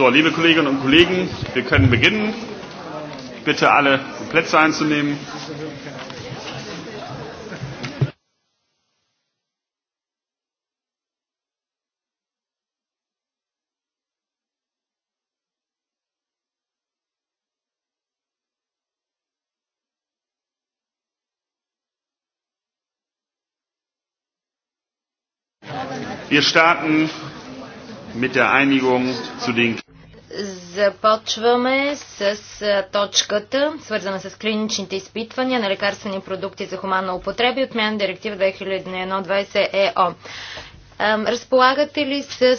So, liebe Kolleginnen und Kollegen, wir können beginnen. Ich bitte alle, Plätze einzunehmen. Wir starten mit der Einigung zu den Започваме с точката, свързана с клиничните изпитвания на лекарствени продукти за хуманна употреба и отмяна директива 2001-20 ЕО. Разполагате ли с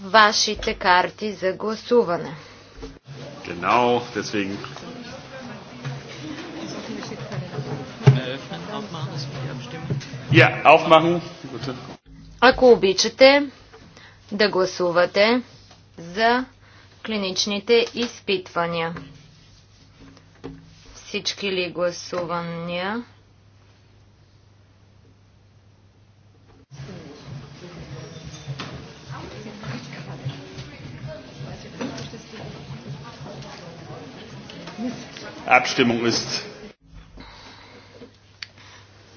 вашите карти за гласуване? Genau, deswegen. Äh, ja, aufmachen. Ако обичате, да гласувате за клиничните изпитвания. Всички ли гласувания? Abstimmung ist.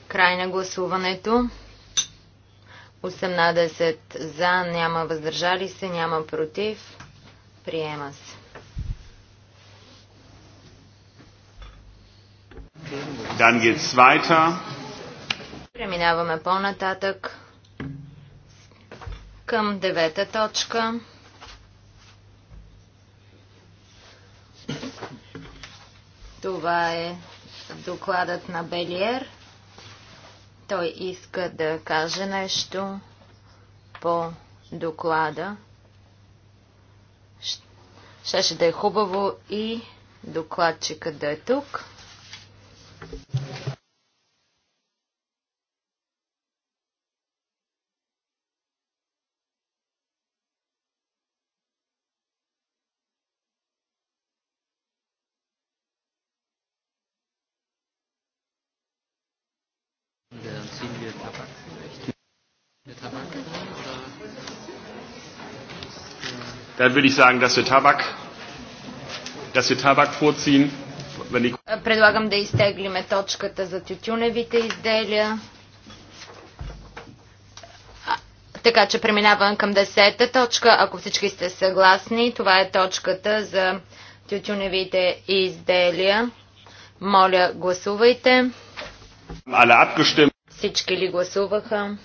Край на гласуването. 18 за, няма въздържали се, няма против. Приема се. Dann geht's weiter. Преминаваме по-нататък към девета точка. Това е докладът на Белиер. Той иска да каже нещо по доклада. Щеше да е хубаво и докладчика да е тук. würde ich sagen, dass wir Tabak, dass wir Tabak vorziehen. Е, предлагам да изтеглиме точката за тютюневите изделия. Така че преминавам към десета точка. Ако всички сте съгласни, това е точката за тютюневите изделия. Моля, гласувайте. Всички ли гласуваха?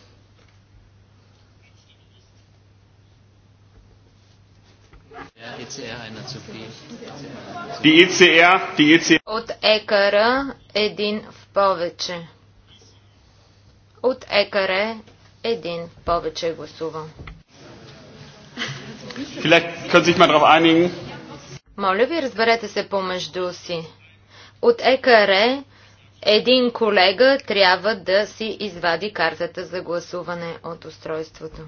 E e e от ЕКР един в повече. От ЕКР един в повече гласува. Моля ви, разберете се помежду си. От ЕКР един колега трябва да си извади картата за гласуване от устройството.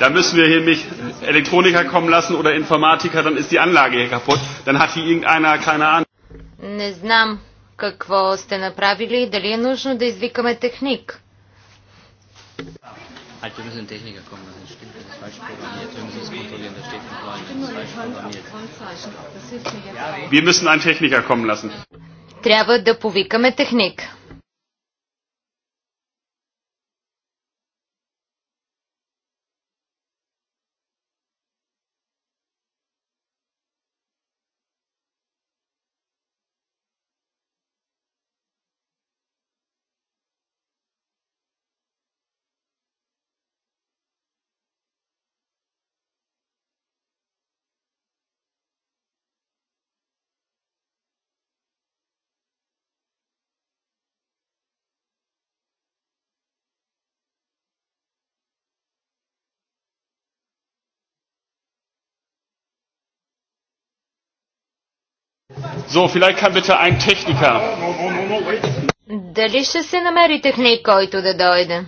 Da müssen wir hier nicht Elektroniker kommen lassen oder Informatiker, dann ist die Anlage hier kaputt. Dann hat hier irgendeiner keine Ahnung. Не знам какво сте направили и дали е нужно да извикаме техник. Wir müssen einen Techniker kommen lassen. Трябва да повикаме техник. So, vielleicht kann bitte ein Techniker. Дали ще се намери техник, който да дойде?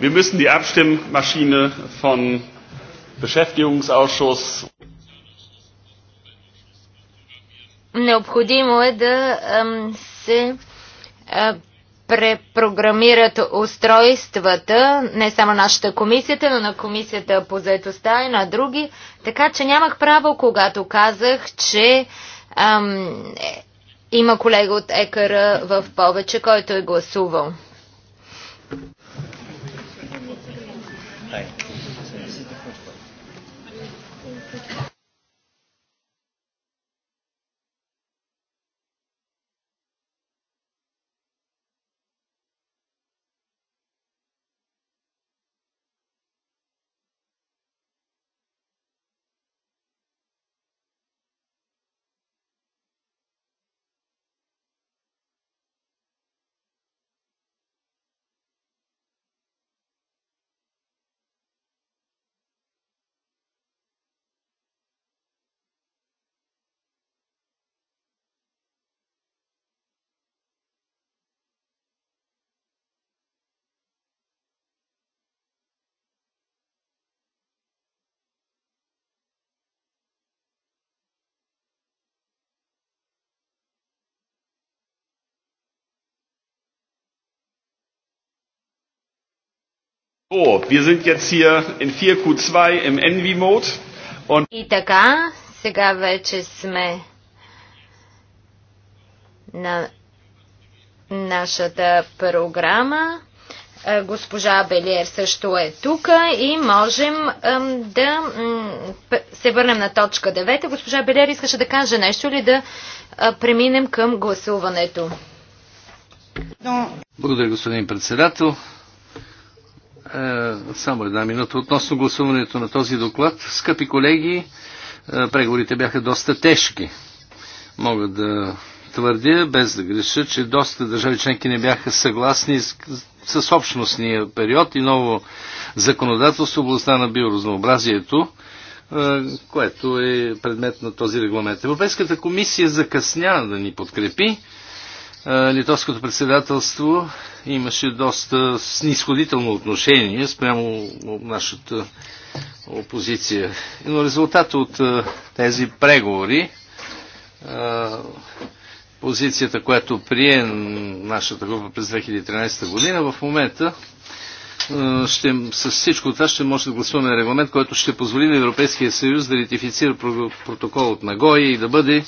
Wir müssen die Abstimmmaschine von Beschäftigungsausschuss Необходимо е да се препрограмират устройствата, не само нашата комисията, но на комисията по заедостта и на други. Така че нямах право, когато казах, че е, има колега от ЕКР в повече, който е гласувал. Thank you. So, wir sind jetzt hier in 4Q2 im Envy Mode. Und И така, сега вече сме на нашата програма. Е, госпожа Белиер също е тук и можем да се върнем на точка 9. Госпожа Белиер искаше да каже нещо или да е, преминем към гласуването. Благодаря, господин председател. Е, само една минута относно гласуването на този доклад. Скъпи колеги, е, преговорите бяха доста тежки. Мога да твърдя, без да греша, че доста държави членки не бяха съгласни с, с общностния период и ново законодателство в областта на биоразнообразието, е, което е предмет на този регламент. Европейската комисия закъсня да ни подкрепи Литовското председателство имаше доста снисходително отношение спрямо нашата опозиция. Но резултат от тези преговори, позицията, която прие нашата група през 2013 година, в момента ще, с всичко това ще може да гласуваме регламент, който ще позволи на Европейския съюз да ратифицира протокол от Нагоя и да бъде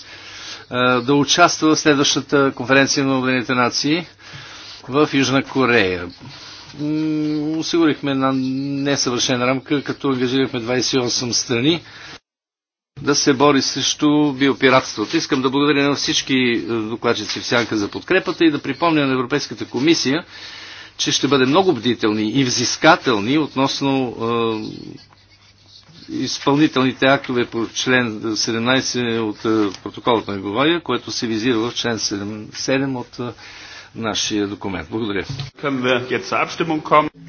да участва в следващата конференция на Обединените нации в Южна Корея. Осигурихме на несъвършена рамка, като ангажирахме 28 страни да се бори срещу биопиратството. Искам да благодаря на всички е, докладчици в сянка за подкрепата и да припомня на Европейската комисия, че ще бъде много бдителни и взискателни относно е, изпълнителните актове по член 17 от е, протоколът на Говария, което се визира в член 7 от е, нашия документ. Благодаря.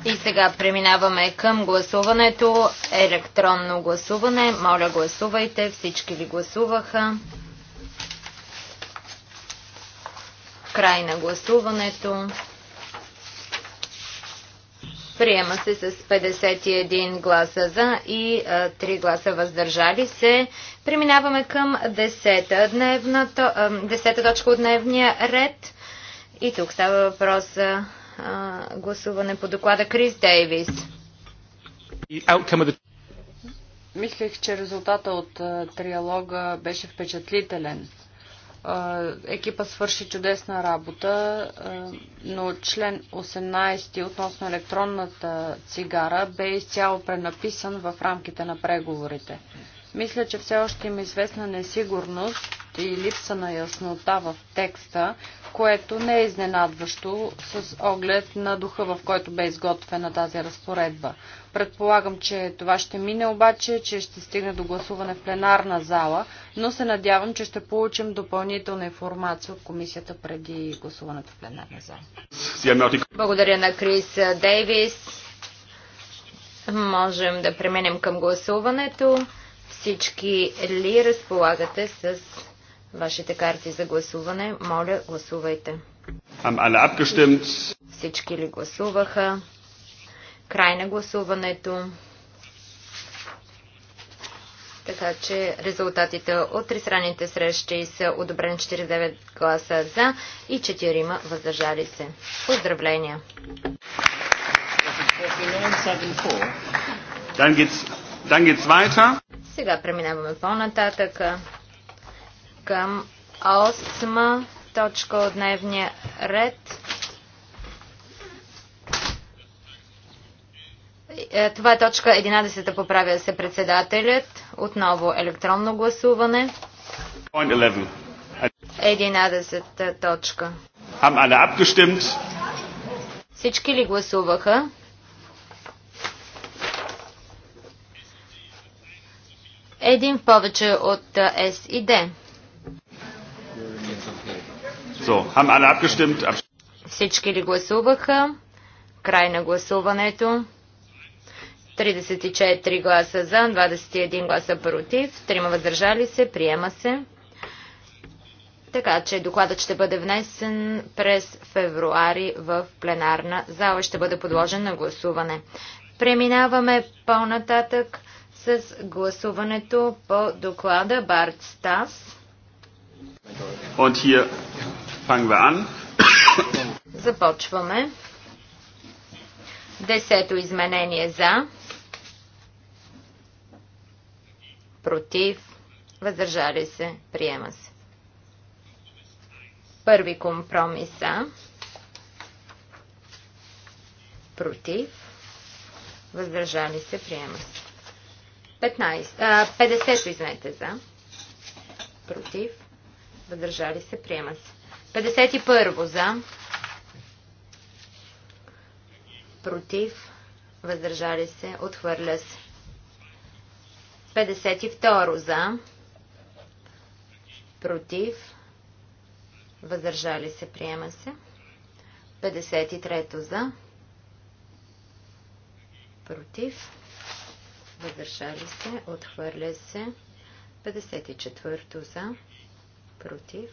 И сега преминаваме към гласуването. Електронно гласуване. Моля, гласувайте. Всички ви гласуваха. Край на гласуването. Приема се с 51 гласа за и 3 гласа въздържали се. Преминаваме към 10-та, точка от дневния ред. И тук става въпрос за гласуване по доклада Крис Дейвис. Мислех, че резултата от триалога беше впечатлителен екипа свърши чудесна работа, но член 18 относно електронната цигара бе изцяло пренаписан в рамките на преговорите. Мисля, че все още има известна несигурност и липса на яснота в текста, което не е изненадващо с оглед на духа, в който бе изготвена тази разпоредба. Предполагам, че това ще мине обаче, че ще стигне до гласуване в пленарна зала, но се надявам, че ще получим допълнителна информация от комисията преди гласуването в пленарна зала. Благодаря на Крис Дейвис. Можем да преминем към гласуването. Всички ли разполагате с вашите карти за гласуване? Моля, гласувайте. Всички ли гласуваха? Край на гласуването. Така че резултатите от тристранните срещи са одобрени 49 гласа за и 4 въздържали се. Поздравления! Dann geht's weiter. Сега преминаваме по-нататък към осма точка от дневния ред. Е, това е точка 11, поправя се председателят. Отново електронно гласуване. 11. та точка. Всички ли гласуваха? Един в повече от С и Д. Всички ли гласуваха? Край на гласуването. 34 гласа за, 21 гласа против, 3 въздържали се, приема се. Така че докладът ще бъде внесен през февруари в пленарна зала и ще бъде подложен на гласуване. Преминаваме по-нататък с гласуването по доклада Барт Стас. Започваме. Десето изменение за. Против. Въздържали се. Приема се. Първи компромис за. Против. Въздържали се. Приема се. 15, а, 50 извинете, за. Против. Въздържали се. Приема се. 51 за. Против. Въздържали се. Отхвърля се. 52 за. Против. Въздържали се. Приема се. 53 за. Против въздържали се, отхвърля се. 54-то за, против,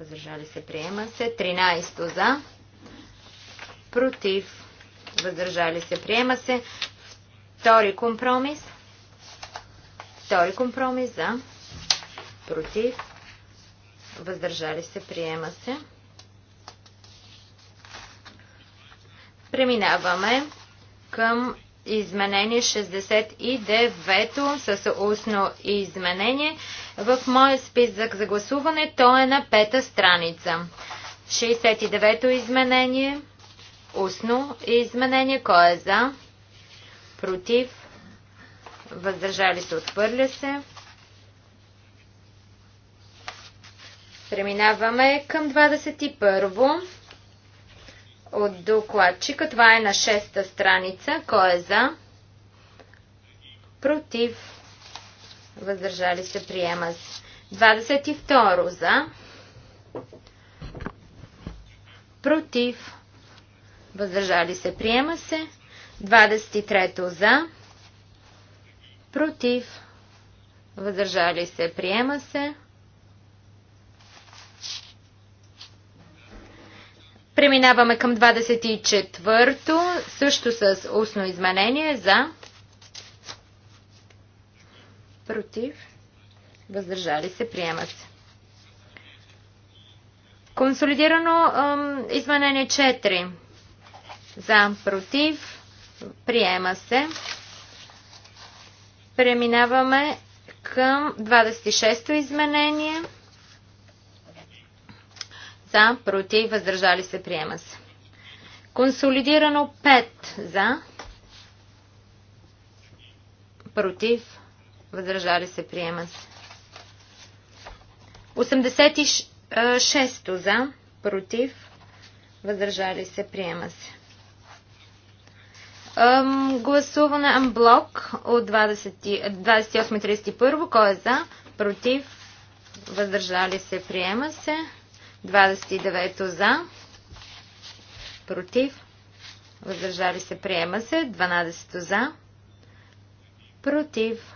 въздържали се, приема се. 13-то за, против, въздържали се, приема се. Втори компромис. Втори компромис за, против, въздържали се, приема се. Преминаваме към изменение 69 то с устно изменение. В моя списък за гласуване то е на пета страница. 69-то изменение, устно изменение, кой е за, против, въздържали се, отхвърля се. Преминаваме към 21 то от докладчика. Това е на шеста страница. Кой е за? Против. Въздържали се приема с 22 за. Против. Въздържали се приема се. 23 за. Против. Въздържали се приема се. Преминаваме към 24-то, също с устно изменение за против, въздържали се, приемат се. Консолидирано изменение 4 за против, приема се. Преминаваме към 26-то изменение за, против, въздържали се, приема се. Консолидирано 5 за, против, въздържали се, приема се. 86 за, против, въздържали се, приема се. Ем, гласуване амблок от 2831. Кой е за? Против? Въздържали се? Приема се. 29 за, против, въздържали се, приема се. 12 за, против,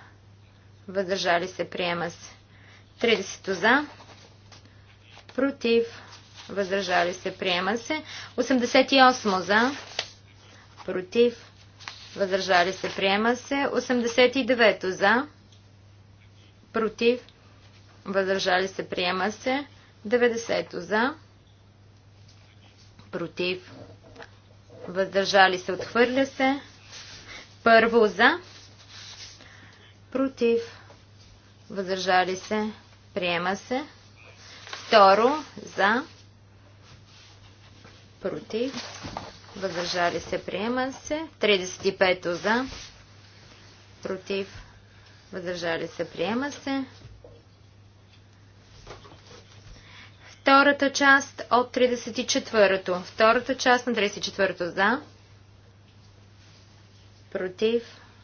въздържали се, приема се. 30 за, против, въздържали се, приема се. 88 за, против, въздържали се, приема се. 89 за, против, въздържали се, приема се. 90 за, против, въздържали се, отхвърля се. Първо за, против, въздържали се, приема се. Второ за, против, въздържали се, приема се. 35 за, против, въздържали се, приема се. Втората част от 34-то. Втората част на 34-то за. Против.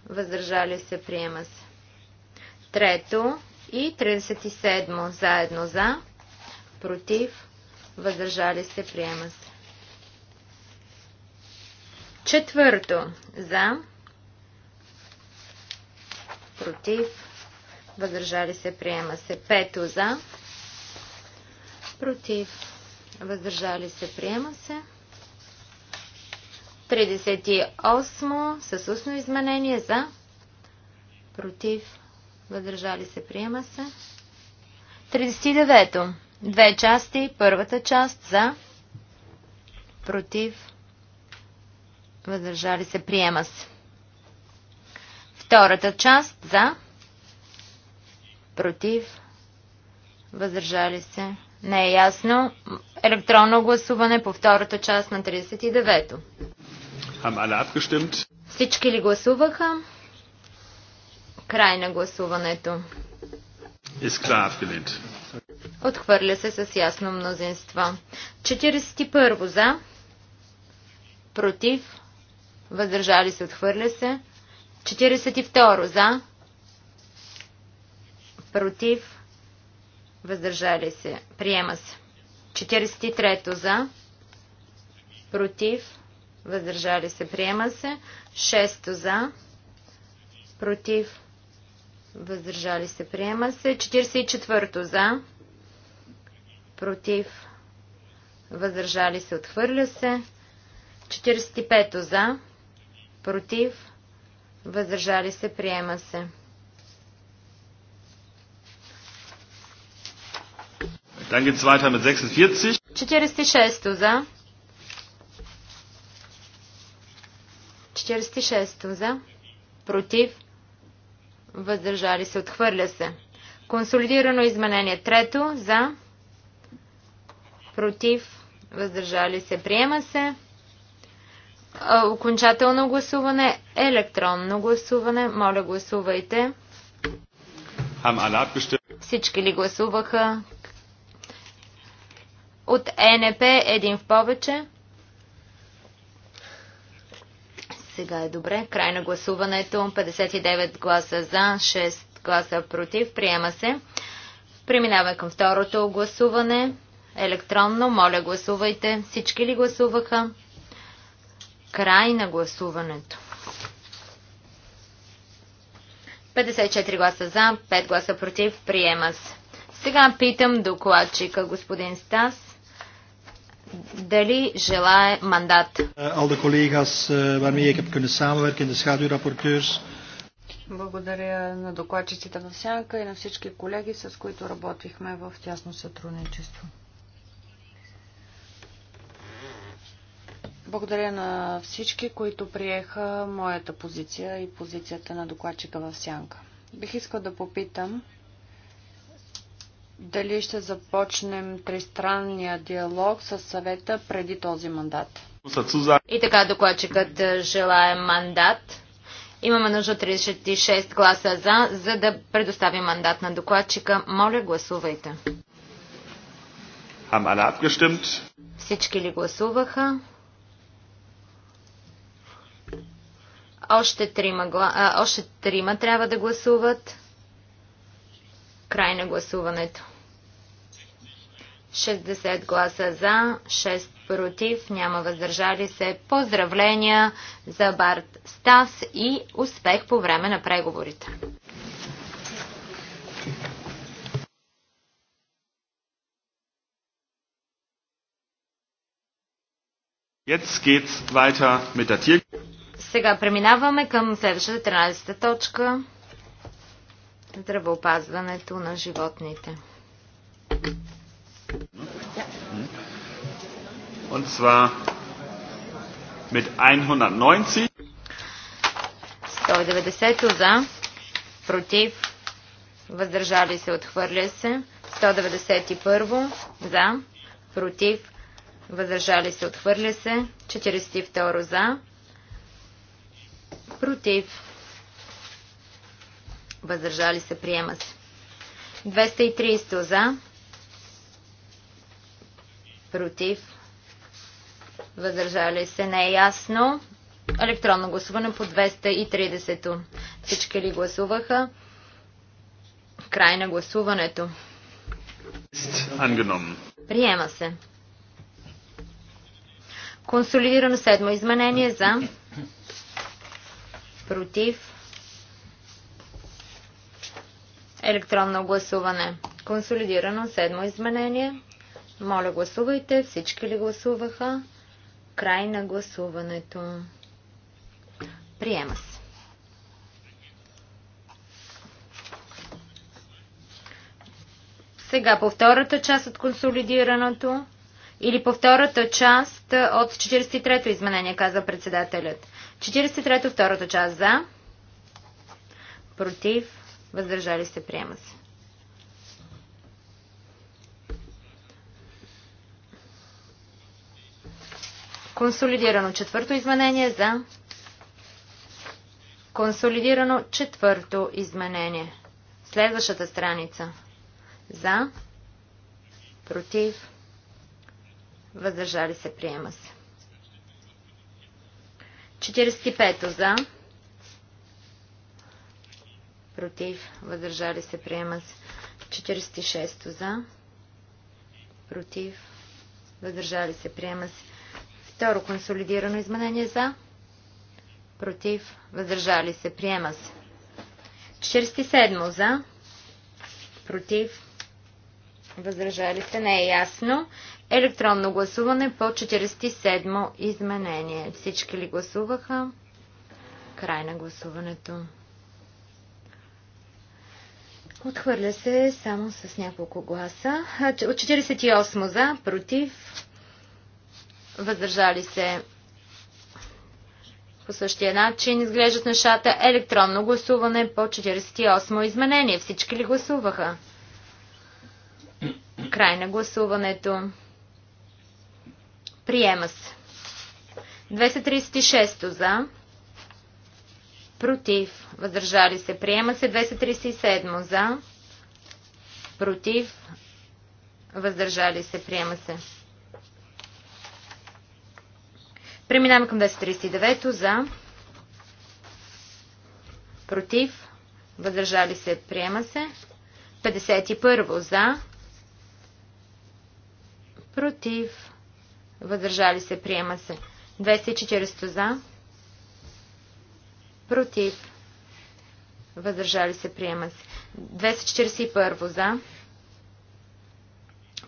Въздържали се. Приема се. Трето и 37 заедно за. Против. Въздържали се. Приема се. Четвърто за. Против. Въздържали се. Приема се. Пето за против, въздържали се, приема се. 38 с устно изменение за, против, въздържали се, приема се. 39. Две части. Първата част за, против, въздържали се, приема се. Втората част за, против, въздържали се, не е ясно. Електронно гласуване по втората част на 39-то. Всички ли гласуваха? Край на гласуването. Отхвърля се с ясно мнозинство. 41 за. Против. Въздържали се. Отхвърля се. 42 за. Против въздържали се, приема се. 43 за, против, въздържали се, приема се. 6 за, против, въздържали се, приема се. 44 за, против, въздържали се, отхвърля се. 45 за, против, въздържали се, приема се. Dann geht's weiter mit 46. 46 за. 46 за. Против. Въздържали се. Отхвърля се. Консолидирано изменение. Трето за. Против. Въздържали се. Приема се. Окончателно гласуване. Електронно гласуване. Моля, гласувайте. Всички ли гласуваха? От ЕНП един в повече. Сега е добре. Край на гласуването. 59 гласа за, 6 гласа против. Приема се. Преминаваме към второто гласуване. Електронно, моля гласувайте. Всички ли гласуваха? Край на гласуването. 54 гласа за, 5 гласа против. Приема се. Сега питам докладчика господин Стас дали желае мандат. Eh, eh, Благодаря на докладчиците в Сянка и на всички колеги, с които работихме в тясно сътрудничество. Благодаря на всички, които приеха моята позиция и позицията на докладчика в Сянка. Бих искал да попитам дали ще започнем тристранния диалог с съвета преди този мандат. И така докладчикът е, желая мандат. Имаме нужда 36 гласа за, за да предостави мандат на докладчика. Моля, гласувайте. Всички ли гласуваха? Още трима, а, още трима трябва да гласуват. Край на гласуването. 60 гласа за, 6 против, няма въздържали се. Поздравления за Барт Стас и успех по време на преговорите. Сега преминаваме към следващата 13-та точка. Здравеопазването на животните. und zwar mit 190. 190 за, против, въздържали се, отхвърля се. 191 за, против, въздържали се, отхвърля се. 42 за, против, въздържали се, приема се. 230 за, против, въздържали се Не е ясно. Електронно гласуване по 230-то. Всички ли гласуваха? Край на гласуването. Приема се. Консолидирано седмо изменение за против електронно гласуване. Консолидирано седмо изменение. Моля гласувайте. Всички ли гласуваха? Край на гласуването. Приема се. Сега по втората част от консолидираното или по втората част от 43-то изменение, каза председателят. 43-то втората част за, против, въздържали се, приема се. Консолидирано четвърто изменение за. Консолидирано четвърто изменение. Следващата страница. За. Против. Въздържали се. Приема се. 45 за. Против. Въздържали се. Приема се. 46 за. Против. Въздържали се. Приема се. Второ консолидирано изменение за. Против. Въздържали се. Приема се. 47 за. Против. Въздържали се. Не е ясно. Електронно гласуване по 47 изменение. Всички ли гласуваха? Край на гласуването. Отхвърля се само с няколко гласа. От 48 за, против, въздържали се по същия начин изглеждат нещата електронно гласуване по 48 изменение. Всички ли гласуваха? Край на гласуването. Приема се. 236 за. Против. Въздържали се. Приема се. 237 за. Против. Въздържали се. Приема се. Преминаваме към 239 за против, въздържали се, приема се. 51 за против, въздържали се, приема се. 240 за против, въздържали се, приема се. 241 за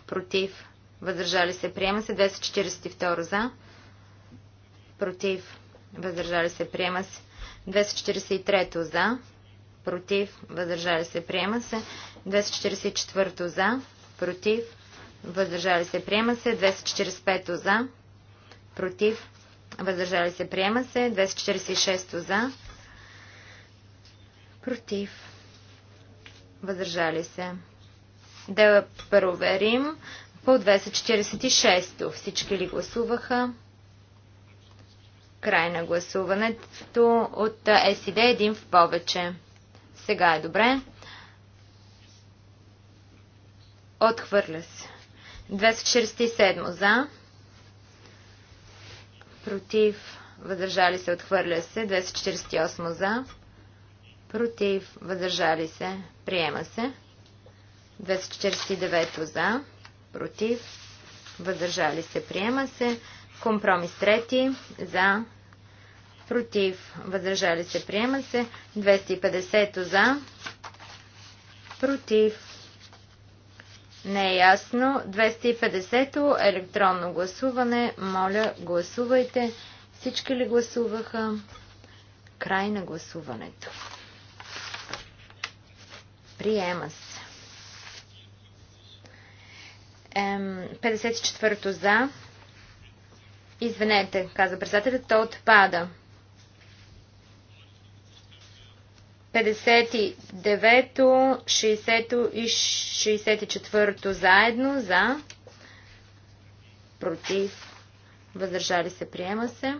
против, въздържали се, приема се. 242 за против, въздържали се, приема се. 243 за, против, въздържали се, приема се. 244 за, против, въздържали се, приема се. 245 за, против, въздържали се, приема се. 246 за, против, въздържали се. Да проверим по 246. Всички ли гласуваха? Край на гласуването от СИД един в повече. Сега е добре. Отхвърля се. 247 за. Против. Въздържали се. Отхвърля се. 248 за. Против. Въздържали се. Приема се. 249 за. Против. Въздържали се. Приема се. Компромис трети за, против, въздържали се, приема се. 250 за, против, не е ясно. 250 електронно гласуване. Моля, гласувайте. Всички ли гласуваха? Край на гласуването. Приема се. 54 за, Извинете, каза председателят, то отпада. 59-то, 60-то и 64-то заедно за, против, въздържали се, приема се.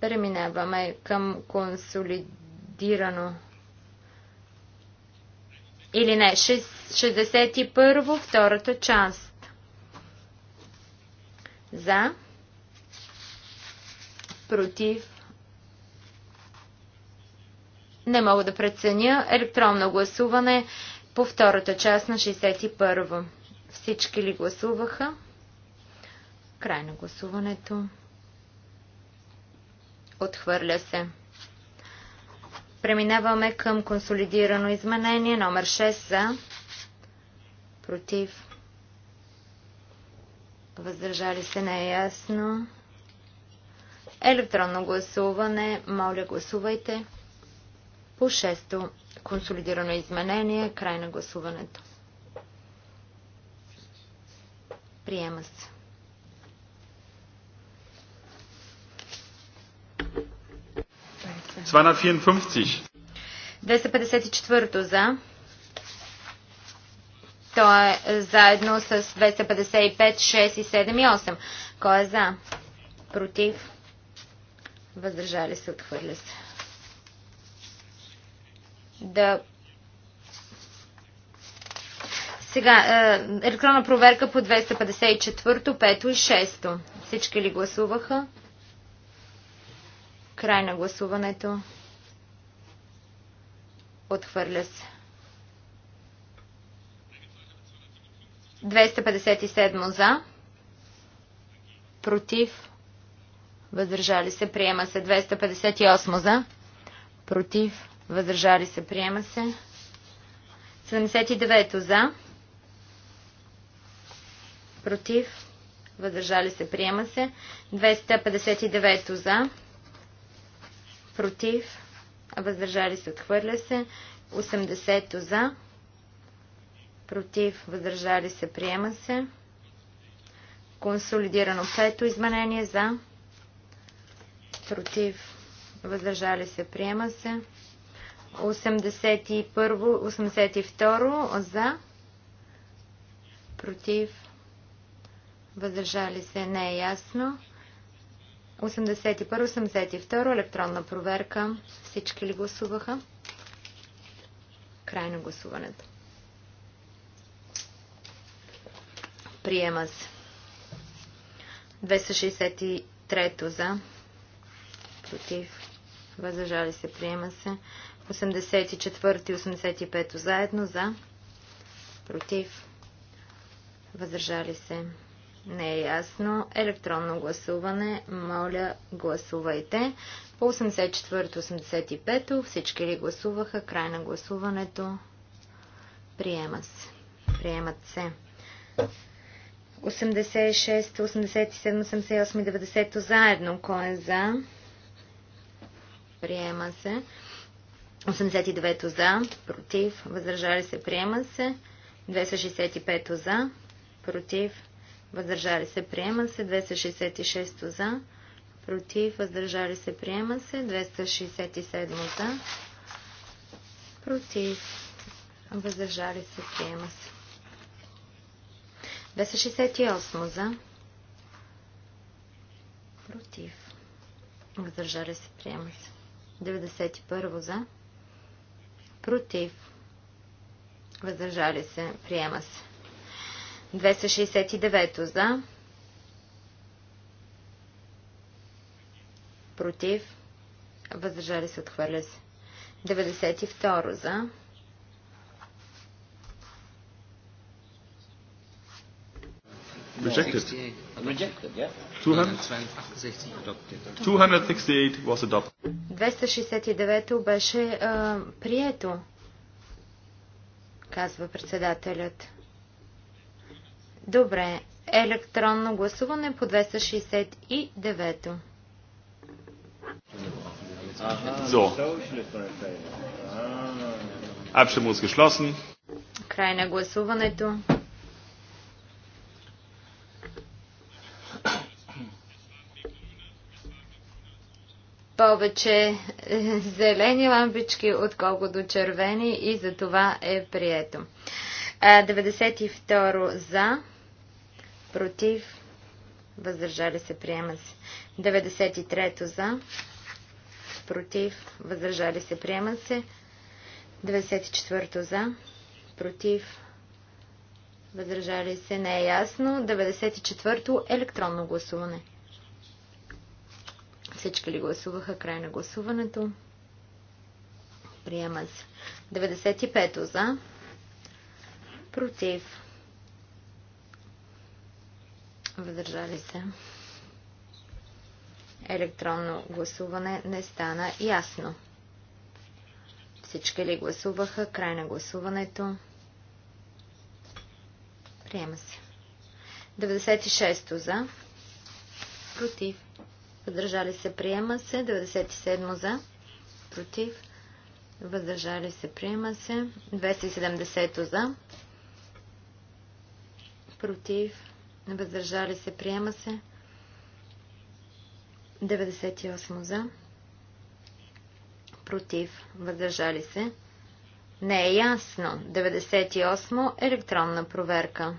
Преминаваме към консолидирано или не, 61-во, втората част. За. Против. Не мога да преценя. Електронно гласуване по втората част на 61. Всички ли гласуваха? Край на гласуването. Отхвърля се. Преминаваме към консолидирано изменение номер 6 за против въздържали се не е ясно. Електронно гласуване, моля гласувайте по 6 консолидирано изменение, край на гласуването. Приема се. Двеста 254 за. То е заедно с 255, 6 и 7 и 8. Кой е за? Против? Въздържали се, отхвърля се. Да. Сега, е, електронна проверка по 254, 5 и 6. Всички ли гласуваха? Край на гласуването. Отхвърля се. 257 за. Против. Въздържали се. Приема се. 258 за. Против. Въздържали се. Приема се. 79 за. Против. Въздържали се. Приема се. 259 за. Против. Въздържали се. Отхвърля се. 80 за против, въздържали се, приема се. Консолидирано пето изменение за, против, въздържали се, приема се. 81, 82 за, против, въздържали се, не е ясно. 81, 82 електронна проверка. Всички ли гласуваха? Край на гласуването. Приема се. 263 за. Против. Въздържали се. Приема се. 84 и 85 заедно за. Против. Въздържали се. Не е ясно. Електронно гласуване. Моля, гласувайте. По 84-85 всички ли гласуваха? Край на гласуването. Приема се. Приемат се. 86, 87, 88 и 90 заедно. Кой е за? Приема се. 89 за, против, въздържали се, приема се. 265 за, против, въздържали се, приема се. 266 за, против, въздържали се, приема се. 267 за, против, въздържали се, приема се. 268 за. Против. Въздържали се. Приема се. 91 за. Против. Въздържали се. Приема се. 269 за. Против. Въздържали се. Отхвърля се. 92 за. Rejected. Rejected, yeah. 268 was adopted. 269 беше а, прието, казва председателят. Добре, електронно гласуване по 269. So. Abstimmung ist geschlossen. Край на гласуването. повече е, зелени лампички, отколкото червени и за това е прието. 92 за, против, въздържали се, приема се. 93 за, против, въздържали се, приема се. 94 за, против, въздържали се, не е ясно. 94 електронно гласуване. Всички ли гласуваха? Край на гласуването. Приема се. 95 за. Против. Въздържали се. Електронно гласуване не стана ясно. Всички ли гласуваха? Край на гласуването. Приема се. 96 за. Против въздържали се, приема се. 97 за, против, въздържали се, приема се. 270 за, против, въздържали се, приема се. 98 за, против, въздържали се. Не е ясно. 98 електронна проверка.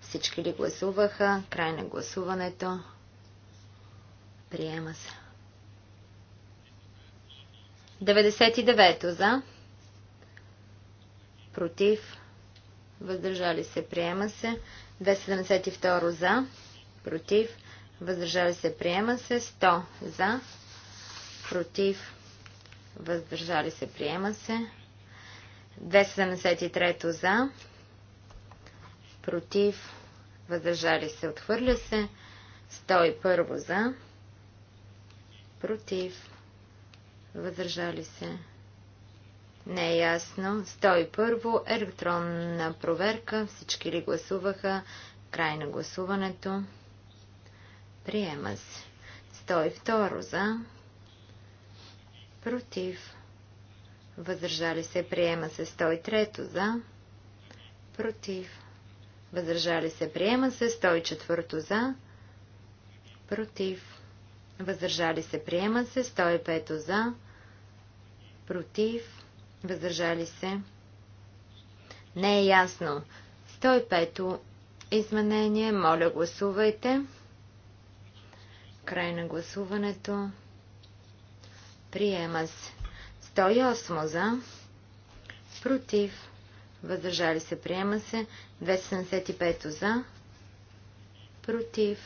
Всички ли гласуваха? Край на гласуването. Приема се. 99 за. Против. Въздържали се. Приема се. 272 за. Против. Въздържали се. Приема се. 100 за. Против. Въздържали се. Приема се. 273 за. Против. Въздържали се. Отхвърля се. 101 за против, въздържали се. Не е ясно. 101. Електронна проверка. Всички ли гласуваха? Край на гласуването. Приема се. 102. За. Против. Въздържали се. Приема се. 103. За. Против. Въздържали се. Приема се. 104. За. Против въздържали се, приема се, 105 за, против, въздържали се. Не е ясно. 105 изменение, моля гласувайте. Край на гласуването. Приема се. 108 за, против, въздържали се, приема се, 275 за, против,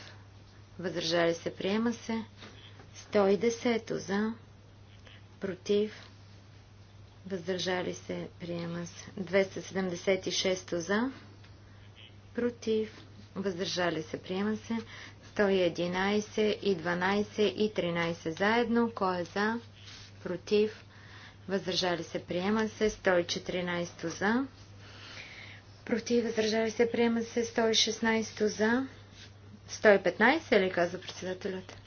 въздържали се, приема се. 110 за, против, въздържали се, приема се. 276 за, против, въздържали се, приема се. 111 и 12 и 13 заедно. Кой е за? Против. Въздържали се, приема се. 114 за. Против, въздържали се, приема се. 116 за. 115 ли каза председателят?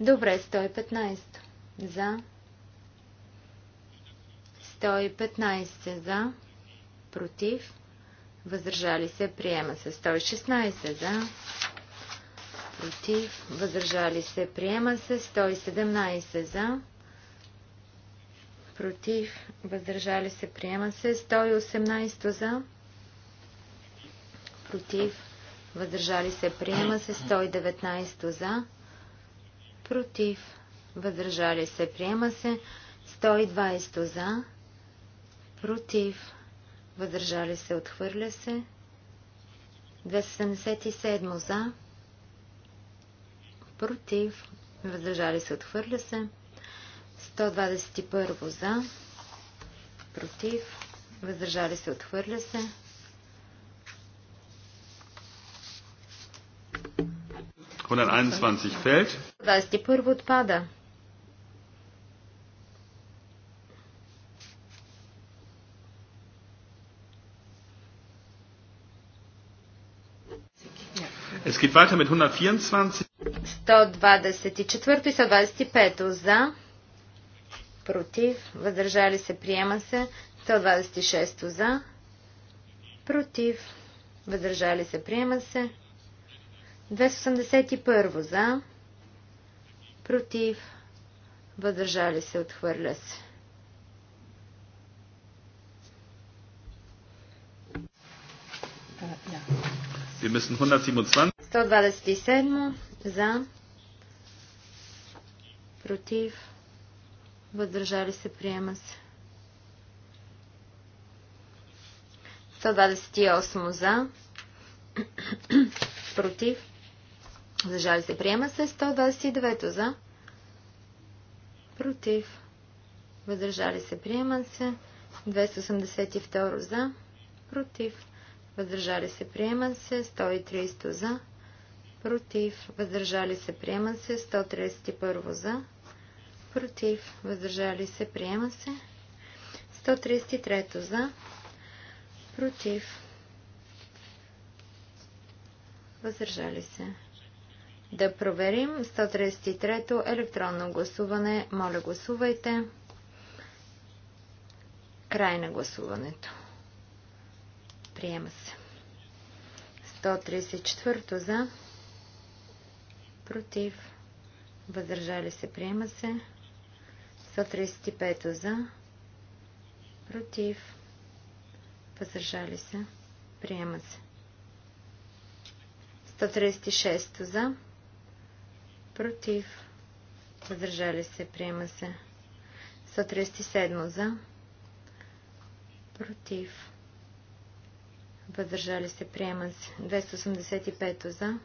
Добре, 115. За. 115 за. Против. Въздържали се. Приема се. 116 за. Против. Въздържали се. Приема се. 117 за. Против. Въздържали се. Приема се. 118 за. Против въздържали се, приема се 119 за, против, въздържали се, приема се 120 за, против, въздържали се, отхвърля се 277 за, против, въздържали се, отхвърля се 121 за, против, въздържали се, отхвърля се 121 fällt. 21 отпада. Es geht weiter mit 124. 124 и 125 за, против, въздържали се, приема се. 126 за, против, въздържали се, приема се. 281 за, против, въздържали се, отхвърля се. Wir müssen 127. 127 за, против, въздържали се, приема се. 128 за, против, Въздържали се. Приема се 129 за. Против. Въздържали се. Приема се 282 за. Против. Въздържали се. Приема се 130 за. Против. Въздържали се. Приема се 131 за. Против. Въздържали се. Приема се 133 за. Против. Въздържали се. Да проверим. 133-то електронно гласуване. Моля, гласувайте. Край на гласуването. Приема се. 134-то за. Против. Въздържали се. Приема се. 135-то за. Против. Въздържали се. Приема се. 136-то за. Против против, въздържали се, приема се. 137 за, против, въздържали се, приема се. 285 за,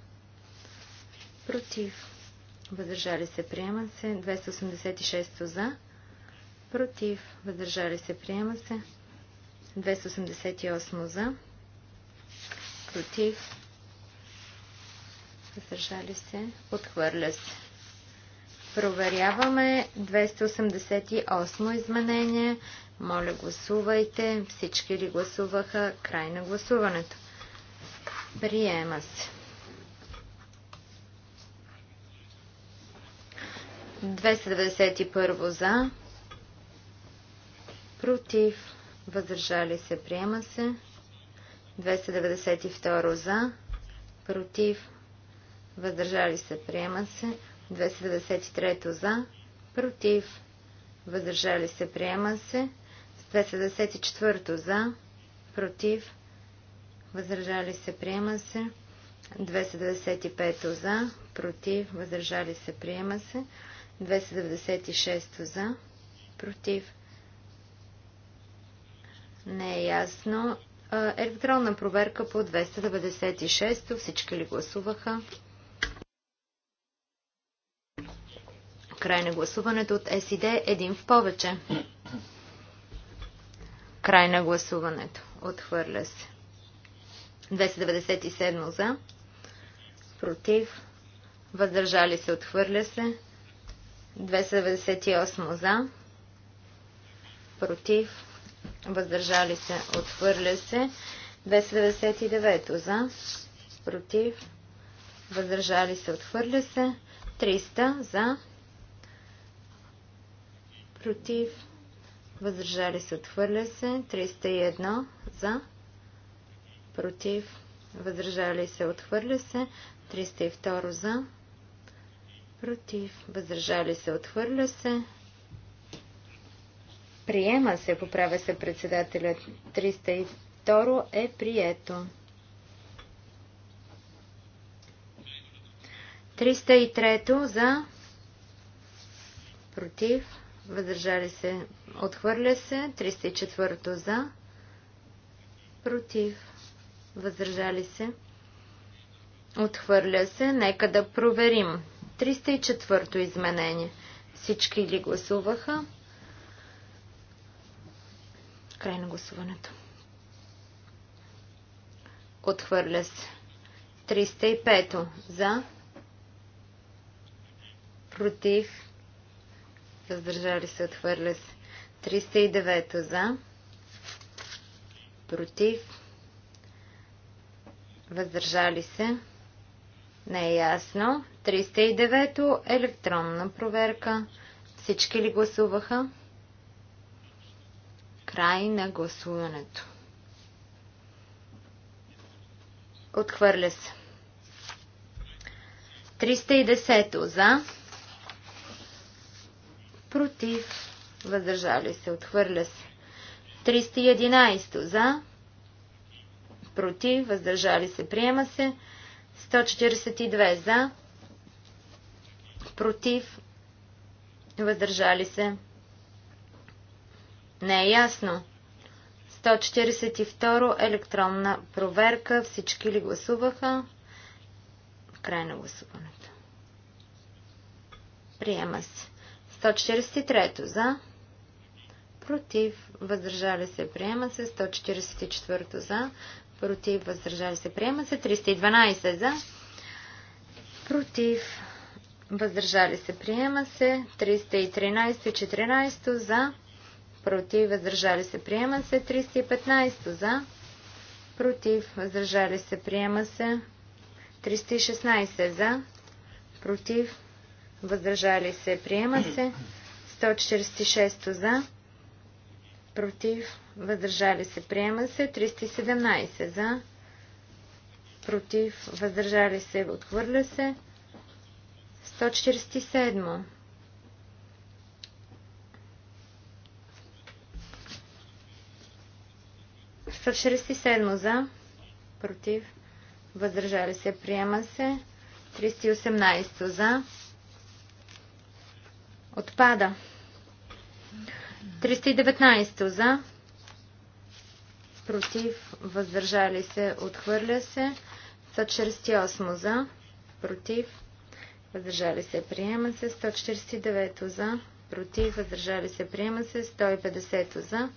против, въздържали се, приема се. 286 за, против, въздържали се, приема се. 288 за, против, въздържали се, отхвърля се. Проверяваме 288 изменение. Моля, гласувайте. Всички ли гласуваха? Край на гласуването. Приема се. 291 за. Против. Въздържали се. Приема се. 292 за. Против въздържали се, приема се. 293 за, против, въздържали се, приема се. 274 за, против, въздържали се, приема се. 295 за, против, въздържали се, приема се. 296 за, против. Не е ясно. Е, електронна проверка по 296. Всички ли гласуваха? Край на гласуването от СИД един в повече. Край на гласуването. Отхвърля се. 297 за. Против. Въздържали се. Отхвърля се. 298 за. Против. Въздържали се. Отхвърля се. 299 за. Против. Въздържали се. Отхвърля се. 300 за против, въздържали се, отхвърля се. 301 за, против, въздържали се, отхвърля се. 302 за, против, въздържали се, отхвърля се. Приема се, поправя се председателят. 302 е прието. 303 за против, въздържали се, отхвърля се, 304 за, против, въздържали се, отхвърля се, нека да проверим. 304 изменение. Всички ли гласуваха? Край на гласуването. Отхвърля се. 305 за, против, въздържали се, отхвърля се. 309 за, против, въздържали се, не е ясно. 309 електронна проверка. Всички ли гласуваха? Край на гласуването. Отхвърля се. 310 за против, въздържали се, отхвърля се. 311 за, против, въздържали се, приема се. 142 за, против, въздържали се. Не е ясно. 142 електронна проверка. Всички ли гласуваха? Край на гласуването. Приема се. 143 за, против, въздържали се, приема се. 144 за, против, въздържали се, приема се. 312 за, против, въздържали се, приема се. 313 14 за, против, въздържали се, приема се. 315 за, против, въздържали се, приема се. 316 за, против, въздържали се, приема се. 146 за, против, въздържали се, приема се. 317 за, против, въздържали се, отхвърля се. 147. Сто за, против, въздържали се, приема се. 318 за, Отпада. 319 за. Против. Въздържали се. Отхвърля се. 148 за. Против. Въздържали се. Приема се. 149 за. Против. Въздържали се. Приема се. 150 за.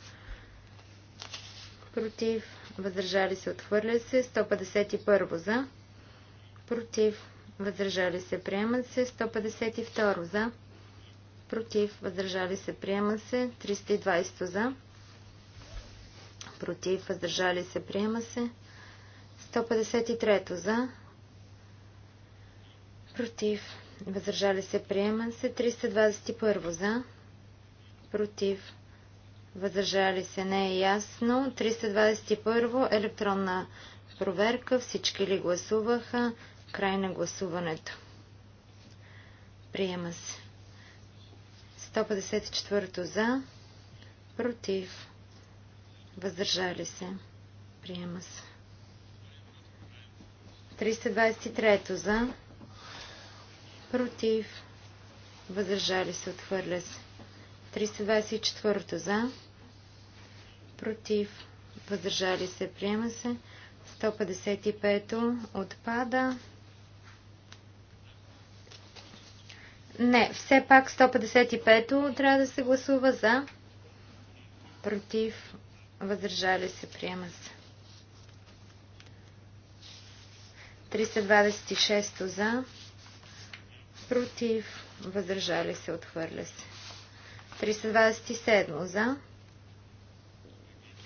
Против. Въздържали се. Отхвърля се. 151 за. Против. Въздържали се. Приема се. 152 за против, въздържали се, приема се. 320 за, против, въздържали се, приема се. 153 за, против, въздържали се, приема се. 321 за, против, въздържали се, не е ясно. 321 електронна проверка, всички ли гласуваха, край на гласуването. Приема се. 154 за, против, въздържали се, приема се. 323 за, против, въздържали се, отхвърля се. 324 за, против, въздържали се, приема се. 155 отпада. Не, все пак 155-то трябва да се гласува за. Против. Въздържали се. Приема се. 326-то за. Против. Въздържали се. Отхвърля се. 327 за.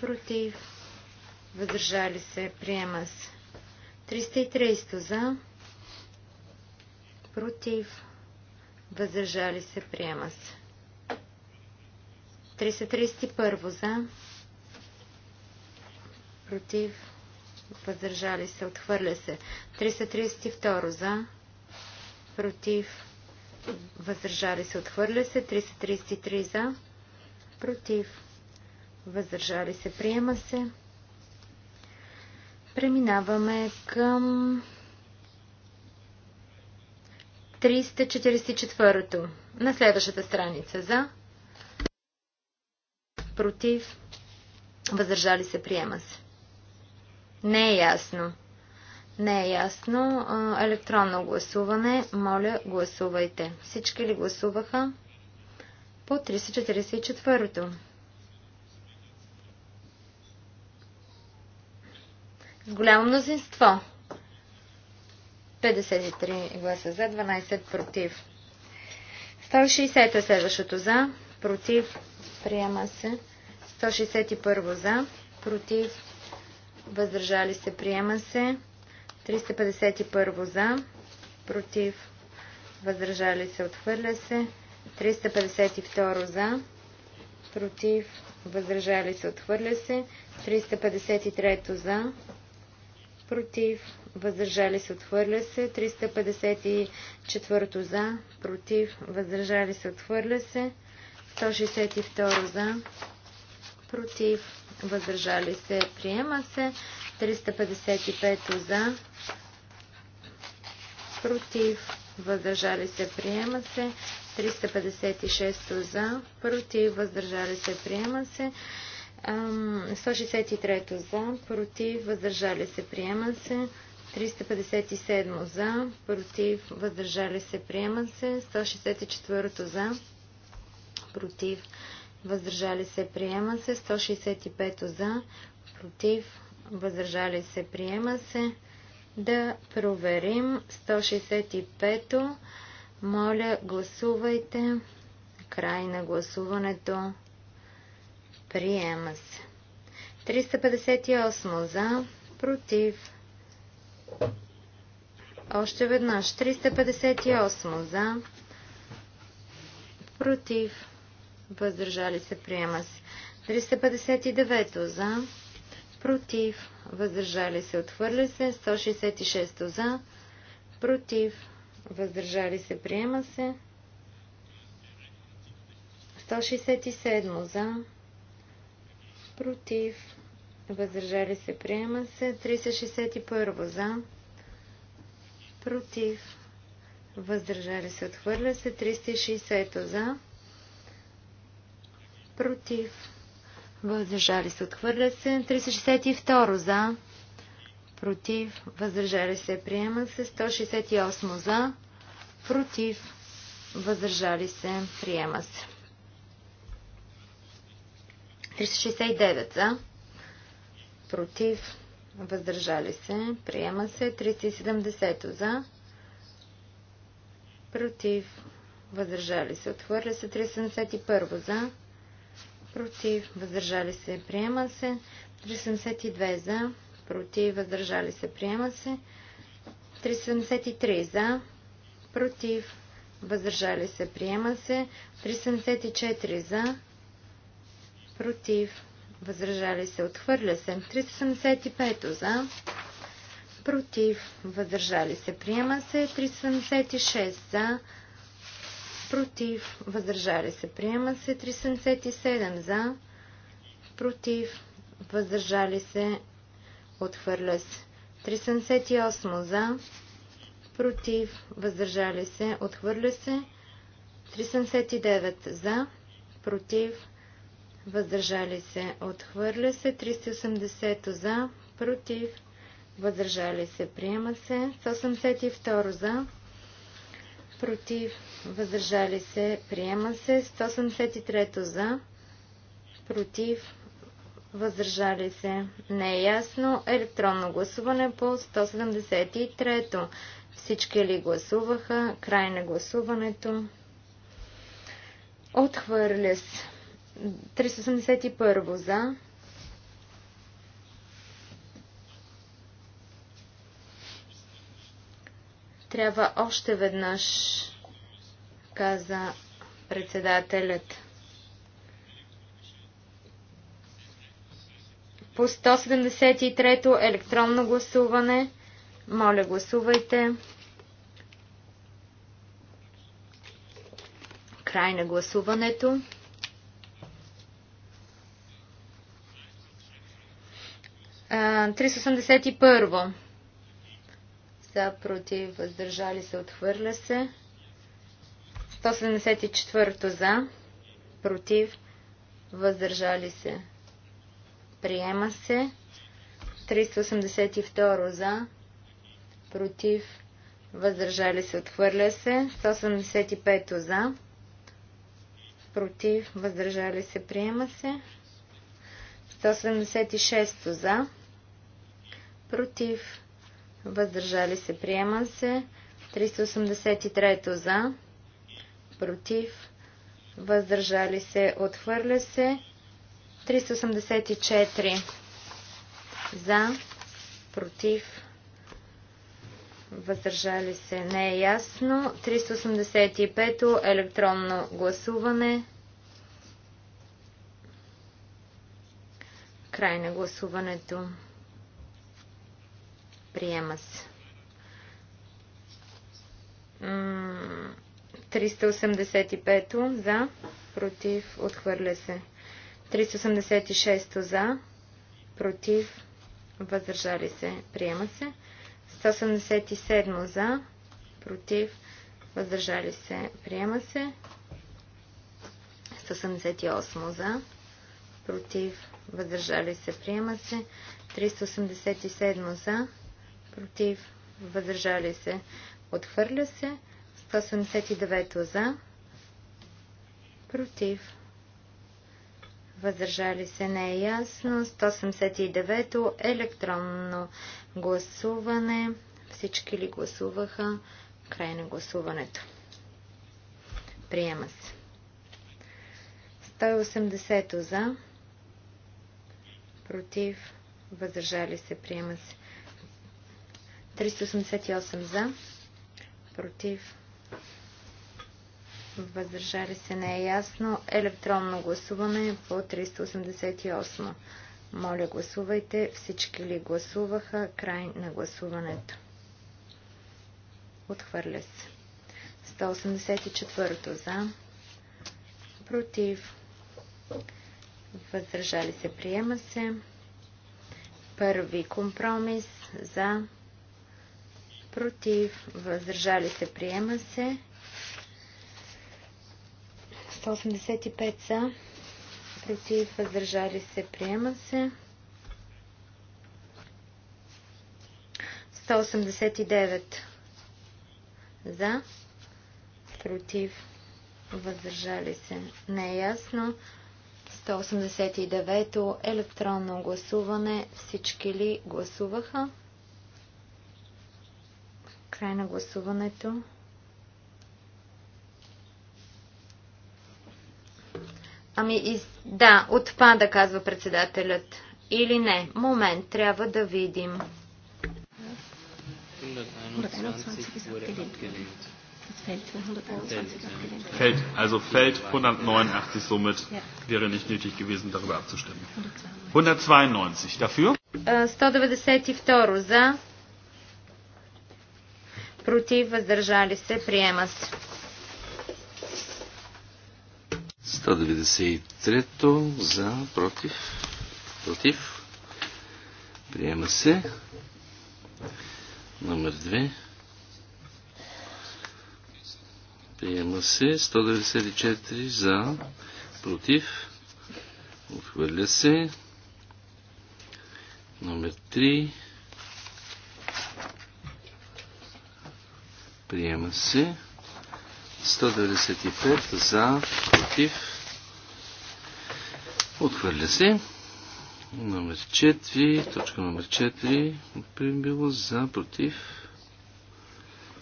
Против. Въздържали се. Приема се. 330 за. Против въздържали се, приема се. 331 за, против, въздържали се, отхвърля се. 332 за, против, въздържали се, отхвърля се. 333 за, против, въздържали се, приема се. Преминаваме към 344 на следващата страница за, против, въздържали се, приема се. Не е ясно. Не е ясно. Електронно гласуване. Моля, гласувайте. Всички ли гласуваха по 344-то? С голямо мнозинство. 53 гласа за, 12 против. 160 е следващото за, против, приема се. 161 за, против, въздържали се, приема се. 351 за, против, въздържали се, отхвърля се. 352 за, против, въздържали се, отхвърля се. 353 за, против, въздържали се, отхвърля се. 354 за, против, въздържали се, отхвърля се. 162 за, против, въздържали се, приема се. 355 за, против, въздържали се, приема се. 356 за, против, въздържали се, приема се. 163 за, против, въздържали се, приема се. 357 за, против, въздържали се, приема се. 164 за, против, въздържали се, приема се. 165 за, против, въздържали се, приема се. Да проверим 165. Моля, гласувайте. Край на гласуването. Приема се. 358 за, против. Още веднъж. 358 за, против. Въздържали се. Приема се. 359 за, против. Въздържали се. Отхвърля се. 166 за, против. Въздържали се. Приема се. 167 за, против, въздържали се, приема се. 361 за, против, въздържали се, отхвърля се. 360 за, против, въздържали се, отхвърля се. 362 за, против, въздържали се, приема се. 168 за, против, въздържали се, приема се. 369 за, против, въздържали се, приема се. 370 за, против, въздържали се, отхвърля се. 371 за, против, въздържали се, приема се. 372 за, против, въздържали се, приема се. 373 за, против, въздържали се, приема се. 374 за, против, въздържали се, отхвърля се. 375 за, против, въздържали се, приема се. 376 за, против, въздържали се, приема се. 377 за, против, въздържали се, отхвърля се. 378 за, против, въздържали се, отхвърля се. 379 за, против, въздържали се, отхвърля се. 380 за, против, въздържали се, приема се. 182 за, против, въздържали се, приема се. 183 за, против, въздържали се. Не е ясно. Електронно гласуване по 173-то. Всички ли гласуваха? Край на гласуването. Отхвърля се. 381 за. Трябва още веднъж, каза председателят. По 173-то електронно гласуване. Моля, гласувайте. Край на гласуването. 381. За, против, въздържали се, отхвърля се. 174 за, против, въздържали се, приема се. 382 за, против, въздържали се, отхвърля се. 175 за, против, въздържали се, приема се. 176 за. Против. Въздържали се. Приема се. 383 за. Против. Въздържали се. Отхвърля се. 384 за. Против. Въздържали се. Не е ясно. 385 електронно гласуване. Край на гласуването. Приема се. 385 за, против, отхвърля се. 386 за, против, въздържали се, приема се. 177 за, против, въздържали се, приема се. 178 за, против, въздържали се, приема се. 387 за, против, въздържали се, отхвърля се. 179 за, против, въздържали се, не е ясно. 189, електронно гласуване. Всички ли гласуваха? Край на гласуването. Приема се. 180 за против, въздържали се, приема се. 388 за, против, въздържали се, не е ясно. Електронно гласуване по 388. Моля, гласувайте. Всички ли гласуваха? Край на гласуването. Отхвърля се. 184 за, против, въздържали се, приема се. Първи компромис за, против, въздържали се, приема се. 185 за, против, въздържали се, приема се. 189 за, против, въздържали се, не е ясно. 189-то електронно гласуване. Всички ли гласуваха? Край на гласуването. Ами, из... да, отпада, казва председателят. Или не? Момент, трябва да видим. да, да, да, Feld, also Feld 189 somit wäre nicht nötig gewesen, darüber abzustimmen. 192 dafür? 192 за. Против, въздържали се, приема се. 193 за, против, против, приема се. Номер 2. Приема се 194 за, против, отхвърля се. Номер 3. Приема се. 195 за, против, отхвърля се. Номер 4, точка номер 4, било за, против,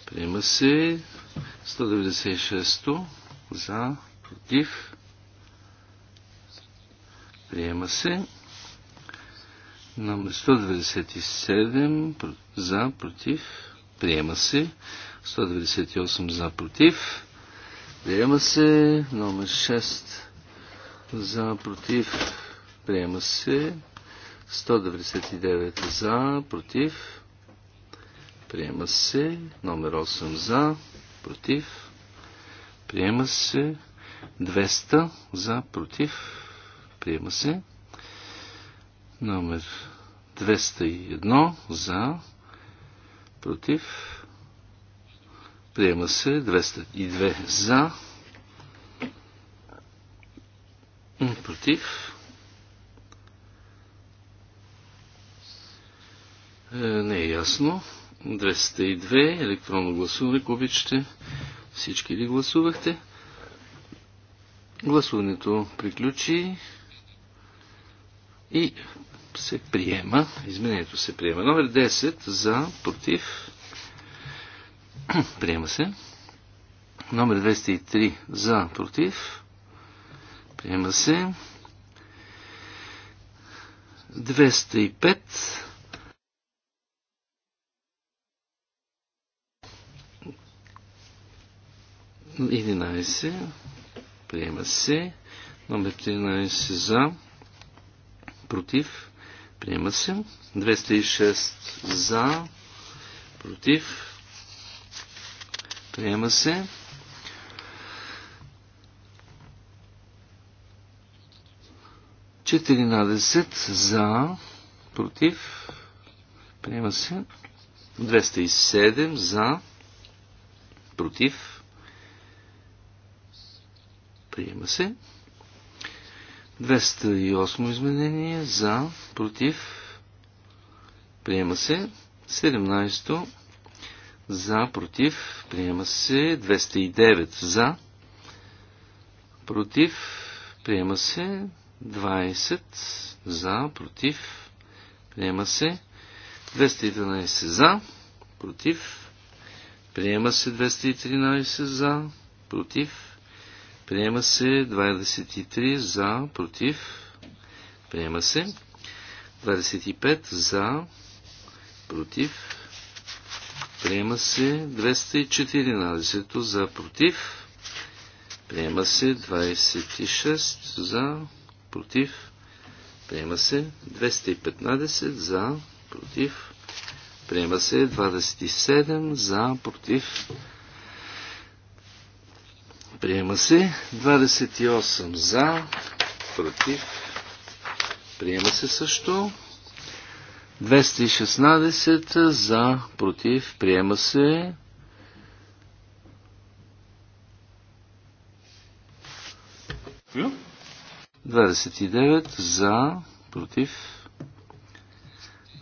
Приема се 196 за, против. Приема се. Номер 197 за, против. Приема се. 198 за, против. Приема се. Номер 6 за, против. Приема се. 199 за, против. Приема се. Номер 8 за. Против. Приема се. 200 за. Против. Приема се. Номер 201 за. Против. Приема се. 202 за. Против. Е, не е ясно. 202, електронно гласуване, ако обичате. Всички ли гласувахте? Гласуването приключи и се приема, изменението се приема. Номер 10 за, против, приема се. Номер 203 за, против, приема се. 205 11. Приема се. Номер 13 за. Против. Приема се. 206 за. Против. Приема се. Четиринадесет за. Против. Приема се. 207 за. Против. Приема се. 208 изменение за, против, приема се. 17 за, против, приема се. 209 за, против, приема се. 20 за, против, приема се. 212 за, против, приема се. 213 за, против, Приема се 23 за, против. Приема се 25 за, против. Приема се 214 за, против. Приема се 26 за, против. Приема се 215 за, против. Приема се 27 за, против. Приема се. 28 за. Против. Приема се също. 216 за. Против. Приема се. Für? 29 за, против.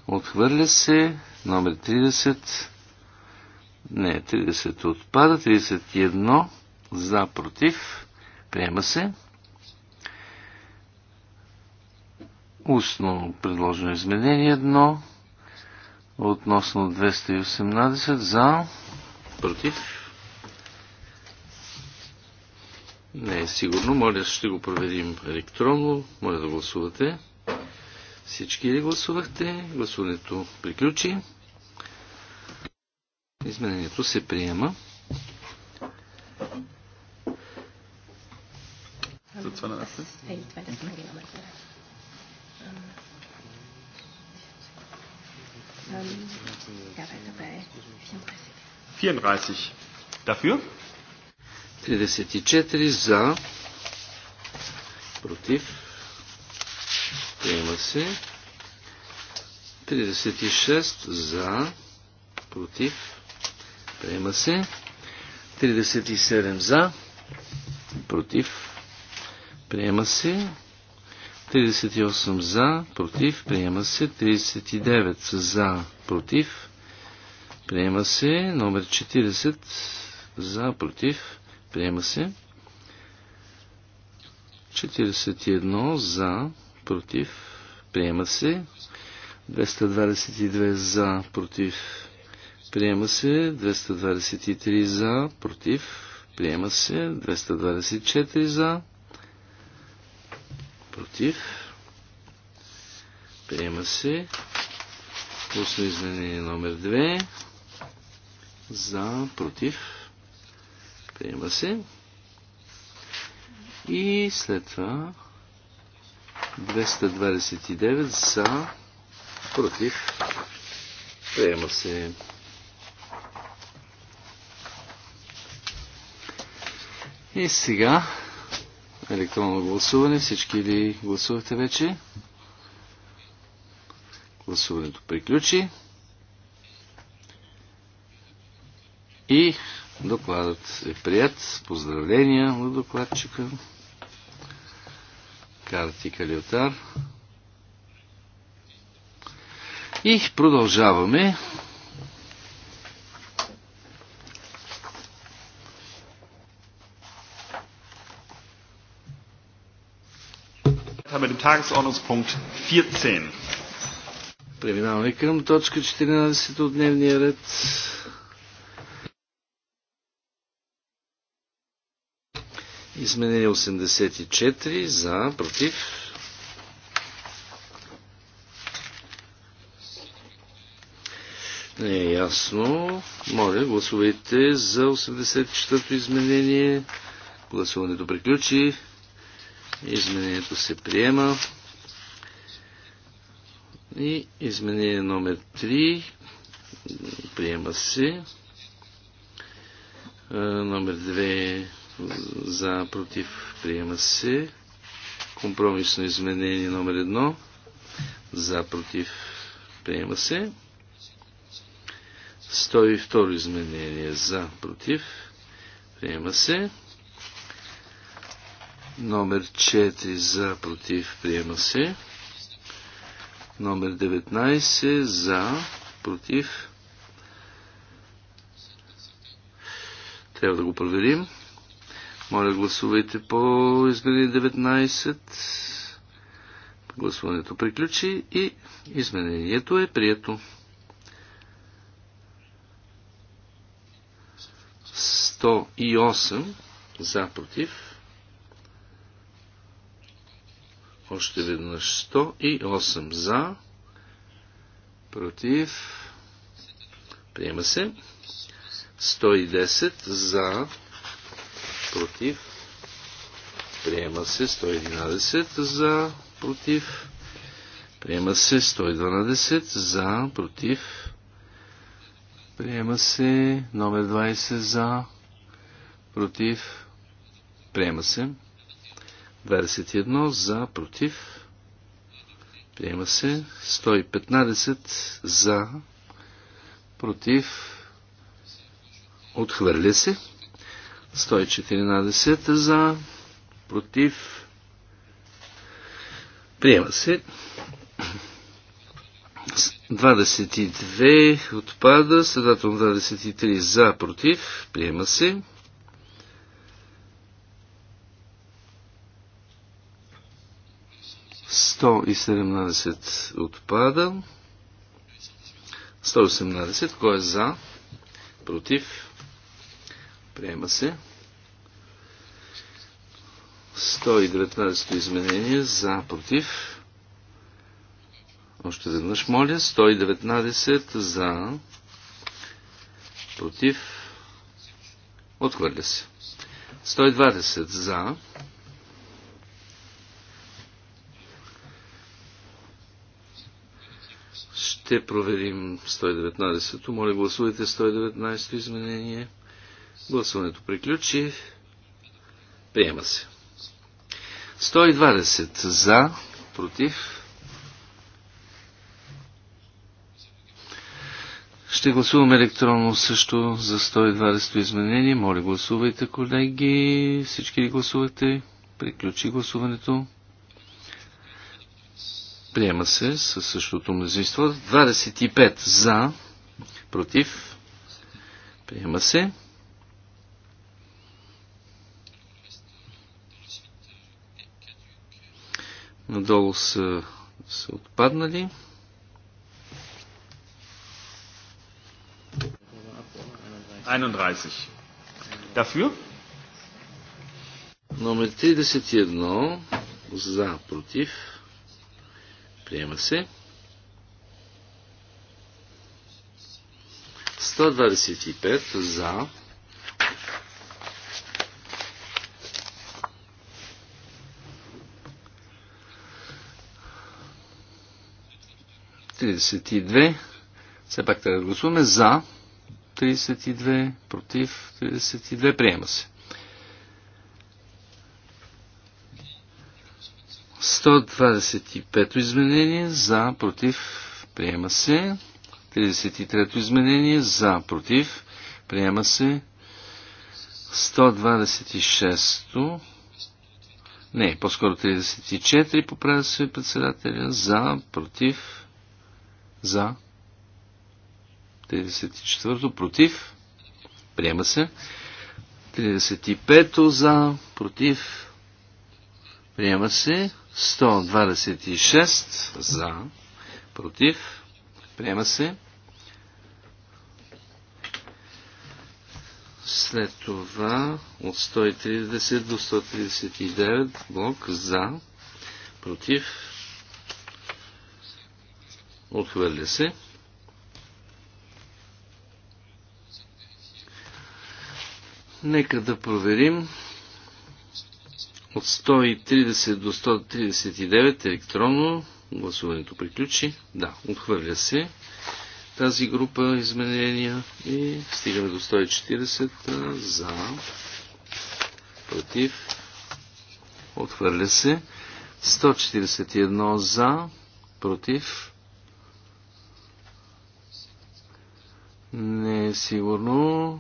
Отхвърля се. Номер 30. Не, 30 отпада. 31 за, против, приема се. Устно предложено изменение едно относно 218 за, против. Не е сигурно. Моля, ще го проверим електронно. Моля да гласувате. Всички ли гласувахте? Гласуването приключи. Изменението се приема. 211? Hey, 211 angenommen. Ähm, ja, weiter bei 34. 34. Dafür? 34 за. Против. Приема се. 36 за. Против. Приема се. 37 за. Против. Приема се. 38 за, против, приема се. 39 за, против, приема се. Номер 40 за, против, приема се. 41 за, против, приема се. 222 за, против, приема се. 223 за, против, приема се. 224 за, против, приема се. Пусно изменение номер 2, за, против, приема се. И след това 229 за, против, приема се. И сега електронно гласуване. Всички ли гласувате вече? Гласуването приключи. И докладът е прият. Поздравления на докладчика. Карти Калиотар. И продължаваме mit dem Tagesordnungspunkt 14. Преминаваме към точка 14 от дневния ред. Изменение 84 за, против. Не е ясно. Моля, гласувайте за 84-то изменение. Гласуването приключи. Изменението се приема. И изменение номер 3. Приема се. Номер 2 за против приема се. Компромисно изменение номер 1 за против приема се. 102 изменение за против приема се. Номер 4 за, против, приема се. Номер 19 за, против. Трябва да го проверим. Моля, гласувайте по изменение 19. Гласуването приключи и изменението е прието. 108 за против. Още веднъж 108 за, против, приема се. 110 за, против, приема се. 111 за, против, приема се. 112 за, против, приема се. Номер 20 за, против, приема се. 21 за, против. Приема се. 115 за, против. Отхвърля се. 114 за, против. Приема се. 22 отпада, следователно 23 за, против, приема се. 117 отпада. 118. Кой е за? Против? Приема се. 119 изменение. За? Против? Още веднъж моля. 119 за. Против? Отхвърля се. 120 за. Ще проверим 119-то. Моля, гласувайте 119-то изменение. Гласуването приключи. Приема се. 120 за, против. Ще гласувам електронно също за 120-то изменение. Моля, гласувайте, колеги. Всички ли гласувате? Приключи гласуването. Приема се със същото мнозинство. 25 за, против. Приема се. Надолу са, са отпаднали. Дафюр? Номер 31 за, против. Приема се. 125 за. Тридесет Все пак трябва да гласуваме за. 32, против 32, приема се. 125-то изменение за, против, приема се. 33-то изменение за, против, приема се. 126-то. Не, по-скоро 34 поправя се председателя. За, против, за. 34-то против. Приема се. 35-то за, против. Приема се. 126 за, против, приема се. След това от 130 до 139 блок за, против, отхвърля се. Нека да проверим от 130 до 139 електронно. Гласуването приключи. Да, отхвърля се тази група изменения и стигаме до 140 за против отхвърля се 141 за против не е сигурно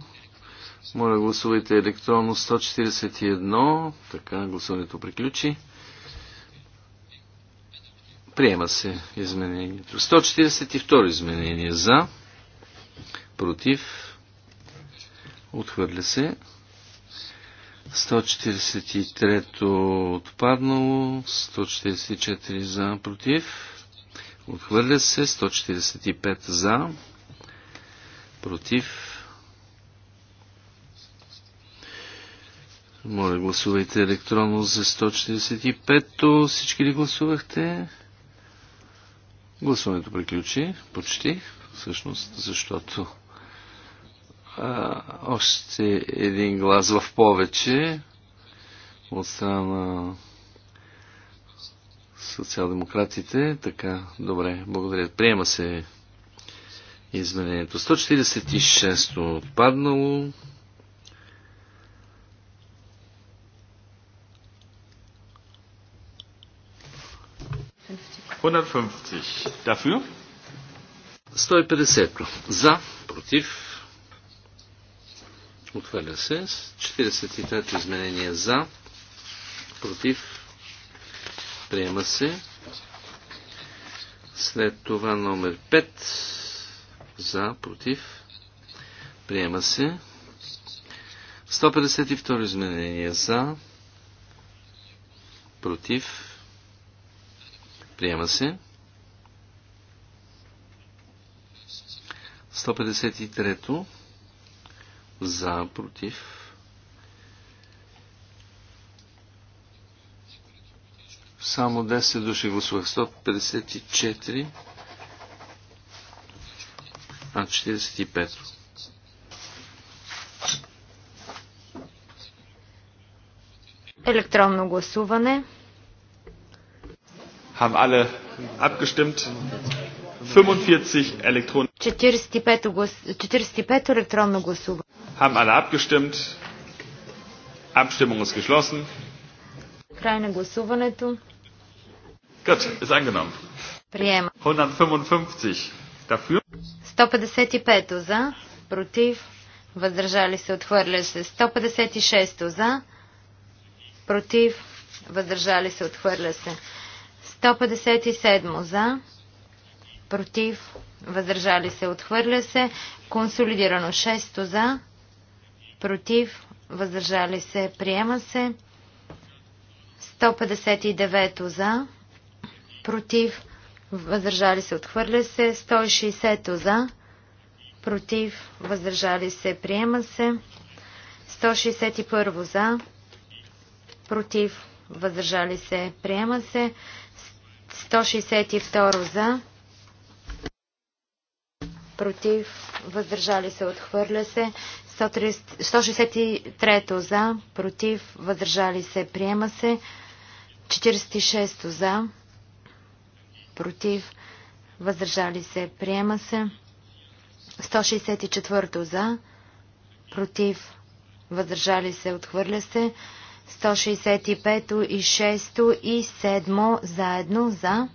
моля, гласувайте електронно 141. Така, гласуването приключи. Приема се изменението. 142 изменение за. Против. Отхвърля се. 143 отпаднало. 144 за. Против. Отхвърля се. 145 за. Против. Моля, гласувайте електронно за 145-то. Всички ли гласувахте? Гласуването приключи. Почти. Всъщност, защото а, още един глас в повече от страна на социал-демократите. Така, добре, благодаря. Приема се изменението. 146-то отпаднало. 150. Dafür? 150. За, против. Отхвърля се. 43 изменение за. Против. Приема се. След това номер 5. За, против. Приема се. 152 изменение за. Против. Приема се. 153 за, против. Само 10 души гласувах. 154. А, 45. Електронно гласуване. Haben alle abgestimmt? 45 Elektronen. 45, глас... 45 електронно гласуване. Haben alle abgestimmt? Abstimmung ist geschlossen. Край на гласуването. Gut, ist angenommen. Приема. 155 dafür. 155 за, против, въздържали се, отхвърля се. 156 за, против, въздържали се, отхвърля се. 157 за, против, въздържали се, отхвърля се. Консолидирано 6 за, против, въздържали се, приема се. 159 за, против, въздържали се, отхвърля се. 160 за, против, въздържали се, приема се. 161 за, против, въздържали се, приема се. 162 за. Против. Въздържали се. Отхвърля се. 163 за. Против. Въздържали се. Приема се. 46 за. Против. Въздържали се. Приема се. 164 за. Против. Въздържали се. Отхвърля се. 165 и 6 и 7 заедно за,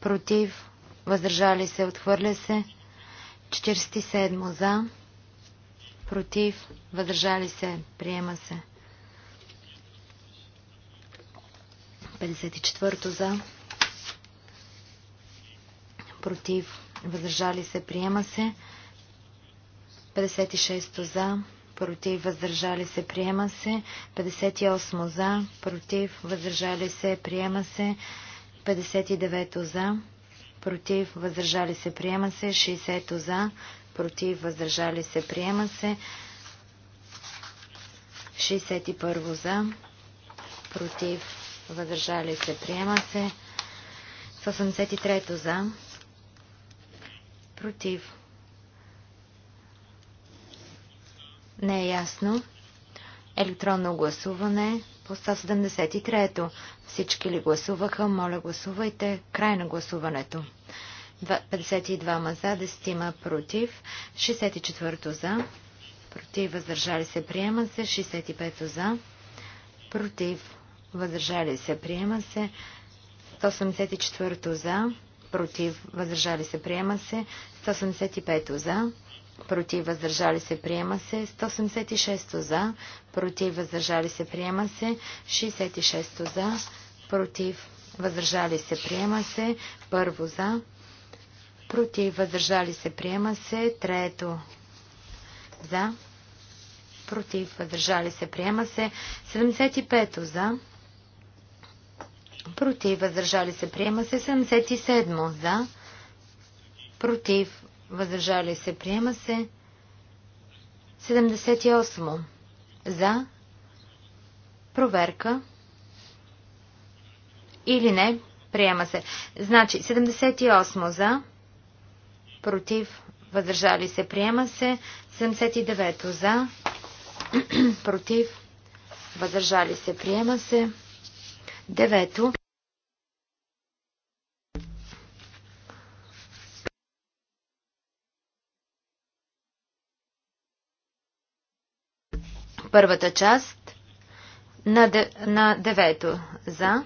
против, въздържали се, отхвърля се, 47 за, против, въздържали се, приема се. 54 за, против, въздържали се, приема се. 56 за, против, въздържали се, приема се. 58 за, против, въздържали се, приема се. 59 за, против, въздържали се, приема се. 60 за, против, въздържали се, приема се. 61 за, против, въздържали се, приема се. 83 за, против, Не е ясно. Електронно гласуване по 173-то. Всички ли гласуваха? Моля, гласувайте. Край на гласуването. 52 за, 10 против, 64 за, против, въздържали се, приема се, 65 за, против, въздържали се, приема се, 184 за, против, въздържали се, приема се, 185 за, против въздържали се, приема се. 186 за, против въздържали се, приема се. 66 за, против въздържали се, приема се. Първо за, против въздържали се, приема се. Трето за, против въздържали се, приема се. 75 за, против въздържали се, приема се. 77 за, против въздържали се, приема се. 78. За проверка или не, приема се. Значи 78 за против, въздържали се, приема се. 79 за против, въздържали се, приема се. 9. Първата част на, де, на девето за.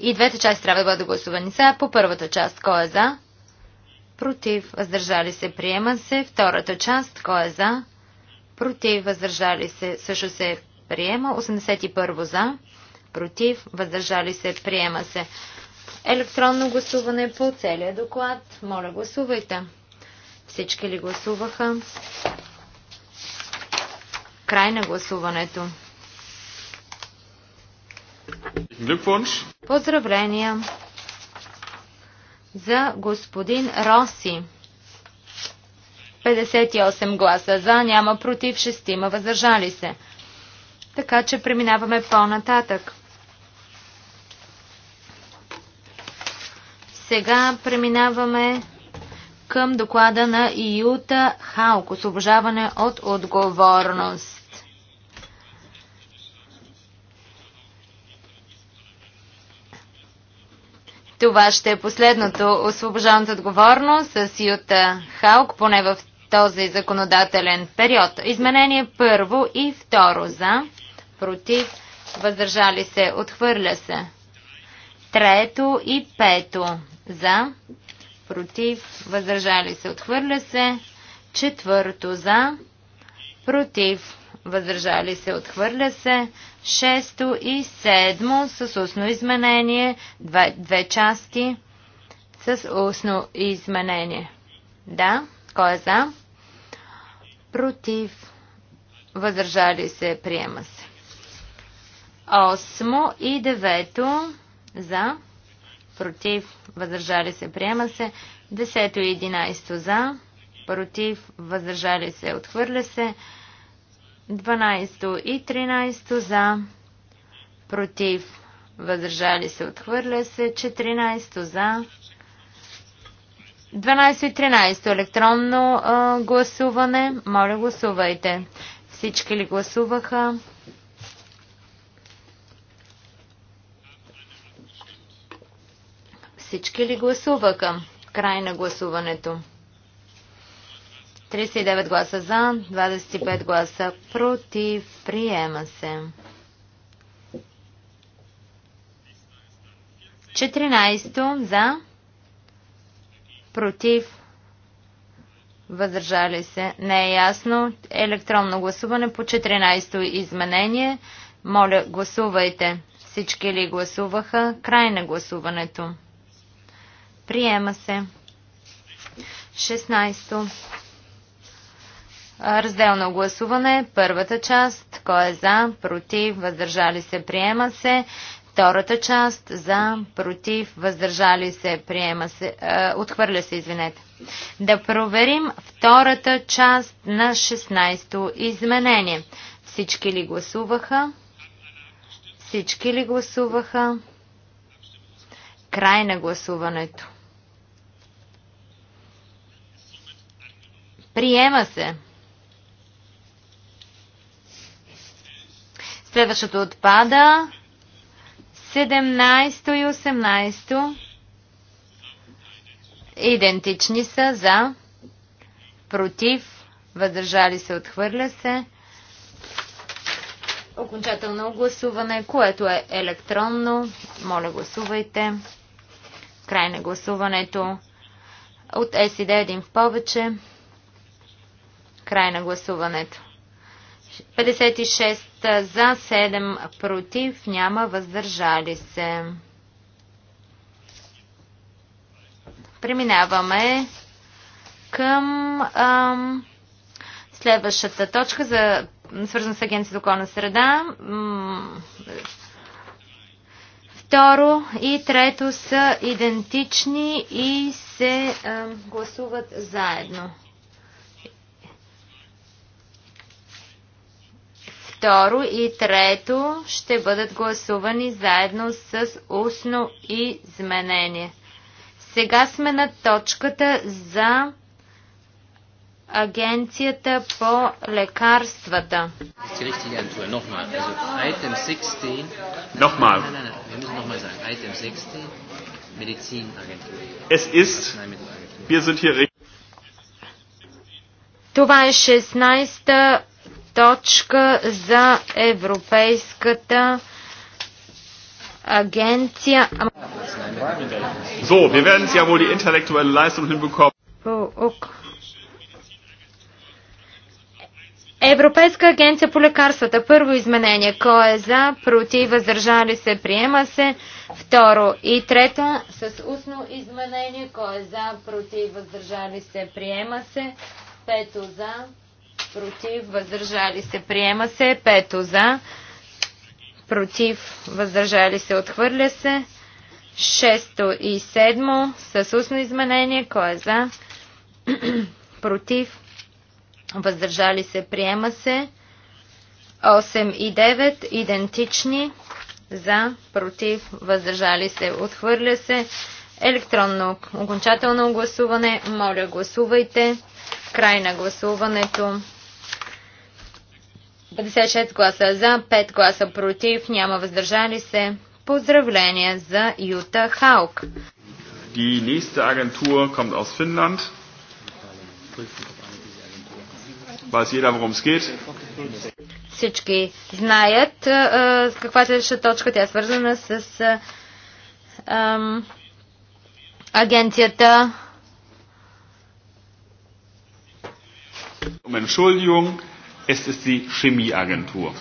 И двете части трябва да бъдат гласувани за. По първата част кой е за? Против. Въздържали се. Приема се. Втората част кой е за? Против. Въздържали се. Също се приема. 81 за. Против. Въздържали се. Приема се. Електронно гласуване по целия доклад. Моля гласувайте. Всички ли гласуваха? Край на гласуването. Поздравления за господин Роси. 58 гласа за, няма против, 6 има въздържали се. Така че преминаваме по-нататък. Сега преминаваме към доклада на Июта Халк, освобождаване от отговорност. Това ще е последното освобождаването отговорно с Юта Халк, поне в този законодателен период. Изменение първо и второ за, против, въздържали се, отхвърля се. Трето и пето за, против, въздържали се, отхвърля се. Четвърто за, против, въздържали се, отхвърля се. Шесто и седмо с устно изменение, две, две части с устно изменение. Да, кой е за? Против, въздържали се, приема се. Осмо и девето за, против, въздържали се, приема се. Десето и единайсто за, против, въздържали се, отхвърля се. 12 и 13 за, против, въздържали се, отхвърля се, 14 за, 12 и 13 електронно а, гласуване. Моля, гласувайте. Всички ли гласуваха? Всички ли гласуваха? Край на гласуването. 39 гласа за, 25 гласа против. Приема се. 14 за, против, въздържали се. Не е ясно. Електронно гласуване по 14 изменение. Моля, гласувайте. Всички ли гласуваха? Край на гласуването. Приема се. 16. Разделно гласуване. Първата част. Кой е за? Против? Въздържали се? Приема се. Втората част. За? Против? Въздържали се? Приема се. Е, отхвърля се, извинете. Да проверим втората част на 16-то изменение. Всички ли гласуваха? Всички ли гласуваха? Край на гласуването. Приема се. Следващото отпада. 17 и 18 идентични са за, против, въздържали се, отхвърля се. Окончателно гласуване, което е електронно. Моля, гласувайте. Край на гласуването. От СИД един в повече. Край на гласуването. 56 за, 7 против, няма въздържали се. Преминаваме към ам, следващата точка, за, свързана с за околна среда. Второ и трето са идентични и се ам, гласуват заедно. второ и трето ще бъдат гласувани заедно с устно изменение. Сега сме на точката за Агенцията по лекарствата. Това е 16-та точка за Европейската Агенция. So, wir werden es ja wohl die intellektuelle Leistung hinbekommen. Европейска агенция по лекарствата. Първо изменение. Кой е за? Против? Въздържали се? Приема се. Второ и трето с устно изменение. Кой е за? Против? Въздържали се? Приема се. Пето за против, въздържали се, приема се. Пето за, против, въздържали се, отхвърля се. Шесто и седмо с устно изменение. Кой е за? против, въздържали се, приема се. 8 и 9 идентични за, против, въздържали се, отхвърля се. Електронно окончателно гласуване. Моля, гласувайте. Край на гласуването. 56 гласа за, 5 гласа против, няма въздържали се. Поздравления за Юта Хаук. Die nächste Agentur kommt aus Finnland. Weiß jeder, worum es geht? Всички знаят с каква следваща точка тя е свързана с ам, агенцията. Um Entschuldigung, Es ist die Chemieagentur.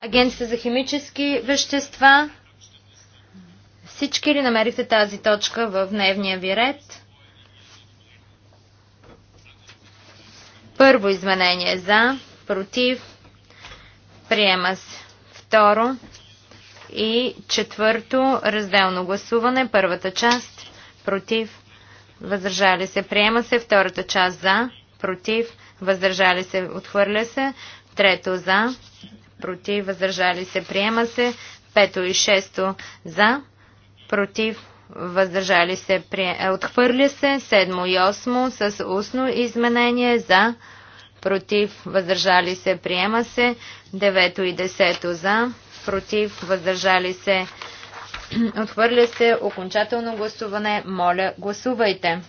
Агенция за химически вещества. Всички ли намерихте тази точка в дневния ви ред? Първо изменение за, против, приема се. Второ и четвърто разделно гласуване. Първата част против, въздържали се, приема се. Втората част за, против, въздържали се, отхвърля се. Трето за, против, въздържали се, приема се. Пето и шесто за, против, въздържали се, е, отхвърля се. Седмо и осмо с устно изменение за, против, въздържали се, приема се. Девето и десето за, против, въздържали се, отхвърля се. Окончателно гласуване, моля, гласувайте.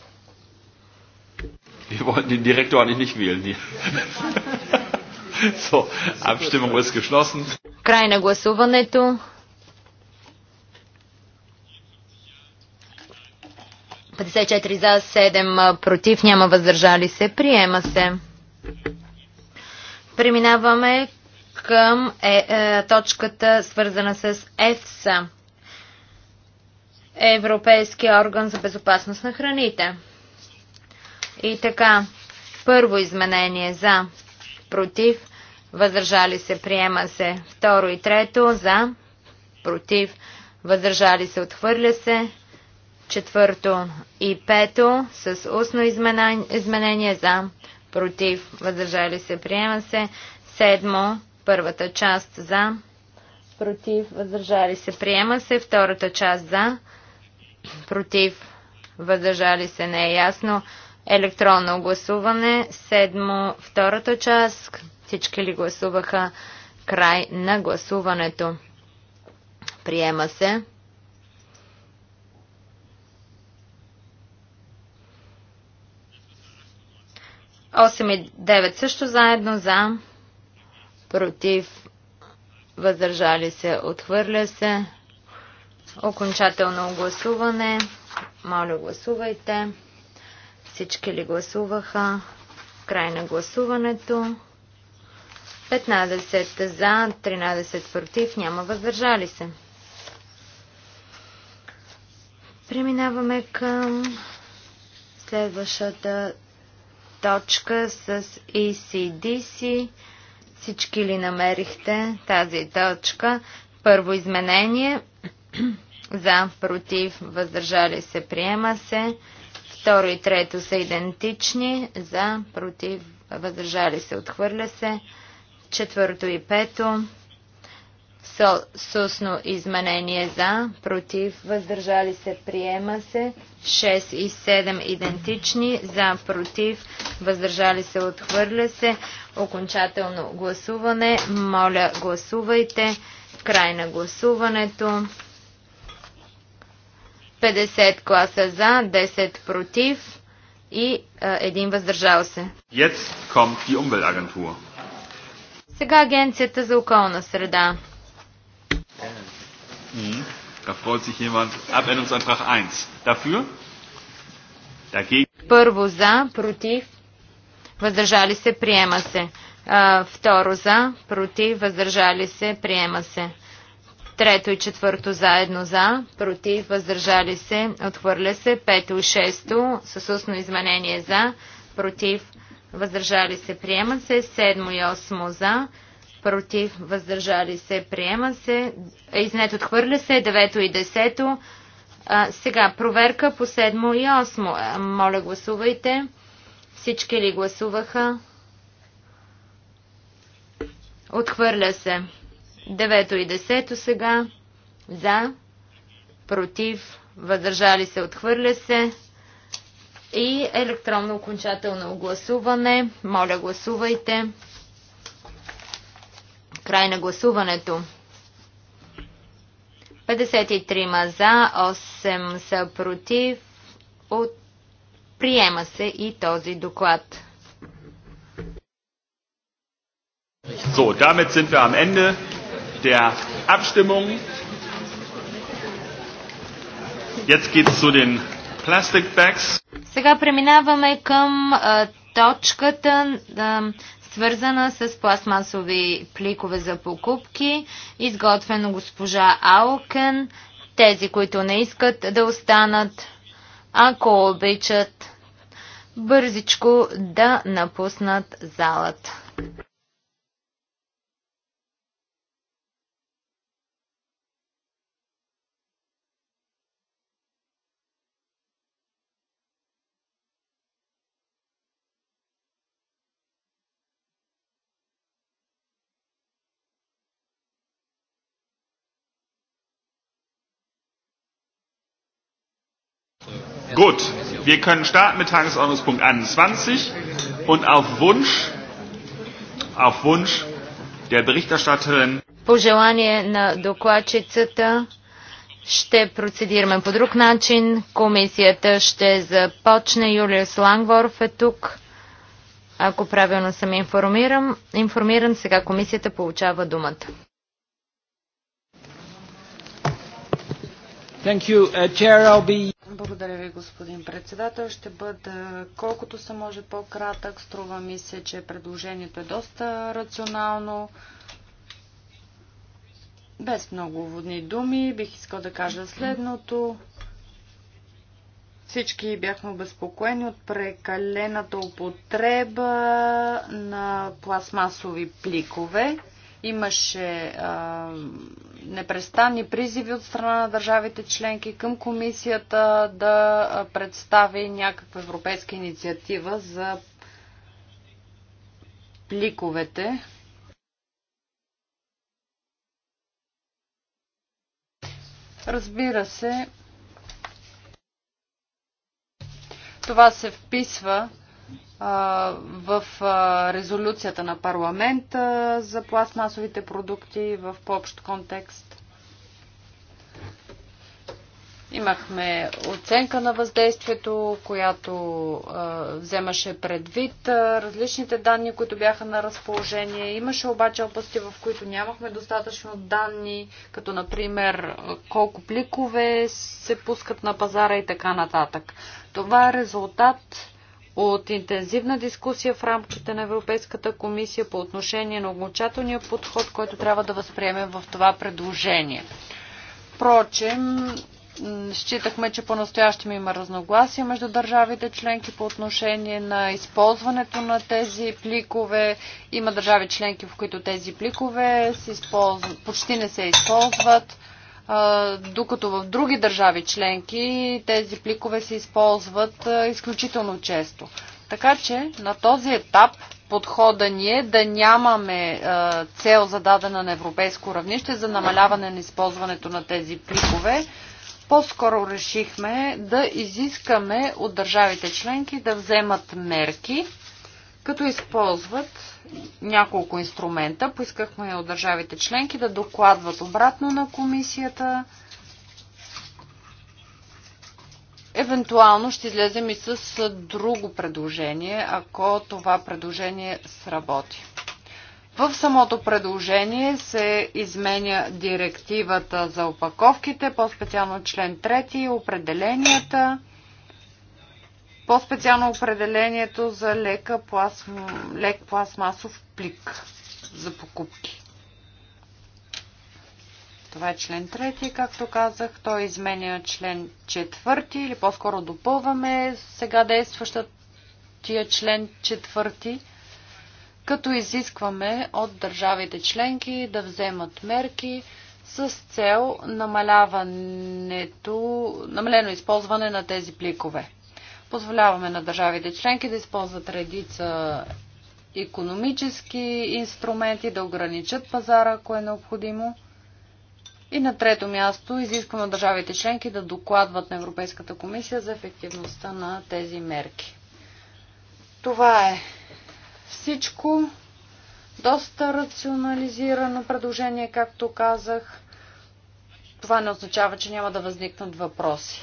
Wir wollten den Direktor nicht wählen. So, Abstimmung ist geschlossen. Край на гласуването. за 7 против, няма въздържали се. Приема се. Преминаваме към е, е, точката свързана с ЕФСА. Европейския орган за безопасност на храните. И така, първо изменение за, против, въздържали се, приема се. Второ и трето, за, против, въздържали се, отхвърля се. Четвърто и пето, с устно изменение, за, против, въздържали се, приема се. Седмо, първата част, за, против, въздържали се, приема се. Втората част, за, против, въздържали се, не е ясно. Електронно гласуване, седмо, втората част, всички ли гласуваха? Край на гласуването. Приема се. Осем и девет също заедно за. Против. Въздържали се. Отхвърля се. Окончателно гласуване. Моля, гласувайте. Всички ли гласуваха? Край на гласуването. 15 за, 13 против, няма въздържали се. Преминаваме към следващата точка с ECDC. Всички ли намерихте тази точка? Първо изменение. За, против, въздържали се, приема се. Второ и трето са идентични. За, против, въздържали се, отхвърля се. Четвърто и пето с сусно изменение за, против, въздържали се, приема се. 6 и 7 идентични, за, против, въздържали се, отхвърля се. Окончателно гласуване. Моля, гласувайте. Край на гласуването. 50 класа за, 10 против и 1 един въздържал се. Jetzt kommt die Umweltagentur. Сега Агенцията за околна среда. Първо за, против, въздържали се, приема се. второ за, против, въздържали се, приема се. Трето и четвърто заедно за, против, въздържали се, отхвърля се. Пето и шесто с устно изменение за, против, въздържали се, приема се. Седмо и осмо за, против, въздържали се, приема се. Е, изнет отхвърля се, девето и десето. А, сега, проверка по седмо и осмо. Моля, гласувайте. Всички ли гласуваха? Отхвърля се. Девето и десето сега. За. Против. Въздържали се. Отхвърля се и електронно окончателно гласуване. Моля, гласувайте. Край на гласуването. 53 за, 8 са против. От... Приема се и този доклад. So, damit sind wir am Ende der Abstimmung. Jetzt geht es zu den Plastic Bags. Сега преминаваме към а, точката, а, свързана с пластмасови пликове за покупки, изготвено госпожа Алкен. Тези, които не искат да останат, ако обичат, бързичко да напуснат залата. Gut, wir können starten mit Tagesordnungspunkt 21 und auf Wunsch, auf Wunsch der Berichterstatterin. По желание на докладчицата ще процедираме по друг начин. Комисията ще започне. Юлиус Лангворф е тук. Ако правилно съм информиран, информиран сега комисията получава думата. Uh, Благодаря ви, господин председател. Ще бъда колкото се може по-кратък. Струва ми се, че предложението е доста рационално. Без много водни думи бих искал да кажа следното. Всички бяхме обезпокоени от прекалената употреба на пластмасови пликове. Имаше а, непрестанни призиви от страна на държавите членки към комисията да представи някаква европейска инициатива за пликовете, Разбира се, това се вписва в резолюцията на парламента за пластмасовите продукти в по-общ контекст. Имахме оценка на въздействието, която а, вземаше предвид а, различните данни, които бяха на разположение. Имаше обаче области, в които нямахме достатъчно данни, като например колко пликове се пускат на пазара и така нататък. Това е резултат от интензивна дискусия в рамките на Европейската комисия по отношение на окончателния подход, който трябва да възприемем в това предложение. Впрочем, считахме, че по-настоящем има разногласия между държавите членки по отношение на използването на тези пликове. Има държави членки, в които тези пликове се използват, почти не се използват докато в други държави членки тези пликове се използват изключително често. Така че на този етап подхода ни е да нямаме цел зададена на европейско равнище за намаляване на използването на тези пликове. По-скоро решихме да изискаме от държавите членки да вземат мерки като използват няколко инструмента. Поискахме от държавите членки да докладват обратно на комисията. Евентуално ще излезем и с друго предложение, ако това предложение сработи. В самото предложение се изменя директивата за опаковките, по-специално член 3, определенията по-специално определението за лека пластм... лек пластмасов плик за покупки. Това е член 3, както казах. Той изменя член 4 или по-скоро допълваме сега действащия тия член 4 като изискваме от държавите членки да вземат мерки с цел намаляването, намалено използване на тези пликове. Позволяваме на държавите членки да използват редица економически инструменти, да ограничат пазара, ако е необходимо. И на трето място изискваме държавите членки да докладват на Европейската комисия за ефективността на тези мерки. Това е всичко. Доста рационализирано предложение, както казах. Това не означава, че няма да възникнат въпроси.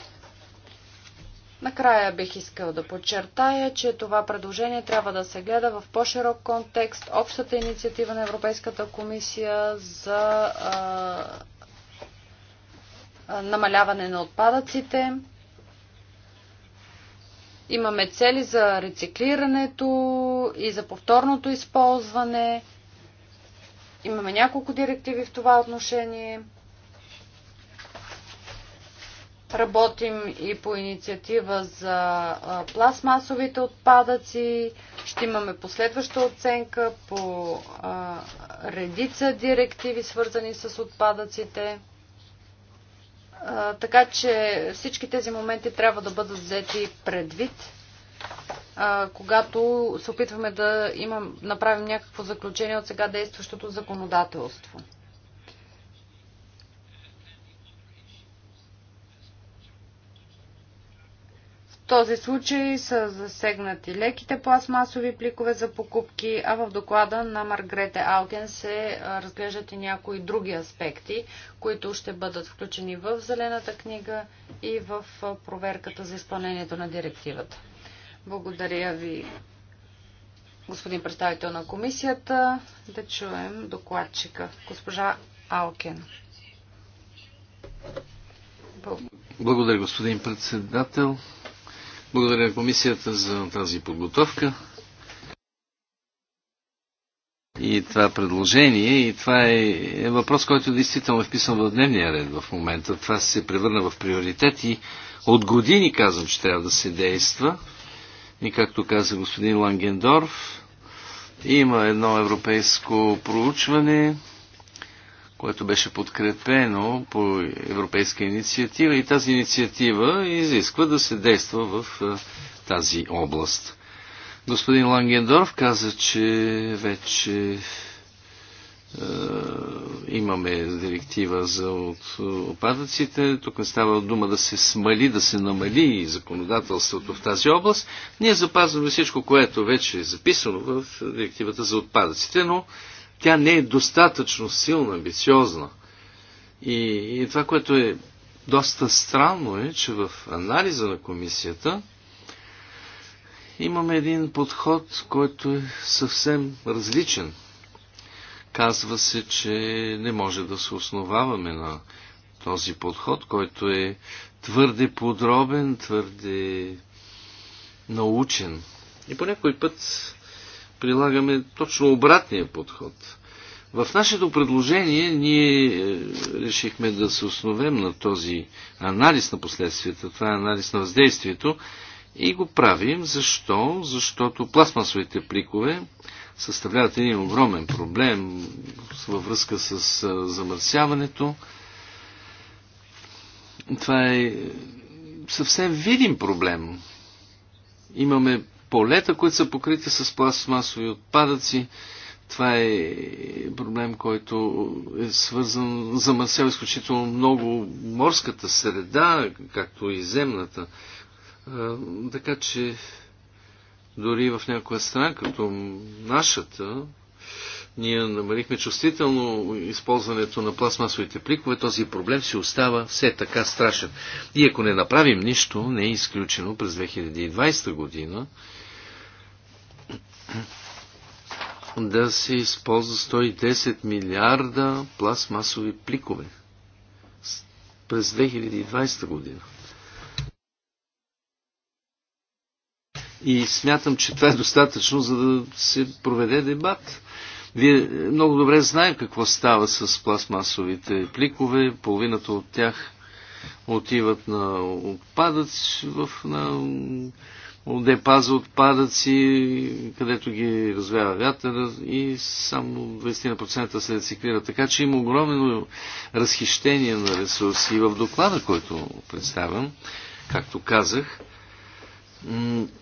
Накрая бих искал да подчертая, че това предложение трябва да се гледа в по-широк контекст общата инициатива на Европейската комисия за а, намаляване на отпадъците. Имаме цели за рециклирането и за повторното използване. Имаме няколко директиви в това отношение. Работим и по инициатива за пластмасовите отпадъци. Ще имаме последваща оценка по редица директиви, свързани с отпадъците. Така че всички тези моменти трябва да бъдат взети предвид, когато се опитваме да имам, направим някакво заключение от сега действащото законодателство. този случай са засегнати леките пластмасови пликове за покупки, а в доклада на Маргрете Алкен се разглеждат и някои други аспекти, които ще бъдат включени в Зелената книга и в проверката за изпълнението на директивата. Благодаря ви, господин представител на комисията. Да чуем докладчика, госпожа Алкен. Благодаря, господин председател. Благодаря комисията за тази подготовка и това предложение. И това е, е въпрос, който действително е вписан в дневния ред в момента. Това се превърна в приоритет и от години казвам, че трябва да се действа. И както каза господин Лангендорф, има едно европейско проучване, което беше подкрепено по европейска инициатива и тази инициатива изисква да се действа в тази област. Господин Лангендорф каза, че вече е, имаме директива за от, опадъците. Тук не става дума да се смали, да се намали законодателството в тази област. Ние запазваме всичко, което вече е записано в директивата за отпадъците, но тя не е достатъчно силна, амбициозна. И, и това, което е доста странно е, че в анализа на комисията имаме един подход, който е съвсем различен. Казва се, че не може да се основаваме на този подход, който е твърде подробен, твърде научен. И по някой път прилагаме точно обратния подход. В нашето предложение ние е, решихме да се основем на този анализ на последствията, това е анализ на въздействието и го правим. Защо? Защото пластмасовите пликове съставляват един огромен проблем във връзка с е, замърсяването. Това е, е съвсем видим проблем. Имаме полета, които са покрити с пластмасови отпадъци. Това е проблем, който е свързан, замърсява изключително много морската среда, както и земната. А, така че дори в някоя страна, като нашата, ние намалихме чувствително използването на пластмасовите пликове, този проблем си остава все така страшен. И ако не направим нищо, не е изключено през 2020 година, да се използва 110 милиарда пластмасови пликове през 2020 година. И смятам, че това е достатъчно, за да се проведе дебат. Вие е, много добре знаем какво става с пластмасовите пликове. Половината от тях отиват на отпадъци в, на депа паза отпадъци, където ги развява вятъра и само 20% се рециклира. Така че има огромно разхищение на ресурси. И в доклада, който представям, както казах,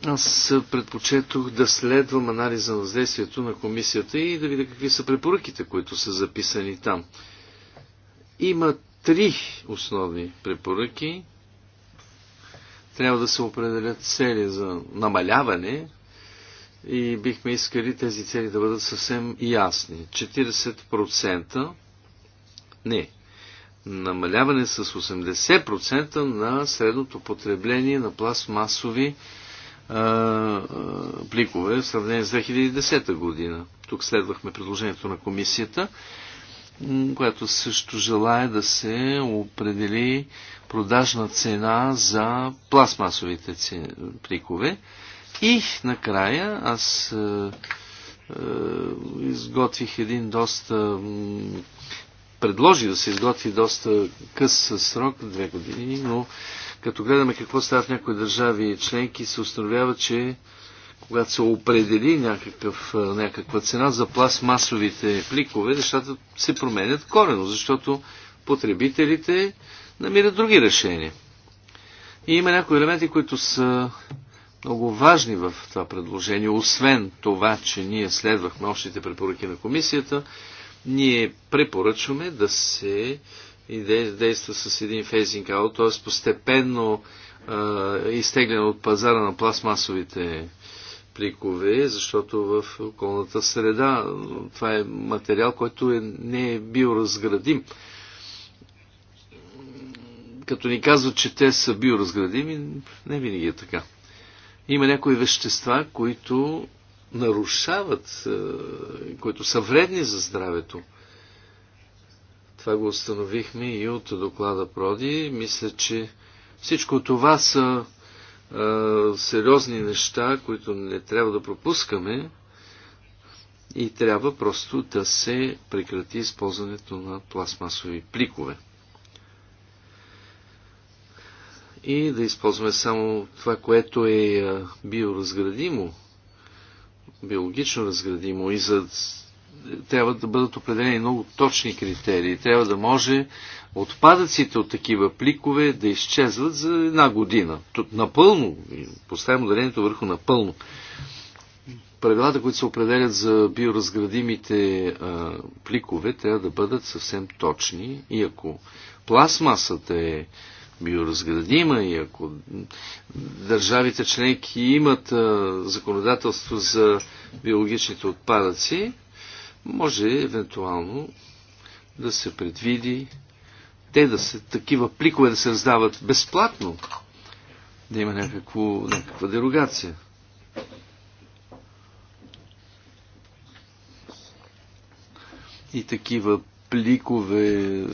аз предпочетох да следвам анализа на въздействието на комисията и да видя какви са препоръките, които са записани там. Има три основни препоръки, трябва да се определят цели за намаляване и бихме искали тези цели да бъдат съвсем ясни. 40% не. Намаляване с 80% на средното потребление на пластмасови пликове в сравнение с 2010 година. Тук следвахме предложението на комисията която също желая да се определи продажна цена за пластмасовите прикове И накрая аз е, е, изготвих един доста предложи да се изготви доста къс срок, две години, но като гледаме какво става в някои държави членки, се установява, че когато се определи някакъв, някаква цена за пластмасовите пликове, нещата се променят корено, защото потребителите намират други решения. И има някои елементи, които са много важни в това предложение. Освен това, че ние следвахме общите препоръки на комисията, ние препоръчваме да се действа с един фейзинг аут, т.е. постепенно изтегляне от пазара на пластмасовите пликове, защото в околната среда това е материал, който е, не е биоразградим. Като ни казват, че те са биоразградими, не винаги е така. Има някои вещества, които нарушават, е, които са вредни за здравето. Това го установихме и от доклада Проди. Мисля, че всичко това са сериозни неща, които не трябва да пропускаме и трябва просто да се прекрати използването на пластмасови пликове. И да използваме само това, което е биоразградимо, биологично разградимо и за трябва да бъдат определени много точни критерии. Трябва да може отпадъците от такива пликове да изчезват за една година. Тут напълно, поставям ударението върху напълно. Правилата, които се определят за биоразградимите а, пликове, трябва да бъдат съвсем точни и ако пластмасата е биоразградима и ако държавите членки имат а, законодателство за биологичните отпадъци, може евентуално да се предвиди те да се, такива пликове да се раздават безплатно, да има някакво, някаква дерогация. И такива пликове е,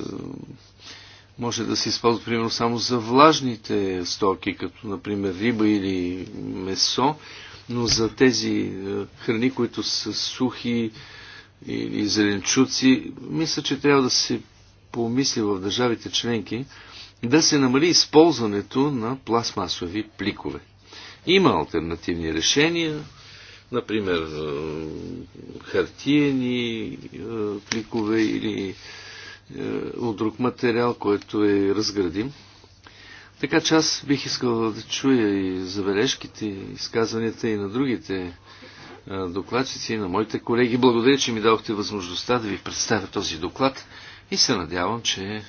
може да се използват примерно само за влажните стоки, като например риба или месо, но за тези е, храни, които са сухи или зеленчуци, мисля, че трябва да се помисли в държавите членки да се намали използването на пластмасови пликове. Има альтернативни решения, например е, хартиени е, пликове или е, от друг материал, който е разградим. Така че аз бих искал да чуя и забележките, изказванията и на другите докладчици, и на моите колеги. Благодаря, че ми дадохте възможността да ви представя този доклад. И се надявам, че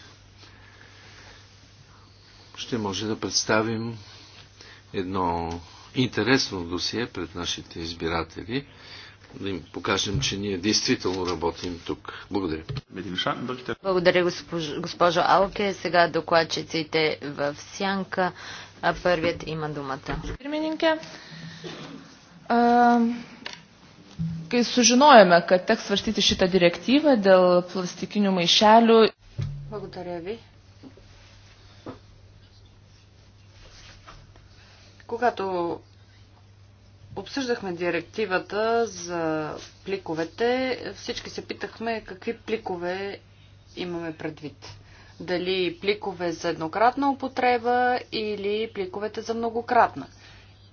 ще може да представим едно интересно досие пред нашите избиратели, да им покажем, че ние действително работим тук. Благодаря. Благодаря, госпожо, госпожо Алке. Сега докладчиците в сянка. А първият има думата kai sužinojame, kad teks svarstyti šitą direktyvą dėl plastikinių maišelių. Благодаря ви. Когато обсъждахме директивата за пликовете, всички се питахме какви пликове имаме предвид. Дали пликове за еднократна употреба или пликовете за многократна.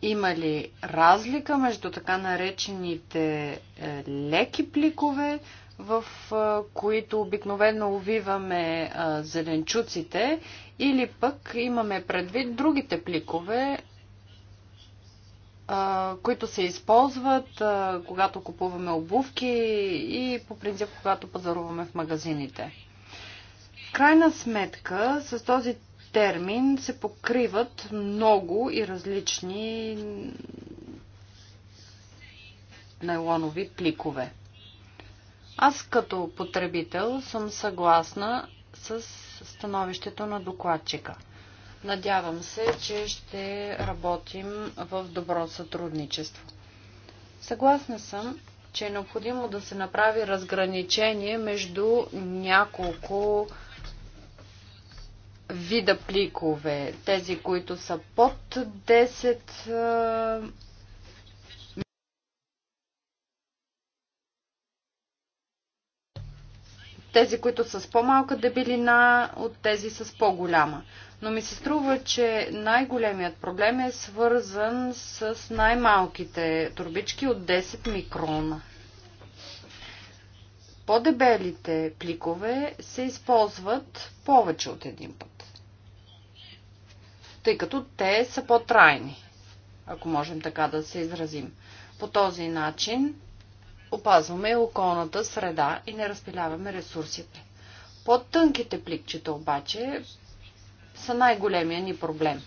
Има ли разлика между така наречените е, леки пликове, в е, които обикновено увиваме е, зеленчуците, или пък имаме предвид другите пликове, които се използват, когато купуваме обувки и по принцип, когато пазаруваме в магазините. В крайна сметка, с този термин се покриват много и различни нейлонови пликове. Аз като потребител съм съгласна с становището на докладчика. Надявам се, че ще работим в добро сътрудничество. Съгласна съм, че е необходимо да се направи разграничение между няколко вида пликове, тези, които са под 10 тези, които са с по-малка дебелина от тези с по-голяма. Но ми се струва, че най-големият проблем е свързан с най-малките турбички от 10 микрона. По-дебелите пликове се използват повече от един път, тъй като те са по-трайни, ако можем така да се изразим. По този начин опазваме околната среда и не разпиляваме ресурсите. По-тънките пликчета обаче са най-големия ни проблем.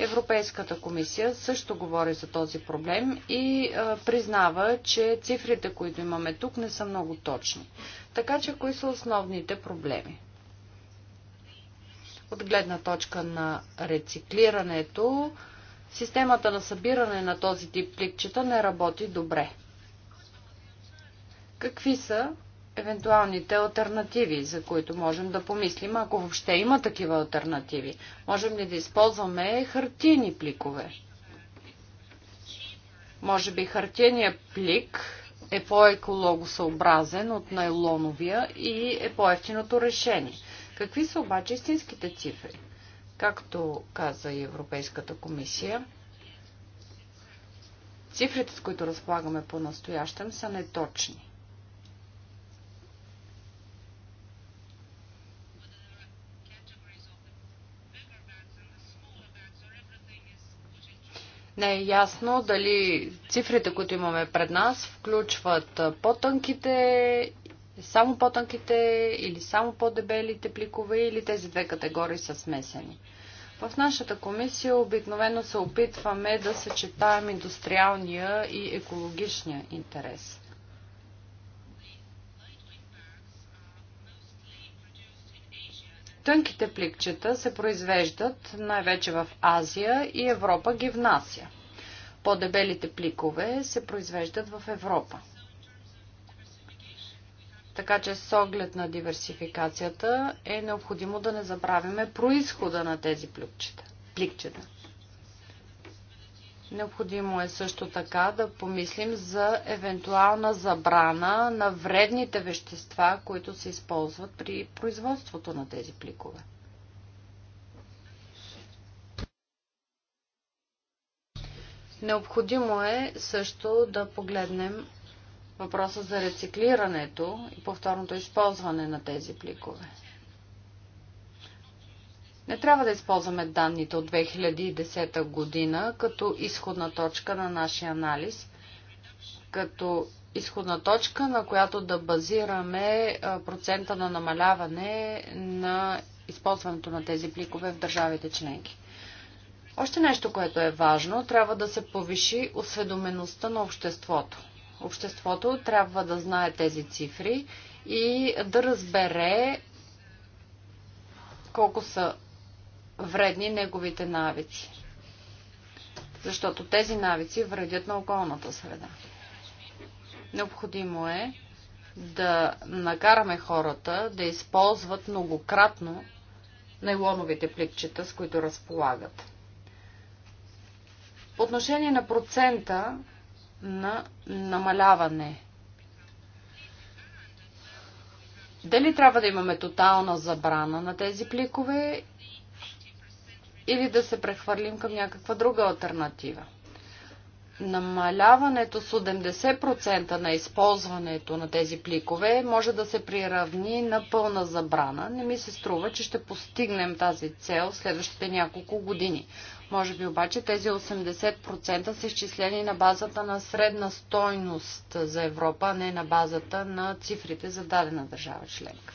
Европейската комисия също говори за този проблем и а, признава, че цифрите, които имаме тук, не са много точни. Така че, кои са основните проблеми? От гледна точка на рециклирането, системата на събиране на този тип пликчета не работи добре. Какви са евентуалните альтернативи, за които можем да помислим, ако въобще има такива альтернативи. Можем ли да използваме хартиени пликове? Може би хартиения плик е по-екологосъобразен от найлоновия и е по-ефтиното решение. Какви са обаче истинските цифри? Както каза и Европейската комисия, цифрите, с които разполагаме по-настоящем, са неточни. Не е ясно дали цифрите, които имаме пред нас, включват по-тънките, само по-тънките или само по-дебелите пликове или тези две категории са смесени. В нашата комисия обикновено се опитваме да съчетаем индустриалния и екологичния интерес. Тънките пликчета се произвеждат най-вече в Азия и Европа ги внася. По-дебелите пликове се произвеждат в Европа. Така че с оглед на диверсификацията е необходимо да не забравяме происхода на тези пликчета. пликчета. Необходимо е също така да помислим за евентуална забрана на вредните вещества, които се използват при производството на тези пликове. Необходимо е също да погледнем въпроса за рециклирането и повторното използване на тези пликове. Не трябва да използваме данните от 2010 година като изходна точка на нашия анализ, като изходна точка, на която да базираме процента на намаляване на използването на тези пликове в държавите членки. Още нещо, което е важно, трябва да се повиши осведомеността на обществото. Обществото трябва да знае тези цифри и да разбере колко са вредни неговите навици. Защото тези навици вредят на околната среда. Необходимо е да накараме хората да използват многократно нейлоновите пликчета, с които разполагат. По отношение на процента на намаляване. Дали трябва да имаме тотална забрана на тези пликове или да се прехвърлим към някаква друга альтернатива. Намаляването с 80% на използването на тези пликове може да се приравни на пълна забрана. Не ми се струва, че ще постигнем тази цел в следващите няколко години. Може би обаче тези 80% са изчислени на базата на средна стойност за Европа, а не на базата на цифрите за дадена държава членка.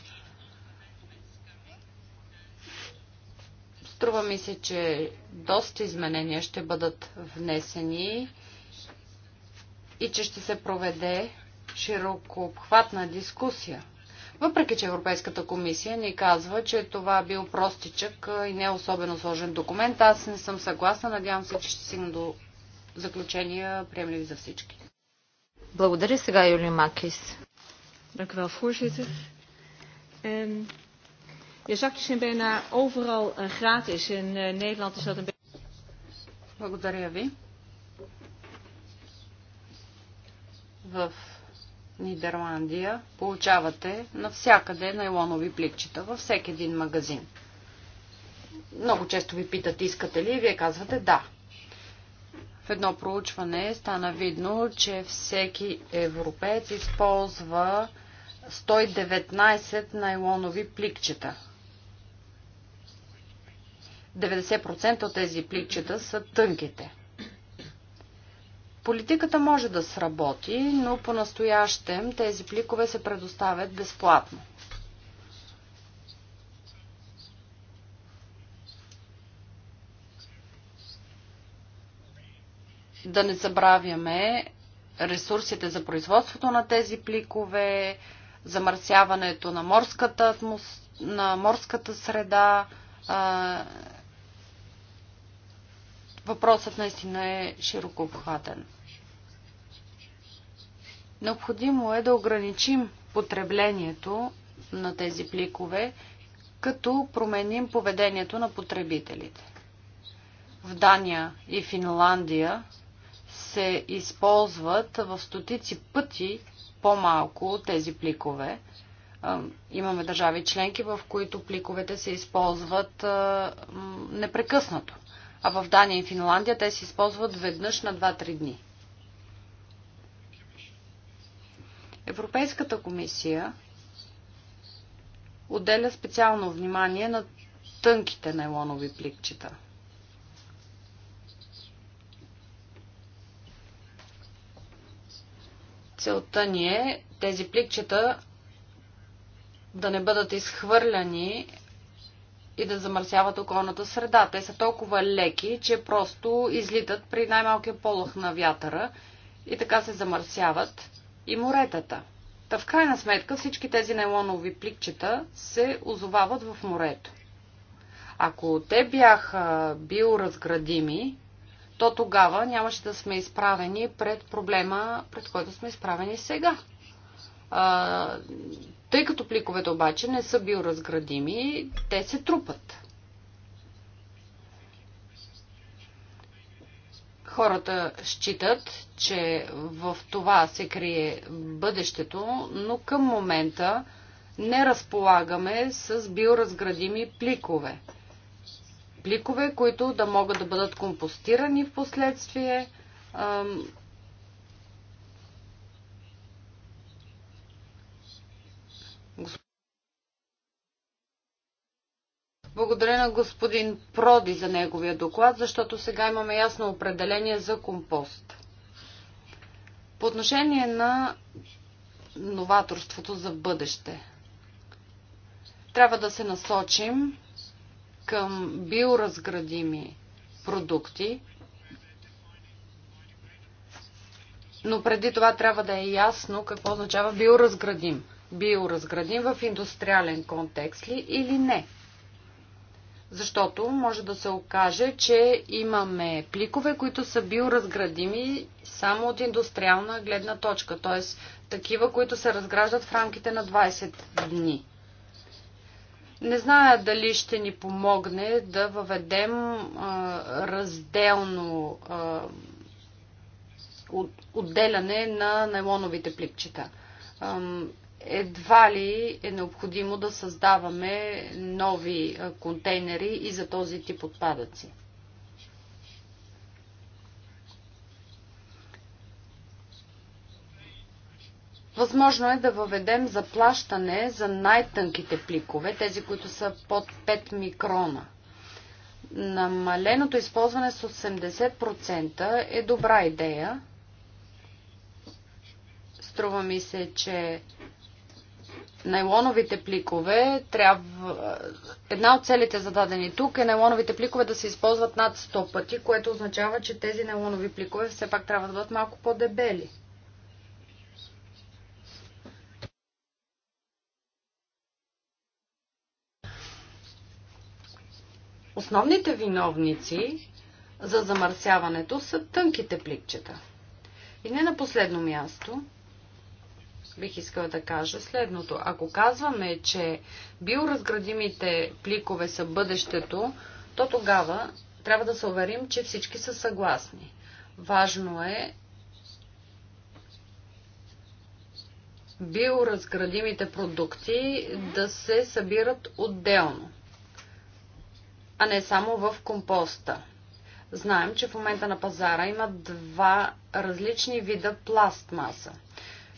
Струва ми се, че доста изменения ще бъдат внесени и че ще се проведе широко обхватна дискусия. Въпреки, че Европейската комисия ни казва, че това бил простичък и не е особено сложен документ, аз не съм съгласна. Надявам се, че ще стигна до заключения, приемливи за всички. Благодаря сега, Юли Макис. Благодаря, u Je zakjes zijn bijna overal eh, gratis. In eh, Nederland is dat een beetje. Благодаря ви. В Нидерландия получавате навсякъде найлонови пликчета, във всеки един магазин. Много често ви питат, искате ли, и вие казвате да. В едно проучване стана видно, че всеки европеец използва 119 найлонови пликчета. 90% от тези пликчета са тънките. Политиката може да сработи, но по-настоящем тези пликове се предоставят безплатно. Да не забравяме ресурсите за производството на тези пликове, замърсяването на морската, атмос... на морската среда, Въпросът наистина е широко обхватен. Необходимо е да ограничим потреблението на тези пликове, като променим поведението на потребителите. В Дания и Финландия се използват в стотици пъти по-малко тези пликове. Имаме държави членки, в които пликовете се използват непрекъснато. А в Дания и Финландия те се използват веднъж на 2-3 дни. Европейската комисия отделя специално внимание на тънките нейлонови пликчета. Целта ни е тези пликчета да не бъдат изхвърляни и да замърсяват околната среда. Те са толкова леки, че просто излитат при най-малкия полох на вятъра и така се замърсяват и моретата. Та в крайна сметка всички тези нейлонови пликчета се озовават в морето. Ако те бяха биоразградими, то тогава нямаше да сме изправени пред проблема, пред който сме изправени сега. Тъй като пликовете обаче не са биоразградими, те се трупат. Хората считат, че в това се крие бъдещето, но към момента не разполагаме с биоразградими пликове. Пликове, които да могат да бъдат компостирани в последствие Благодаря на господин Проди за неговия доклад, защото сега имаме ясно определение за компост. По отношение на новаторството за бъдеще, трябва да се насочим към биоразградими продукти, но преди това трябва да е ясно какво означава биоразградим. Биоразградим в индустриален контекст ли или не? Защото може да се окаже, че имаме пликове, които са биоразградими само от индустриална гледна точка, т.е. такива, които се разграждат в рамките на 20 дни. Не зная дали ще ни помогне да въведем а, разделно а, отделяне на найлоновите пликчета едва ли е необходимо да създаваме нови контейнери и за този тип отпадъци. Възможно е да въведем заплащане за най-тънките пликове, тези, които са под 5 микрона. Намаленото използване с 80% е добра идея. Струва ми се, че найлоновите пликове трябва... Една от целите зададени тук е найлоновите пликове да се използват над 100 пъти, което означава, че тези найлонови пликове все пак трябва да бъдат малко по-дебели. Основните виновници за замърсяването са тънките пликчета. И не на последно място – бих искала да кажа следното. Ако казваме, че биоразградимите пликове са бъдещето, то тогава трябва да се уверим, че всички са съгласни. Важно е биоразградимите продукти да се събират отделно, а не само в компоста. Знаем, че в момента на пазара има два различни вида пластмаса.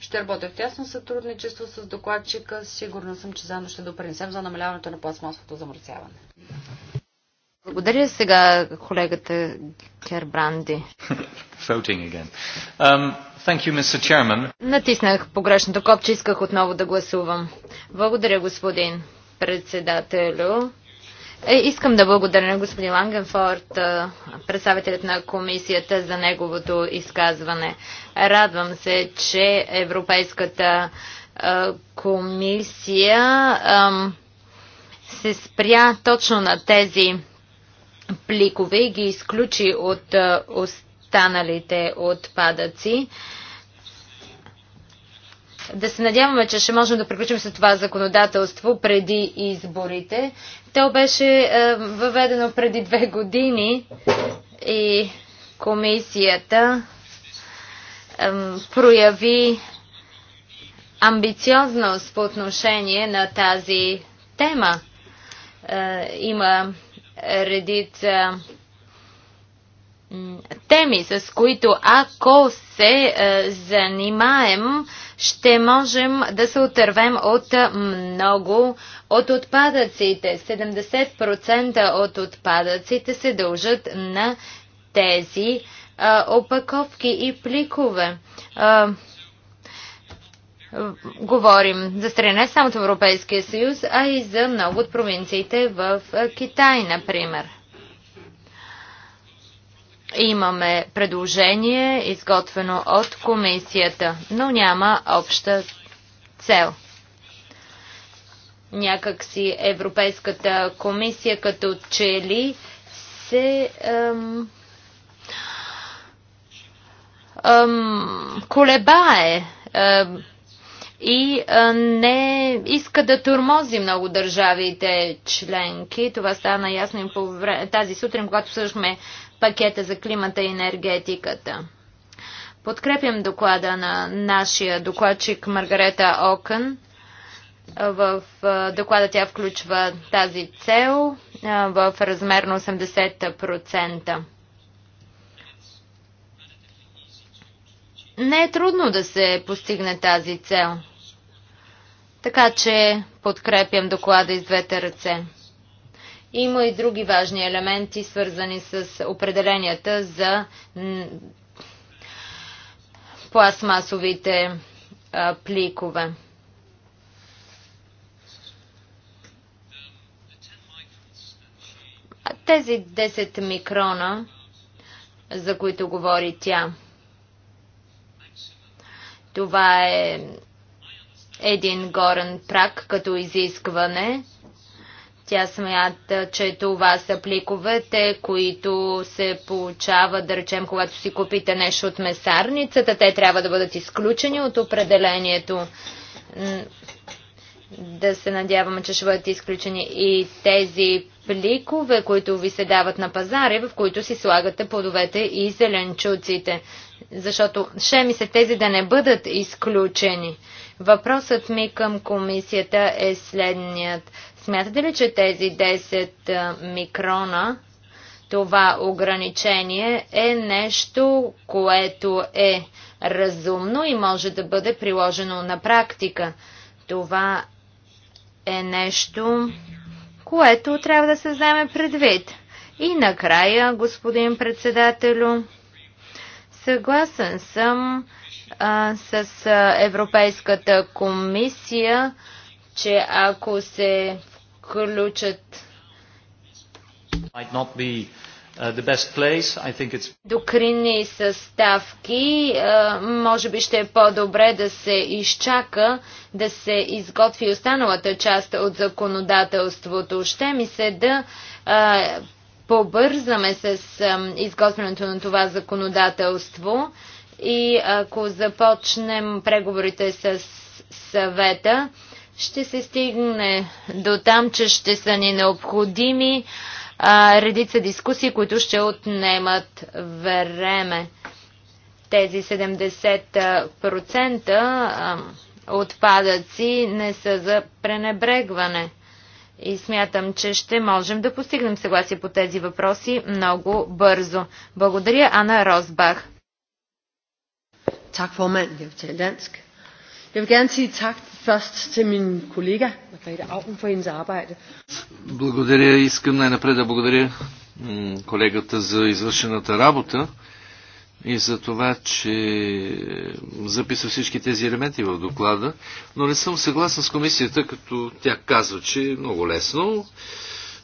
Ще работя в тясно сътрудничество с докладчика. Сигурна съм, че заедно ще допринесем за намаляването на пластмасовото замърсяване. Благодаря сега колегата Кербранди. Um, you, Натиснах погрешното копче, исках отново да гласувам. Благодаря, господин председателю. Е, искам да благодаря на господин Лангенфорд, представителят на комисията, за неговото изказване. Радвам се, че Европейската комисия се спря точно на тези пликове и ги изключи от останалите отпадъци. Да се надяваме, че ще можем да приключим с това законодателство преди изборите. То беше е, въведено преди две години и комисията прояви амбициозност по отношение на тази тема. Е, има редица теми, с които ако се е, занимаем, ще можем да се отървем от много от отпадъците. 70% от отпадъците се дължат на тези е, опаковки и пликове. Е, говорим за страни не само от Европейския съюз, а и за много от провинциите в Китай, например. Имаме предложение, изготвено от комисията, но няма обща цел. Някак си Европейската комисия като чели се ем, ем, колебае ем, и е, не иска да турмози много държавите членки. Това стана ясно и по време, тази сутрин, когато слушахме пакета за климата и енергетиката. Подкрепям доклада на нашия докладчик Маргарета Окън. В доклада тя включва тази цел в размер на 80%. Не е трудно да се постигне тази цел. Така че подкрепям доклада из двете ръце. Има и други важни елементи, свързани с определенията за пластмасовите пликове. Тези 10 микрона, за които говори тя, това е един горен прак като изискване – тя смята, че това са пликовете, които се получават, да речем, когато си купите нещо от месарницата. Те трябва да бъдат изключени от определението. Да се надяваме, че ще бъдат изключени и тези пликове, които ви се дават на пазари, в които си слагате плодовете и зеленчуците. Защото ще ми се тези да не бъдат изключени. Въпросът ми към комисията е следният. Смятате ли, че тези 10 микрона, това ограничение е нещо, което е разумно и може да бъде приложено на практика? Това е нещо, което трябва да се вземе предвид. И накрая, господин председателю, съгласен съм а, с Европейската комисия, че ако се включат докринни съставки. Може би ще е по-добре да се изчака да се изготви останалата част от законодателството. Ще ми се да побързаме с изготвянето на това законодателство и ако започнем преговорите с съвета, ще се стигне до там, че ще са ни необходими а, редица дискусии, които ще отнемат време. Тези 70% а, отпадъци не са за пренебрегване. И смятам, че ще можем да постигнем съгласие по тези въпроси много бързо. Благодаря, Ана Розбах. Tak, formand. Jeg vil tale dansk. Jeg vil gerne sige tak Først til min kollega, Margrethe Augen, for hendes arbejde. Благодаря. Искам най-напред да благодаря колегата за извършената работа и за това, че записа всички тези елементи в доклада, но не съм съгласен с комисията, като тя казва, че е много лесно.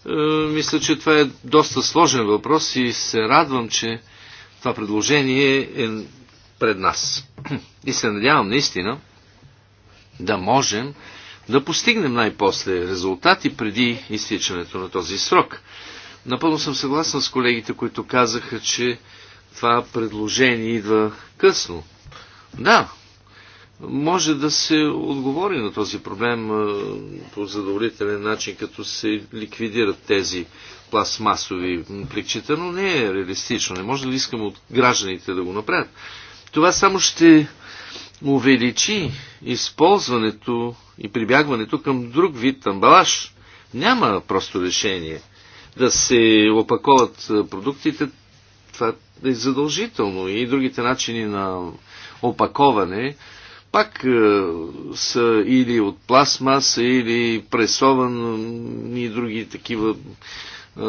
Е, мисля, че това е доста сложен въпрос и се радвам, че това предложение е пред нас. И се надявам наистина, да можем да постигнем най-после резултати преди изтичането на този срок. Напълно съм съгласен с колегите, които казаха, че това предложение идва късно. Да, може да се отговори на този проблем по задоволителен начин, като се ликвидират тези пластмасови пликчета, но не е реалистично. Не може да искаме от гражданите да го направят. Това само ще увеличи използването и прибягването към друг вид амбалаж. Няма просто решение. Да се опаковат продуктите, това е задължително. И другите начини на опаковане пак е, са или от пластмаса, или пресовани и други такива е,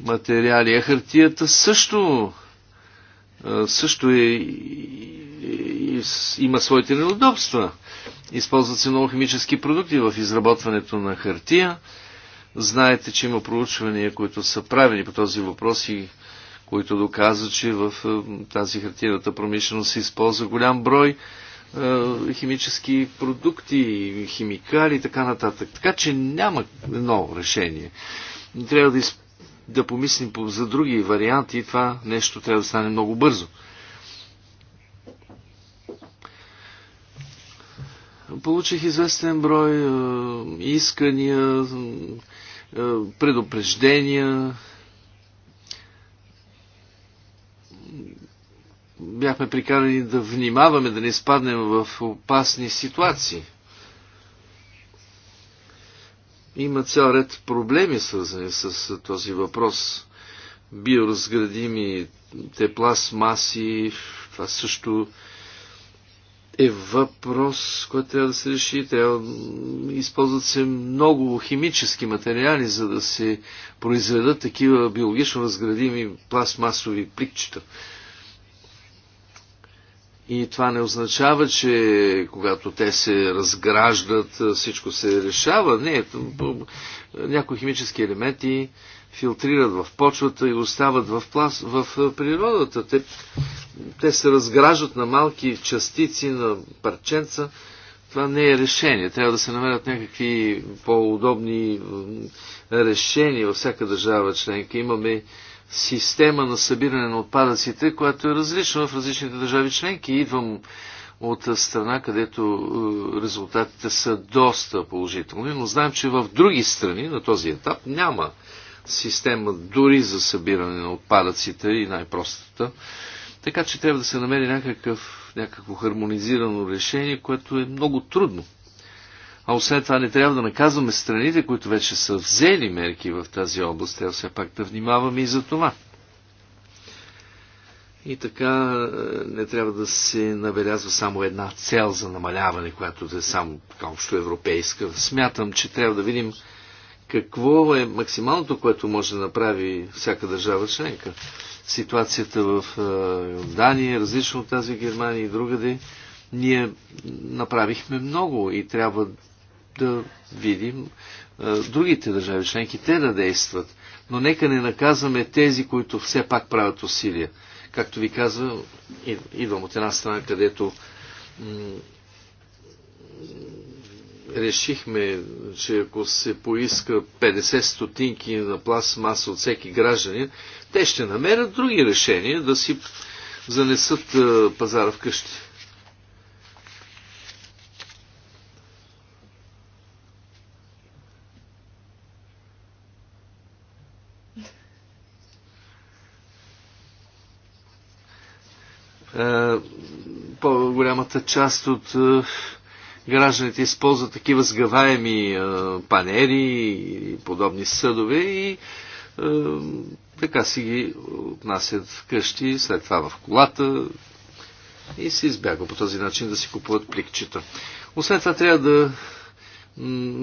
материали. А хартията също също е, има своите неудобства. Използват се много химически продукти в изработването на хартия. Знаете, че има проучвания, които са правени по този въпрос и които доказват, че в тази хартиената промишленост се използва голям брой химически продукти, химикали и така нататък. Така че няма едно решение. Трябва да използваме да помислим за други варианти. Това нещо трябва да стане много бързо. Получих известен брой е, искания, е, предупреждения. Бяхме прикарани да внимаваме, да не изпаднем в опасни ситуации – има цял ред проблеми, свързани с този въпрос. Биоразградими те пластмаси, това също е въпрос, който трябва да се реши. Трябва, използват се много химически материали, за да се произведат такива биологично разградими пластмасови пликчета. И това не означава, че когато те се разграждат, всичко се решава. Не, някои химически елементи филтрират в почвата и остават в, пласт, в природата. Те, те се разграждат на малки частици, на парченца. Това не е решение. Трябва да се намерят някакви по-удобни решения във всяка държава членка. Имаме система на събиране на отпадъците, която е различна в различните държави членки. Идвам от страна, където е, резултатите са доста положителни, но знаем, че в други страни на този етап няма система дори за събиране на отпадъците и най-простата. Така че трябва да се намери някакъв, някакво хармонизирано решение, което е много трудно. А освен това не трябва да наказваме страните, които вече са взели мерки в тази област. Трябва все пак да внимаваме и за това. И така е, не трябва да се набелязва само една цел за намаляване, която да е само така общо европейска. Смятам, че трябва да видим какво е максималното, което може да направи всяка държава членка. Ситуацията в е, Дания е различна от тази в Германия и другаде. Ние направихме много и трябва да видим другите държави членки, те да действат. Но нека не наказваме тези, които все пак правят усилия. Както ви казвам, идвам от една страна, където решихме, че ако се поиска 50 стотинки на пластмаса от всеки гражданин, те ще намерят други решения да си занесат пазара вкъщи. Е, по-голямата част от е, гражданите използват такива сгъваеми е, панери и подобни съдове и така си ги отнасят вкъщи, след това в колата и се избягва по този начин да си купуват пликчета. Освен това трябва да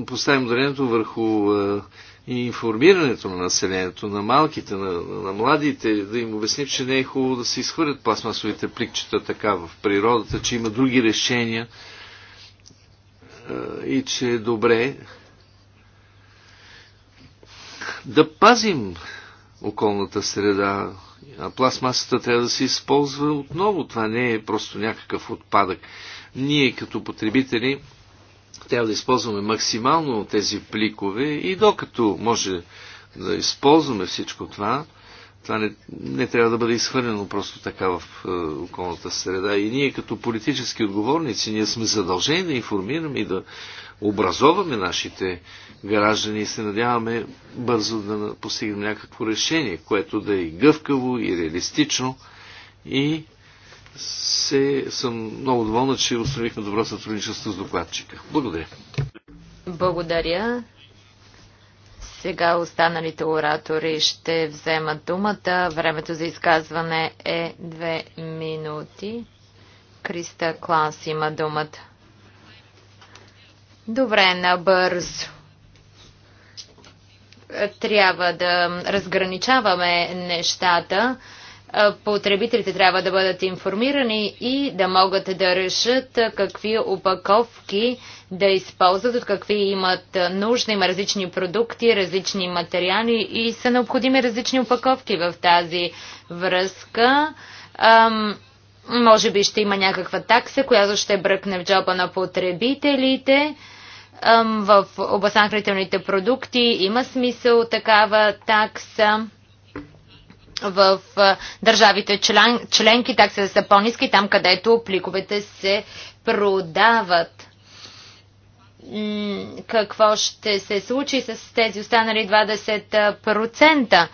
поставим ударението върху информирането на населението, на малките, на, на младите, да им обясним, че не е хубаво да се изхвърлят пластмасовите пликчета така в природата, че има други решения и че е добре да пазим околната среда, а пластмасата трябва да се използва отново. Това не е просто някакъв отпадък. Ние като потребители трябва да използваме максимално тези пликове и докато може да използваме всичко това, това не, не трябва да бъде изхвърлено просто така в е, околната среда. И ние като политически отговорници, ние сме задължени да информираме и да образоваме нашите граждани и се надяваме бързо да постигнем някакво решение, което да е гъвкаво и реалистично и се, съм много доволна, че установихме добро сътрудничество с докладчика. Благодаря. Благодаря. Сега останалите оратори ще вземат думата. Времето за изказване е две минути. Криста Кланс има думата. Добре, набързо. Трябва да разграничаваме нещата потребителите трябва да бъдат информирани и да могат да решат какви опаковки да използват, от какви имат нужда. Има различни продукти, различни материали и са необходими различни опаковки в тази връзка. Ам, може би ще има някаква такса, която ще бръкне в джоба на потребителите в областта на хранителните продукти има смисъл такава такса в държавите член, членки таксите са по-низки, там където пликовете се продават. Какво ще се случи с тези останали 20%?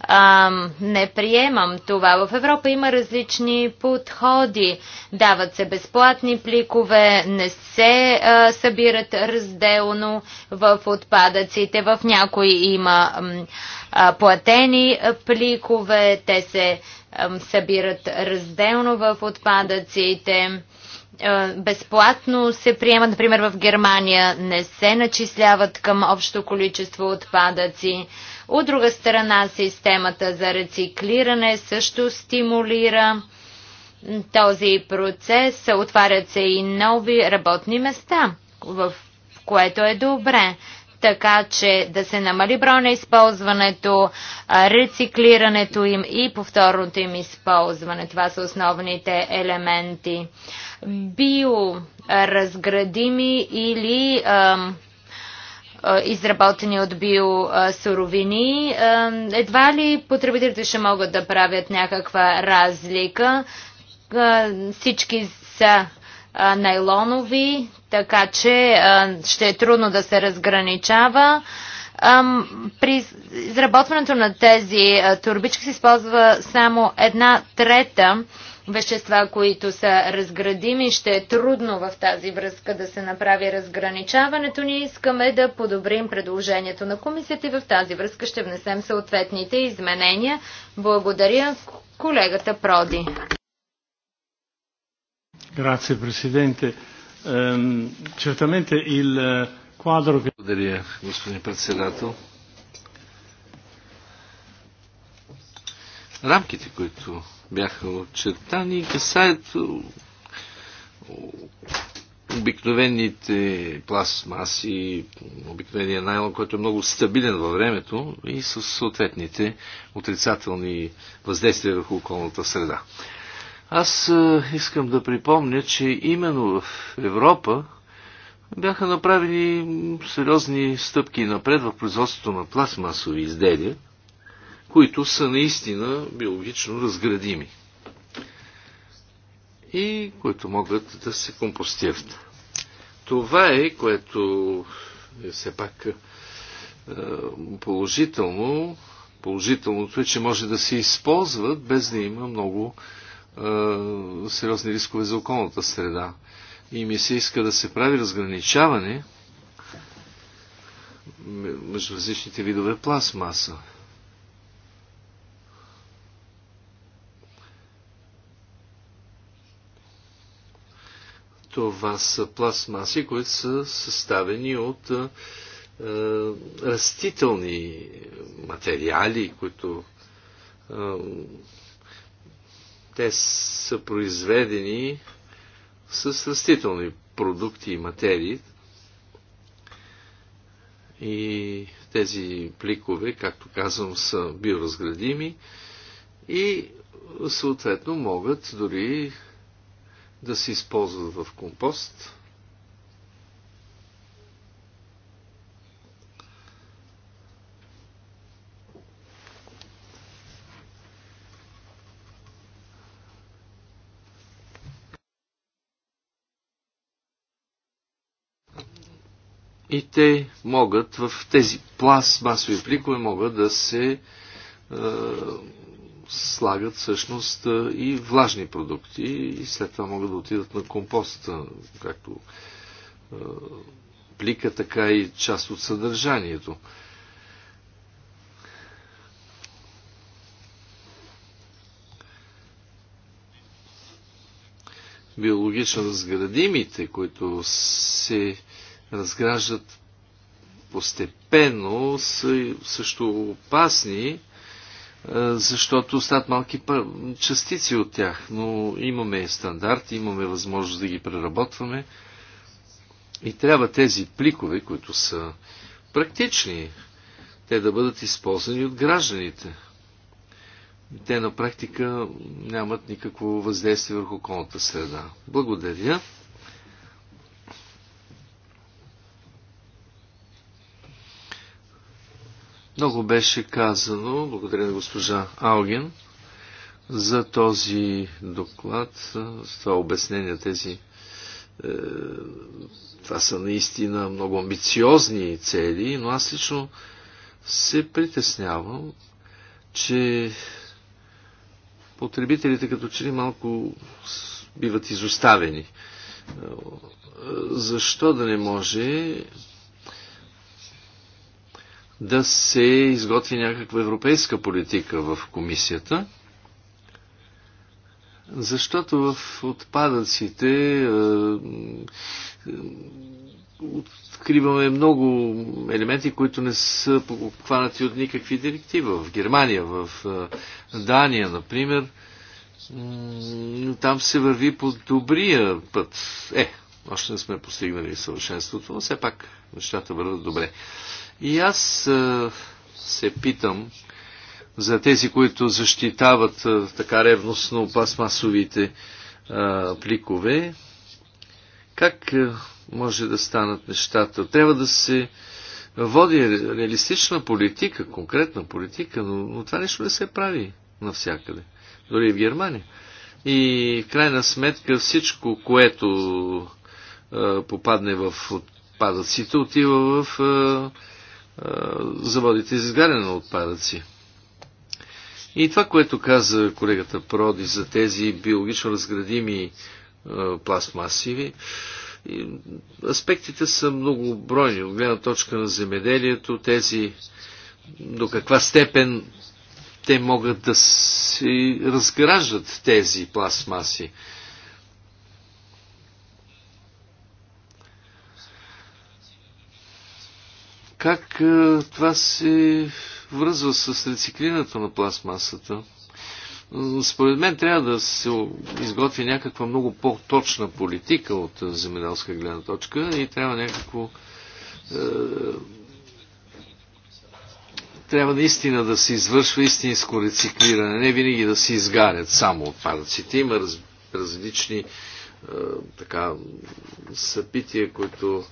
а, не приемам това. В Европа има различни подходи. Дават се безплатни пликове, не се а, събират разделно в отпадъците. В някои има а, платени пликове, те се а, събират разделно в отпадъците. Безплатно се приемат, например в Германия не се начисляват към общо количество отпадъци от друга страна, системата за рециклиране също стимулира този процес. Отварят се и нови работни места, в което е добре така че да се намали броя на използването, рециклирането им и повторното им използване. Това са основните елементи. Биоразградими или ам, изработени от биосуровини. Едва ли потребителите ще могат да правят някаква разлика. Всички са найлонови, така че ще е трудно да се разграничава. При изработването на тези турбички се използва само една трета вещества, които са разградими. Ще е трудно в тази връзка да се направи разграничаването. Ние искаме да подобрим предложението на комисията и в тази връзка ще внесем съответните изменения. Благодаря колегата Проди. Е, Благодаря, господин председател. Рамките, които бяха очертани и касаят обикновените пластмаси, обикновения найлон, който е много стабилен във времето и с съответните отрицателни въздействия върху околната среда. Аз е, искам да припомня, че именно в Европа бяха направени сериозни стъпки напред в производството на пластмасови изделия които са наистина биологично разградими и които могат да се компостират. Това е, което е все пак е, положително. Положителното е, че може да се използват без да има много е, сериозни рискове за околната среда. И ми се иска да се прави разграничаване между различните видове пластмаса. Това са пластмаси, които са съставени от е, растителни материали, които е, те са произведени с растителни продукти и материи. И тези пликове, както казвам, са биоразградими и съответно могат дори да се използват в компост. И те могат в тези пластмасови пликове могат да се слагат всъщност и влажни продукти и след това могат да отидат на компоста, както плика, така и част от съдържанието. биологично разградимите, които се разграждат постепенно, са също опасни е, защото остават малки частици от тях, но имаме стандарт, имаме възможност да ги преработваме и трябва тези пликове, които са практични, те да бъдат използвани от гражданите. Те на практика нямат никакво въздействие върху околната среда. Благодаря. Много беше казано, благодаря на госпожа Алген, за този доклад, за това обяснение тези. Е, това са наистина много амбициозни цели, но аз лично се притеснявам, че потребителите като че ли малко биват изоставени. Защо да не може да се изготви някаква европейска политика в комисията, защото в отпадъците откриваме много елементи, които не са обхванати от никакви директиви. В Германия, в Дания, например, там се върви по добрия път. Е, още не сме постигнали съвършенството, но все пак нещата върват добре. И аз се питам за тези, които защитават така ревностно пластмасовите пликове, как може да станат нещата? Трябва да се води реалистична политика, конкретна политика, но, но това нещо не се прави навсякъде. Дори и в Германия. И в крайна сметка всичко, което е, попадне в отпадъците, отива в заводите за изгаряне на отпадъци. И това, което каза колегата Проди за тези биологично разградими пластмасиви, аспектите са многобройни. От гледна точка на земеделието, тези до каква степен те могат да се разграждат тези пластмаси. Как е, това се връзва с рециклирането на пластмасата? Според мен трябва да се изготви някаква много по-точна политика от е, земеделска гледна точка и трябва някакво е, трябва наистина да се извършва истинско рециклиране, не винаги да се изгарят само отпадъците. Има раз, различни е, така, събития, които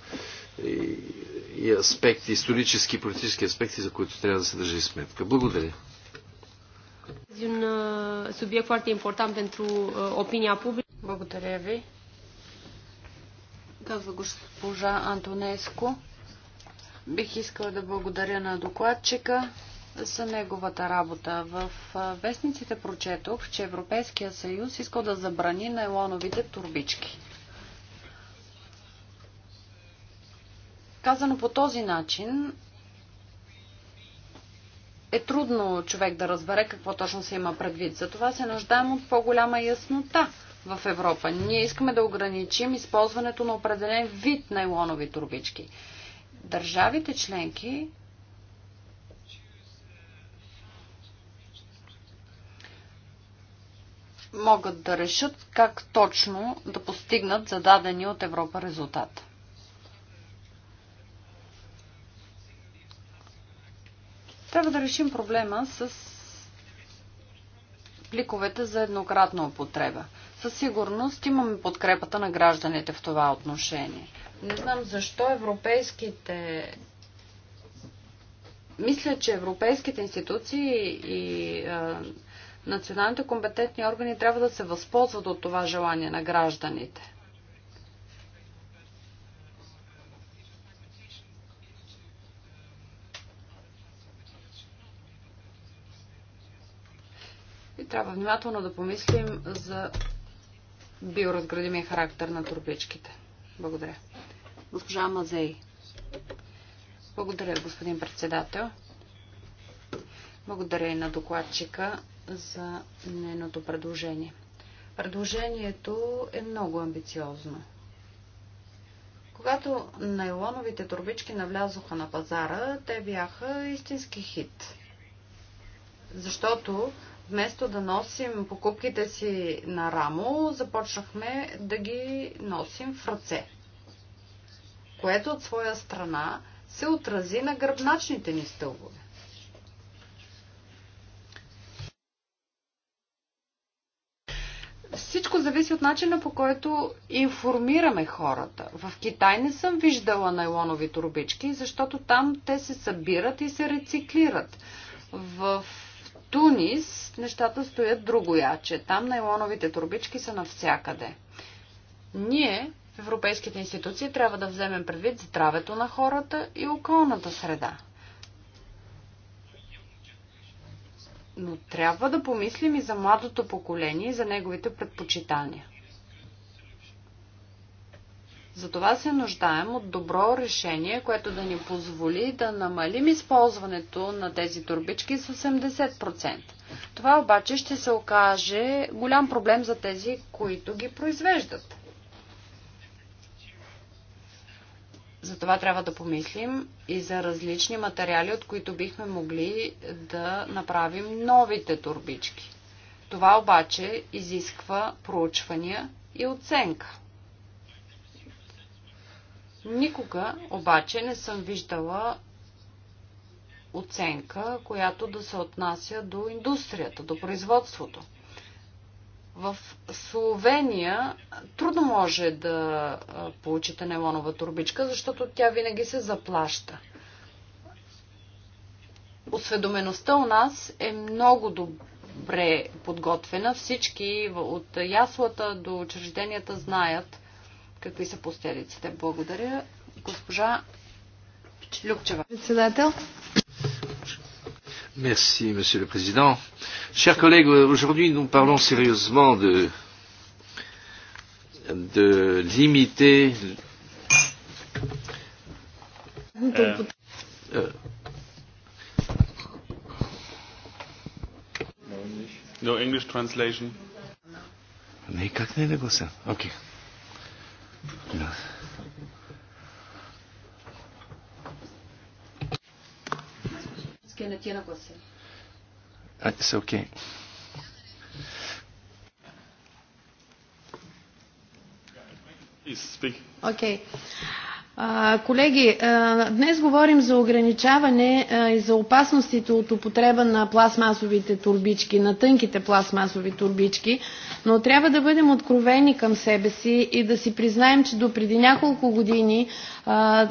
и, аспекти, исторически и политически аспекти, за които трябва да се държи сметка. Благодаря. Благодаря ви. Казва госпожа Антонеско. Бих искала да благодаря на докладчика за неговата работа. В вестниците прочетох, че Европейския съюз искал да забрани найлоновите турбички. Казано по този начин, е трудно човек да разбере какво точно се има предвид. Затова се нуждаем от по-голяма яснота в Европа. Ние искаме да ограничим използването на определен вид найлонови турбички. Държавите членки могат да решат как точно да постигнат зададени от Европа резултата. Трябва да решим проблема с пликовете за еднократна употреба. Със сигурност имаме подкрепата на гражданите в това отношение. Не знам защо европейските мисля, че европейските институции и е, националните компетентни органи трябва да се възползват от това желание на гражданите. трябва внимателно да помислим за биоразградимия характер на турбичките. Благодаря. Госпожа Мазей. Благодаря, господин председател. Благодаря и на докладчика за нейното предложение. Предложението е много амбициозно. Когато найлоновите турбички навлязоха на пазара, те бяха истински хит. Защото вместо да носим покупките си на рамо, започнахме да ги носим в ръце, което от своя страна се отрази на гръбначните ни стълбове. Всичко зависи от начина по който информираме хората. В Китай не съм виждала найлонови турбички, защото там те се събират и се рециклират. В Тунис нещата стоят другояче. Там найлоновите турбички са навсякъде. Ние, в европейските институции, трябва да вземем предвид здравето на хората и околната среда. Но трябва да помислим и за младото поколение и за неговите предпочитания. Затова се нуждаем от добро решение, което да ни позволи да намалим използването на тези турбички с 80%. Това обаче ще се окаже голям проблем за тези, които ги произвеждат. Затова трябва да помислим и за различни материали, от които бихме могли да направим новите турбички. Това обаче изисква проучвания и оценка. Никога обаче не съм виждала оценка, която да се отнася до индустрията, до производството. В Словения трудно може да получите нейлонова турбичка, защото тя винаги се заплаща. Осведомеността у нас е много добре подготвена. Всички от яслата до учрежденията знаят – какви са последиците. Благодаря. Госпожа Любчева. Председател. Merci, Monsieur le Président. Chers collègues, aujourd'hui, nous parlons sérieusement de, de limiter euh, euh, No English translation. Nee, как не е гласа? Окей. Okay. It's okay. Please speak. Okay. Колеги, днес говорим за ограничаване и за опасностите от употреба на пластмасовите турбички, на тънките пластмасови турбички, но трябва да бъдем откровени към себе си и да си признаем, че до преди няколко години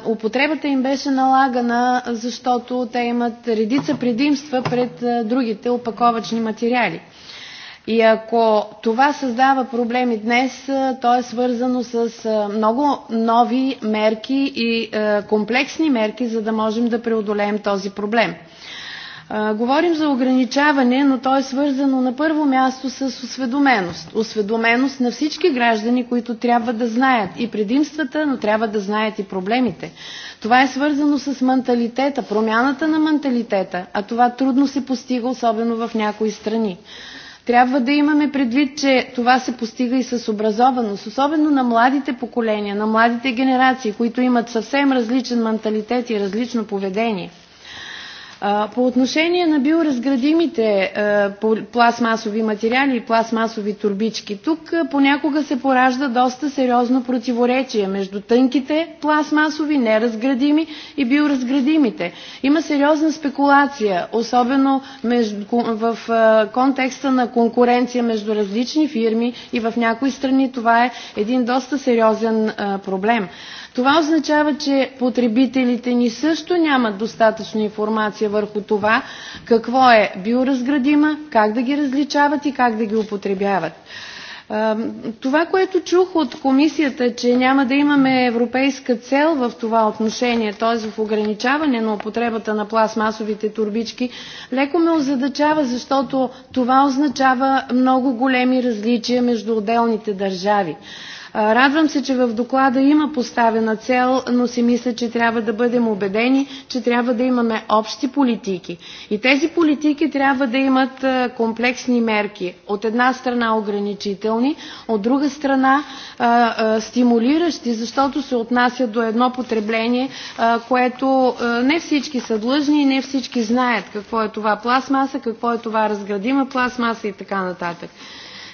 употребата им беше налагана, защото те имат редица предимства пред другите опаковачни материали. И ако това създава проблеми днес, то е свързано с много нови мерки и комплексни мерки, за да можем да преодолеем този проблем. Говорим за ограничаване, но то е свързано на първо място с осведоменост. Осведоменост на всички граждани, които трябва да знаят и предимствата, но трябва да знаят и проблемите. Това е свързано с менталитета, промяната на менталитета, а това трудно се постига, особено в някои страни. Трябва да имаме предвид, че това се постига и с образованост, особено на младите поколения, на младите генерации, които имат съвсем различен менталитет и различно поведение – по отношение на биоразградимите е, пластмасови материали и пластмасови турбички, тук е, понякога се поражда доста сериозно противоречие между тънките пластмасови, неразградими и биоразградимите. Има сериозна спекулация, особено в е, контекста на конкуренция между различни фирми и в някои страни това е един доста сериозен проблем. Това означава, че потребителите ни също нямат достатъчно информация върху това какво е биоразградима, как да ги различават и как да ги употребяват. Това, което чух от комисията, че няма да имаме европейска цел в това отношение, т.е. в ограничаване на употребата на пластмасовите турбички, леко ме озадачава, защото това означава много големи различия между отделните държави. Радвам се, че в доклада има поставена цел, но си мисля, че трябва да бъдем убедени, че трябва да имаме общи политики. И тези политики трябва да имат комплексни мерки. От една страна ограничителни, от друга страна стимулиращи, защото се отнася до едно потребление, което не всички са длъжни и не всички знаят какво е това пластмаса, какво е това разградима пластмаса и така нататък.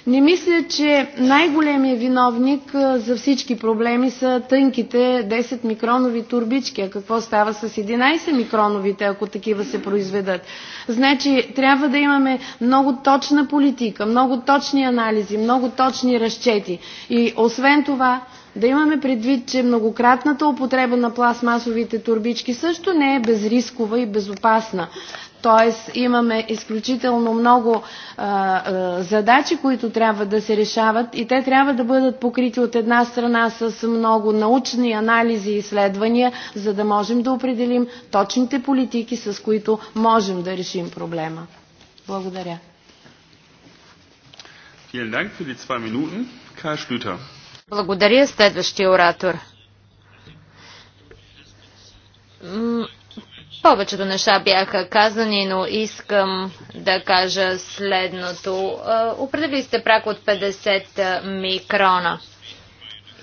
Не мисля, че най-големият виновник за всички проблеми са тънките 10 микронови турбички. А какво става с 11 микроновите, ако такива се произведат? Значи трябва да имаме много точна политика, много точни анализи, много точни разчети. И освен това, да имаме предвид, че многократната употреба на пластмасовите турбички също не е безрискова и безопасна. Т.е. имаме изключително много а, а, задачи, които трябва да се решават и те трябва да бъдат покрити от една страна с много научни анализи и изследвания, за да можем да определим точните политики, с които можем да решим проблема. Благодаря. Благодаря. Следващия оратор. Повечето неща бяха казани, но искам да кажа следното. Определи сте прак от 50 микрона.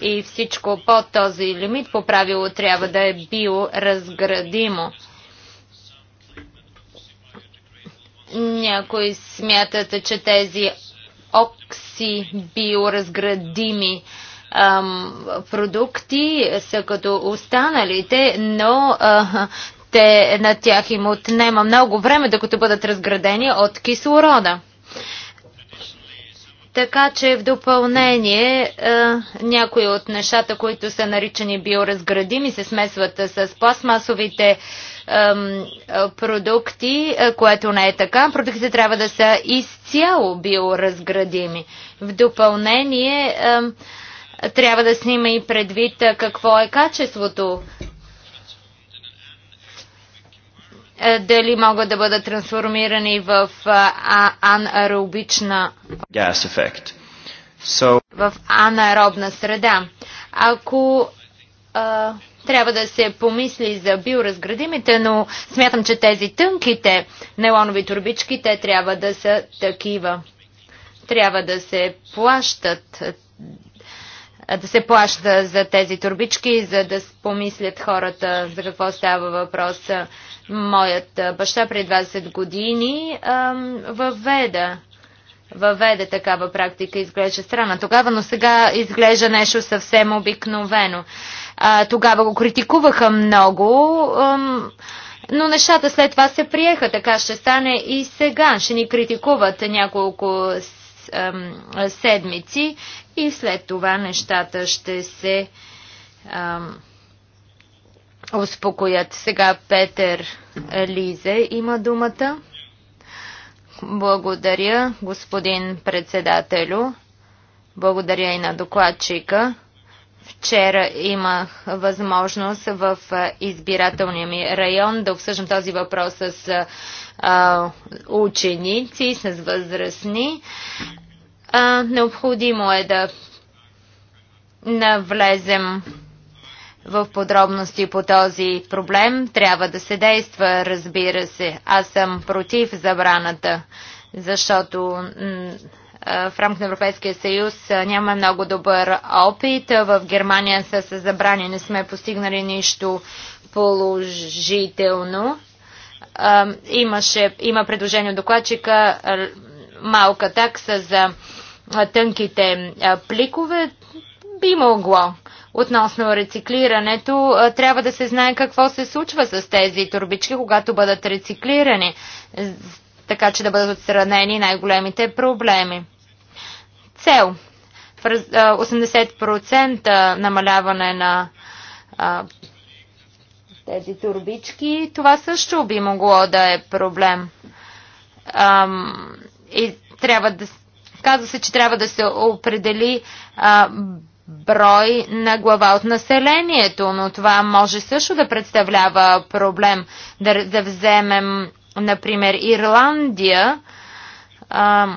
И всичко под този лимит по правило трябва да е биоразградимо. Някои смятат, че тези окси биоразградими продукти са като останалите, но те, на тях им отнема много време, докато бъдат разградени от кислорода. Така че в допълнение е, някои от нещата, които са наричани биоразградими, се смесват с пластмасовите продукти, е, което не е така. Продуктите трябва да са изцяло биоразградими. В допълнение трябва да снима и предвид е, какво е качеството Е, дали могат да бъдат трансформирани в анаеробична so... в анаеробна среда. Ако а, трябва да се помисли за биоразградимите, но смятам, че тези тънките нейлонови турбички, те трябва да са такива. Трябва да се плащат да се плаща за тези турбички, за да помислят хората за какво става въпроса. Моят баща пред 20 години въведа въведе такава практика, изглежда странна тогава, но сега изглежда нещо съвсем обикновено. А, тогава го критикуваха много, ам, но нещата след това се приеха, така ще стане и сега. Ще ни критикуват няколко ам, седмици и след това нещата ще се ам, успокоят. Сега Петър Лизе има думата. Благодаря, господин председателю. Благодаря и на докладчика. Вчера имах възможност в избирателния ми район да обсъждам този въпрос с а, ученици, с възрастни. А, необходимо е да навлезем в подробности по този проблем. Трябва да се действа, разбира се. Аз съм против забраната, защото в рамките на Европейския съюз няма много добър опит. В Германия са се забрани, не сме постигнали нищо положително. Имаше, има предложение от докладчика малка такса за тънките пликове. Би могло. Относно рециклирането, трябва да се знае какво се случва с тези турбички, когато бъдат рециклирани, така че да бъдат отстранени най-големите проблеми. Цел 80% намаляване на тези турбички, това също би могло да е проблем. и трябва да, казва се, че трябва да се определи брой на глава от населението, но това може също да представлява проблем. Да, да вземем, например, Ирландия. А,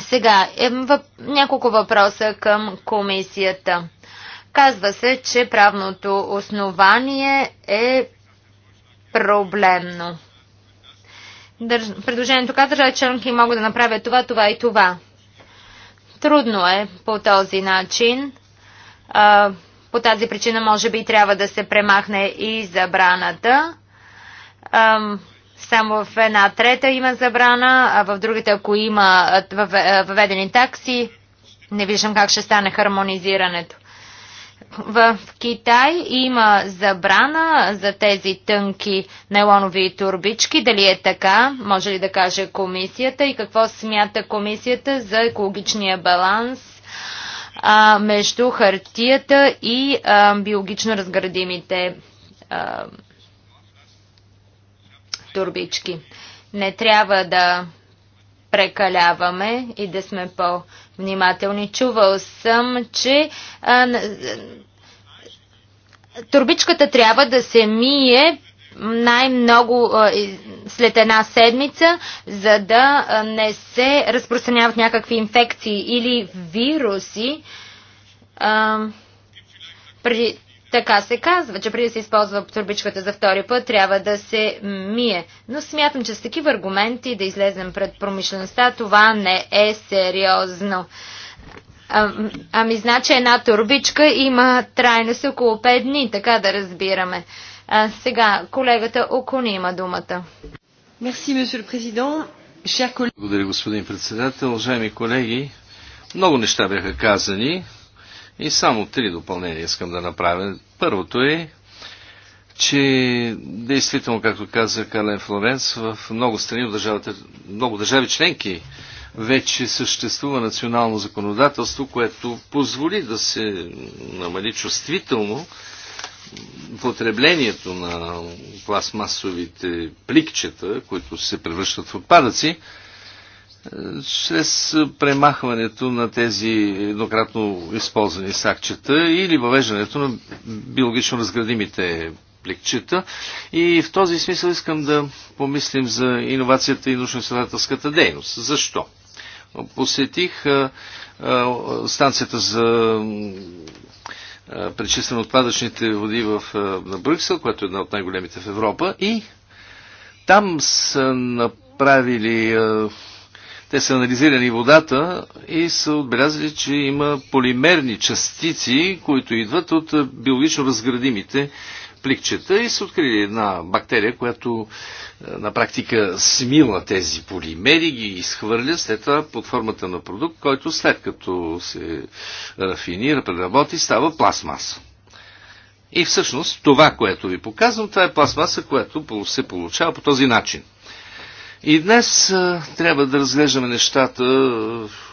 сега, е, въп, няколко въпроса към комисията. Казва се, че правното основание е проблемно. Държ... Предложението казва, че членки могат да направят това, това и това. Трудно е по този начин. По тази причина може би трябва да се премахне и забраната. Само в една трета има забрана, а в другите, ако има въведени такси, не виждам как ще стане хармонизирането. В Китай има забрана за тези тънки нейлонови турбички. Дали е така? Може ли да каже комисията? И какво смята комисията за екологичния баланс а, между хартията и а, биологично разградимите а, турбички? Не трябва да прекаляваме и да сме по- внимателни. Чувал съм, че а, турбичката трябва да се мие най-много след една седмица, за да не се разпространяват някакви инфекции или вируси. А, преди така се казва, че преди да се използва турбичката за втори път, трябва да се мие. Но смятам, че с такива аргументи да излезем пред промишлеността, това не е сериозно. А, ами значи една турбичка има трайност около 5 дни, така да разбираме. А, сега колегата Окуни има думата. Благодаря, господин председател. Уважаеми колеги, много неща бяха казани. И само три допълнения искам да направя. Първото е, че действително, както каза Карлен Флоренц, в много страни, в държавите, много държави членки вече съществува национално законодателство, което позволи да се намали чувствително потреблението на пластмасовите пликчета, които се превръщат в отпадъци, чрез премахването на тези еднократно използвани сакчета или въвеждането на биологично разградимите пликчета. И в този смисъл искам да помислим за иновацията и научно-изследователската дейност. Защо? Посетих а, а, станцията за пречистване отпадъчните води в, а, на Брюксел, която е една от най-големите в Европа. И там са направили те са анализирали водата и са отбелязали, че има полимерни частици, които идват от е, биологично разградимите пликчета и са открили една бактерия, която е, на практика смила тези полимери, ги изхвърля след това под формата на продукт, който след като се е, рафинира, преработи, става пластмаса. И всъщност това, което ви показвам, това е пластмаса, която се получава по този начин. И днес а, трябва да разглеждаме нещата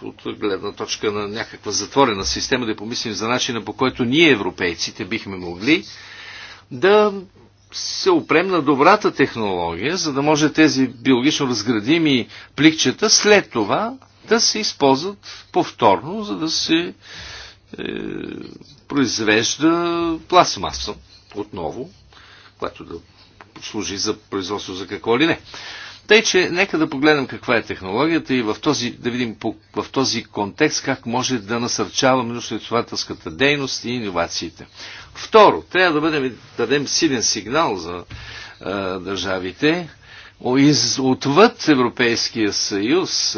от гледна точка на някаква затворена система, да помислим за начина по който ние, европейците, бихме могли да се опрем на добрата технология, за да може тези биологично разградими пликчета след това да се използват повторно, за да се е, произвежда пластмаса отново, която да служи за производство за какво ли не. Тъй, че нека да погледнем каква е технологията и в този, да видим по, в този контекст как може да насърчаваме научно-изследователската дейност и иновациите. Второ, трябва да бъдем, дадем силен сигнал за а, държавите, из, отвъд Европейския съюз,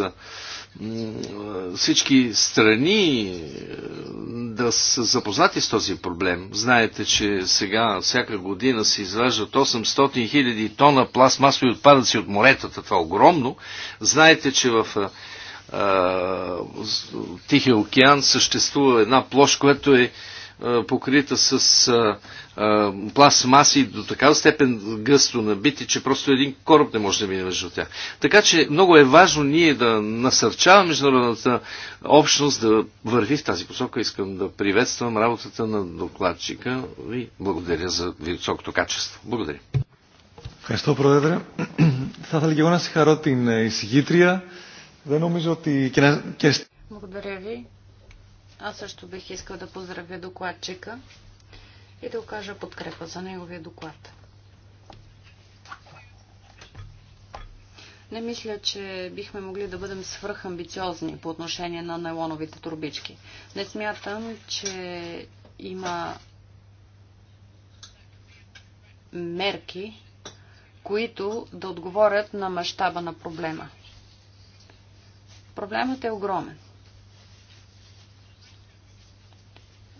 всички страни е, да са запознати с този проблем. Знаете, че сега всяка година се израждат 800 000 тона пластмасови отпадъци от моретата. Това е огромно. Знаете, че в е, е, Тихия океан съществува една площ, която е покрита с а, пластмаси до такава степен гъсто набити, че просто един кораб не може да мине между тях. Така че много е важно ние да насърчаваме международната общност да върви в тази посока. Искам да приветствам работата на докладчика и благодаря за високото качество. Благодаря. Ευχαριστώ Πρόεδρε. Θα ήθελα και εγώ να συγχαρώ την εισηγήτρια. Δεν νομίζω ότι... Благодаря ви. Аз също бих искал да поздравя докладчика и да окажа подкрепа за неговия доклад. Не мисля, че бихме могли да бъдем свръхамбициозни по отношение на нейлоновите турбички. Не смятам, че има мерки, които да отговорят на мащаба на проблема. Проблемът е огромен.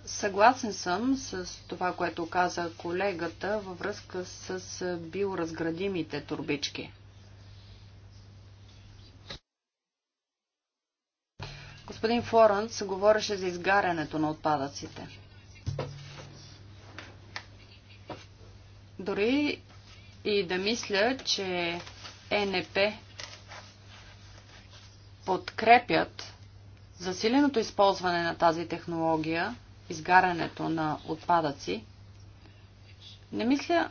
Съгласен съм с това, което каза колегата във връзка с биоразградимите турбички. Господин Флоренс говореше за изгарянето на отпадъците. Дори и да мисля, че ЕНП подкрепят засиленото използване на тази технология, изгарянето на отпадъци, не мисля,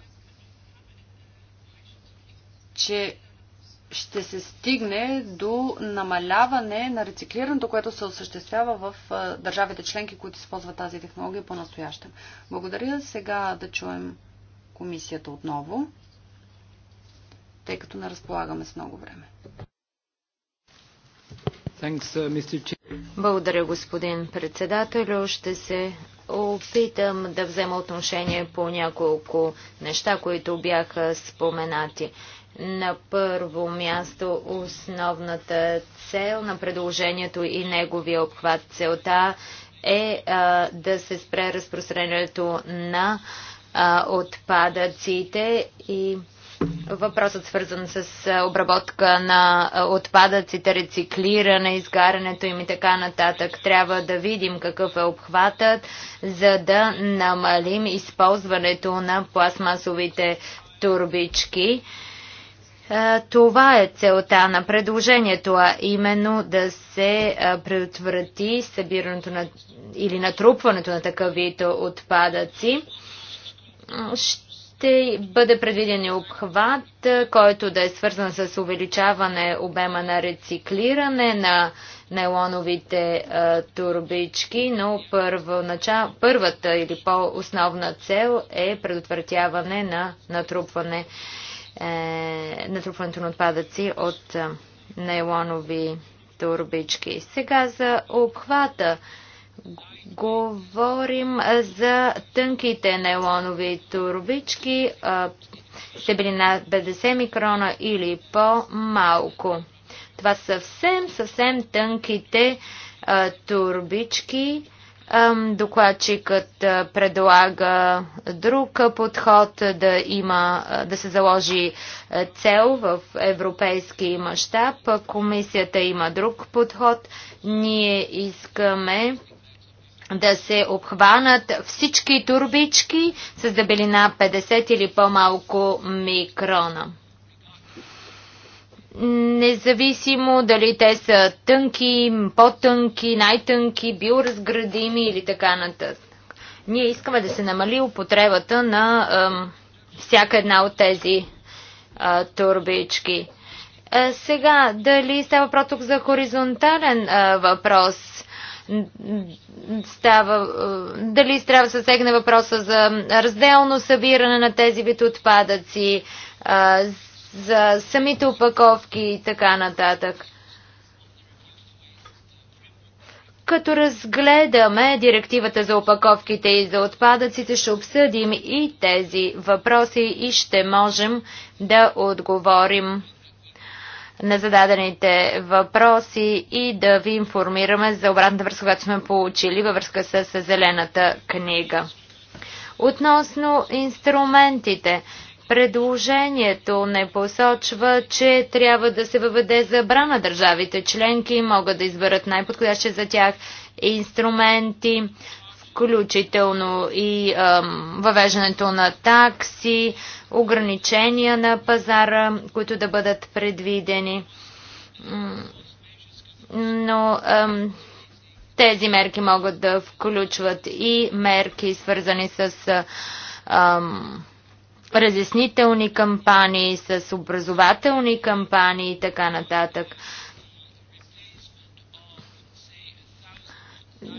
че ще се стигне до намаляване на рециклирането, което се осъществява в държавите членки, които използват тази технология по-настоящем. Благодаря. Сега да чуем комисията отново, тъй като не разполагаме с много време. Uh, Благодаря, господин председател. Ще се опитам да взема отношение по няколко неща, които бяха споменати. На първо място основната цел на предложението и неговия обхват. Целта е а, да се спре разпространението на а, отпадъците и а, Въпросът свързан с обработка на отпадъците, рециклиране, изгарянето им и така нататък. Трябва да видим какъв е обхватът, за да намалим използването на пластмасовите турбички. Това е целта на предложението, а именно да се предотврати събирането на, или натрупването на такъвито отпадъци. Ще ще бъде предвиден и обхват, е, който да е свързан с увеличаване обема на рециклиране на нейлоновите а, е, турбички, но първата или по-основна цел е предотвратяване на натрупване, е, натрупването на отпадъци от а, е, нейлонови турбички. Сега за обхвата. Говорим за тънките нейлонови турбички, дебелина 50 микрона или по-малко. Това са съвсем, съвсем тънките а, турбички. Докладчикът предлага друг подход да има, да се заложи цел в европейски мащаб. Комисията има друг подход. Ние искаме да се обхванат всички турбички с дебелина 50 или по-малко микрона. Независимо дали те са тънки, по-тънки, най-тънки, биоразградими или така нататък. Ние искаме да се намали употребата на ем, всяка една от тези е, турбички. Е, сега, дали става въпрос за хоризонтален е, въпрос? става, е, дали трябва да се сегне въпроса за разделно събиране на тези вид отпадъци, е, за самите опаковки и така нататък. Като разгледаме директивата за опаковките и за отпадъците, ще обсъдим и тези въпроси и ще можем да отговорим на зададените въпроси и да ви информираме за обратната връзка, която сме получили във връзка с Зелената книга. Относно инструментите, предложението не посочва, че трябва да се въведе забрана. Държавите членки могат да изберат най-подходящи за тях инструменти, включително и ам, въвеждането на такси, ограничения на пазара, които да бъдат предвидени. Но тези мерки могат да включват и мерки, свързани с разяснителни кампании, с образователни кампании и така нататък.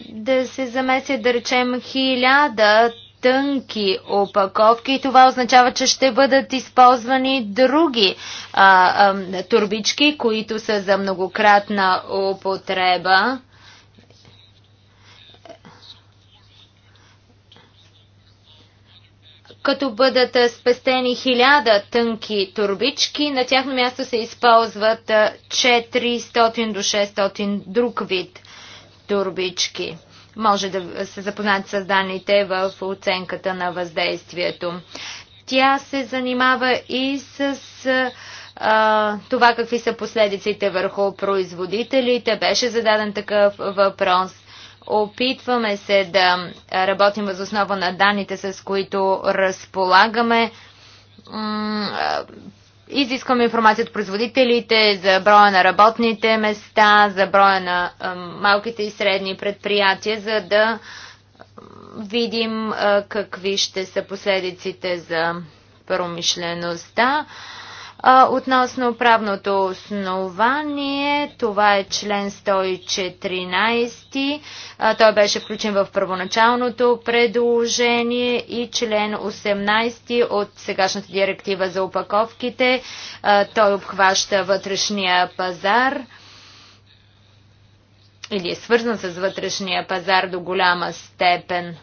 Да се замесят, да речем, хиляда тънки опаковки и това означава, че ще бъдат използвани други а, а, турбички, които са за многократна употреба. Като бъдат спестени хиляда тънки турбички, на тяхно място се използват 400 до 600 друг вид турбички може да се запознаят с данните в оценката на въздействието. Тя се занимава и с а, това какви са последиците върху производителите. Беше зададен такъв въпрос. Опитваме се да работим въз основа на данните, с които разполагаме Изискваме информация от производителите за броя на работните места, за броя на малките и средни предприятия, за да видим какви ще са последиците за промишлеността. А, относно правното основание, това е член 114. А, той беше включен в първоначалното предложение и член 18 от сегашната директива за упаковките. А, той обхваща вътрешния пазар или е свързан с вътрешния пазар до голяма степен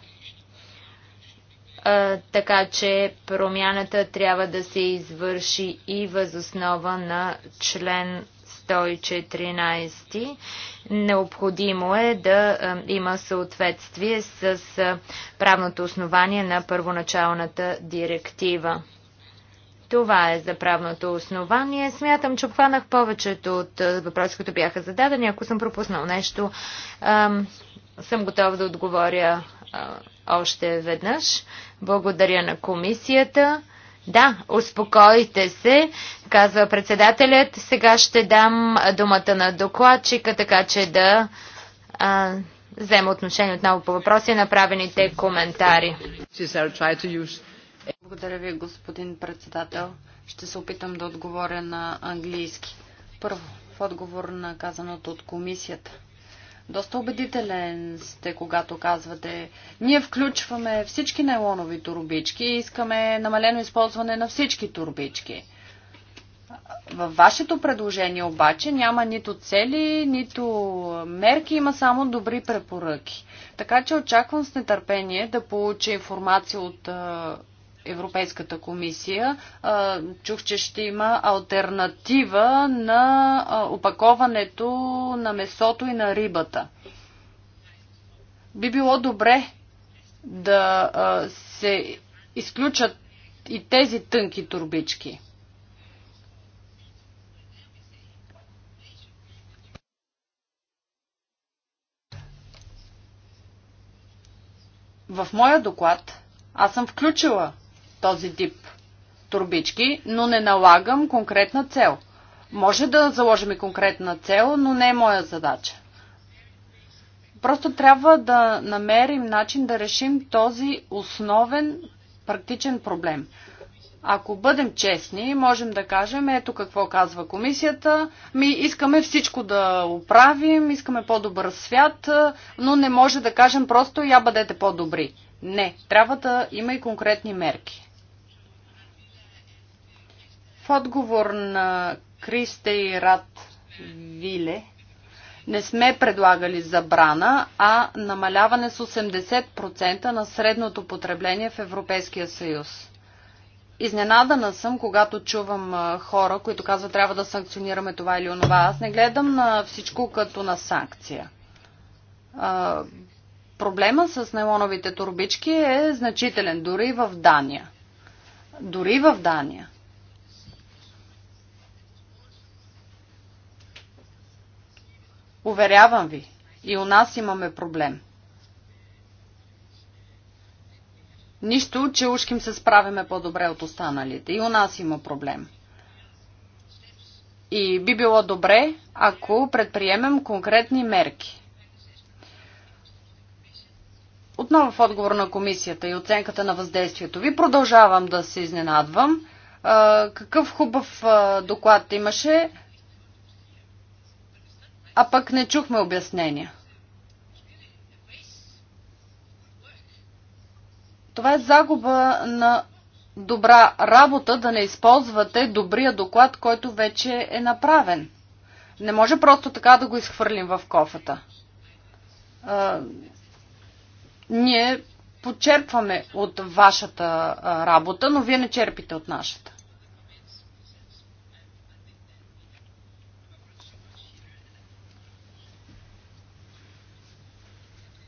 така че промяната трябва да се извърши и възоснова на член 114. Необходимо е да има съответствие с правното основание на първоначалната директива. Това е за правното основание. Смятам, че обхванах повечето от въпроси, които бяха зададени. Ако съм пропуснал нещо, съм готов да отговоря още веднъж. Благодаря на комисията. Да, успокойте се, казва председателят. Сега ще дам думата на докладчика, така че да а, взема отношение отново по въпроси и направените коментари. Благодаря ви, господин председател. Ще се опитам да отговоря на английски. Първо, в отговор на казаното от комисията – доста убедителен сте, когато казвате, ние включваме всички нейлонови турбички и искаме намалено използване на всички турбички. Във вашето предложение обаче няма нито цели, нито мерки, има само добри препоръки. Така че очаквам с нетърпение да получа информация от Европейската комисия. Чух, че ще има альтернатива на опаковането на месото и на рибата. Би било добре да се изключат и тези тънки турбички. В моя доклад аз съм включила този тип турбички, но не налагам конкретна цел. Може да заложим и конкретна цел, но не е моя задача. Просто трябва да намерим начин да решим този основен практичен проблем. Ако бъдем честни, можем да кажем, ето какво казва комисията, ми искаме всичко да оправим, искаме по-добър свят, но не може да кажем просто я бъдете по-добри. Не, трябва да има и конкретни мерки. В отговор на Кристе и Рад Виле, не сме предлагали забрана, а намаляване с 80% на средното потребление в Европейския съюз. Изненадана съм, когато чувам хора, които казват трябва да санкционираме това или онова. Аз не гледам на всичко като на санкция. проблема с нейлоновите турбички е значителен, дори в Дания. Дори в Дания. Уверявам ви, и у нас имаме проблем. Нищо, че ушким се справяме по-добре от останалите. И у нас има проблем. И би било добре, ако предприемем конкретни мерки. Отново в отговор на комисията и оценката на въздействието ви продължавам да се изненадвам. Какъв хубав доклад имаше а пък не чухме обяснения. Това е загуба на добра работа да не използвате добрия доклад, който вече е направен. Не може просто така да го изхвърлим в кофата. А, ние почерпваме от вашата работа, но вие не черпите от нашата.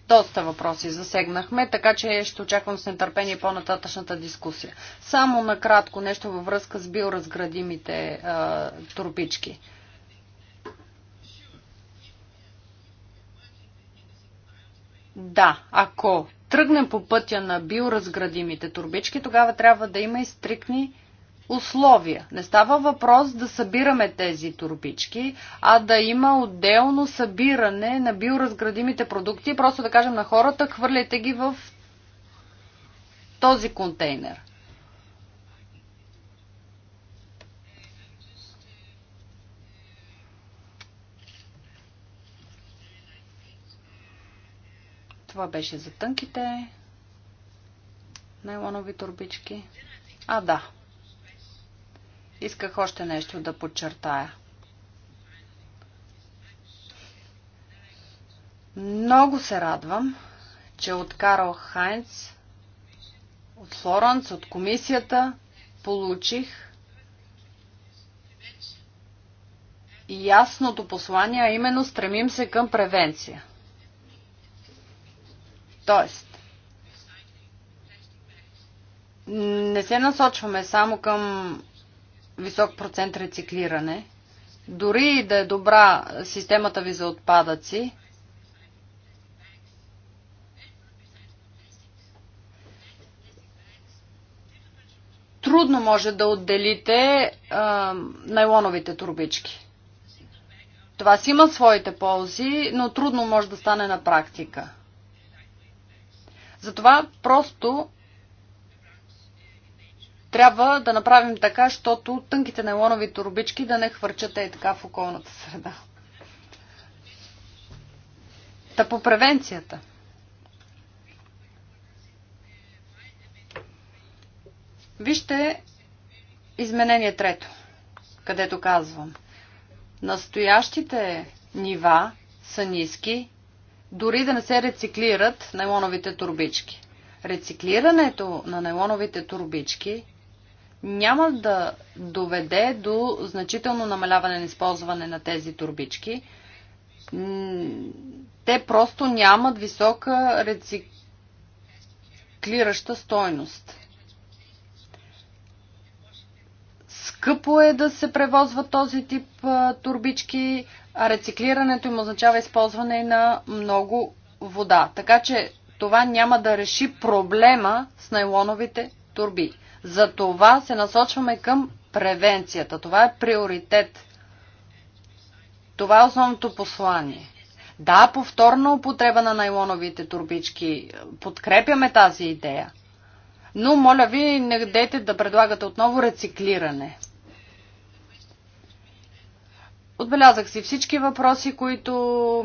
Доста въпроси засегнахме, така че ще очаквам с нетърпение по-нататъчната дискусия. Само накратко нещо във връзка с биоразградимите а, турбички. Да, ако тръгнем по пътя на биоразградимите турбички, тогава трябва да има и стрикни условия. Не става въпрос да събираме тези турбички, а да има отделно събиране на биоразградимите продукти, просто да кажем на хората, хвърляйте ги в този контейнер. Това беше за тънките найлонови турбички. А, да. Исках още нещо да подчертая. Много се радвам, че от Карл Хайнц, от Флоренс, от комисията получих ясното послание, а именно стремим се към превенция. Тоест, не се насочваме само към висок процент рециклиране. Дори и да е добра системата ви за отпадъци, трудно може да отделите а, найлоновите турбички. Това си има своите ползи, но трудно може да стане на практика. Затова просто трябва да направим така, защото тънките нейлонови турбички да не хвърчат и така в околната среда. Та по превенцията. Вижте изменение трето, където казвам. Настоящите нива са ниски, дори да не се рециклират нейлоновите турбички. Рециклирането на нейлоновите турбички няма да доведе до значително намаляване на използване на тези турбички. Те просто нямат висока рециклираща стойност. Скъпо е да се превозват този тип турбички, а рециклирането им означава използване на много вода. Така че това няма да реши проблема с найлоновите турби. За това се насочваме към превенцията. Това е приоритет. Това е основното послание. Да, повторна употреба на найлоновите турбички. Подкрепяме тази идея. Но, моля ви, не дейте да предлагате отново рециклиране. Отбелязах си всички въпроси, които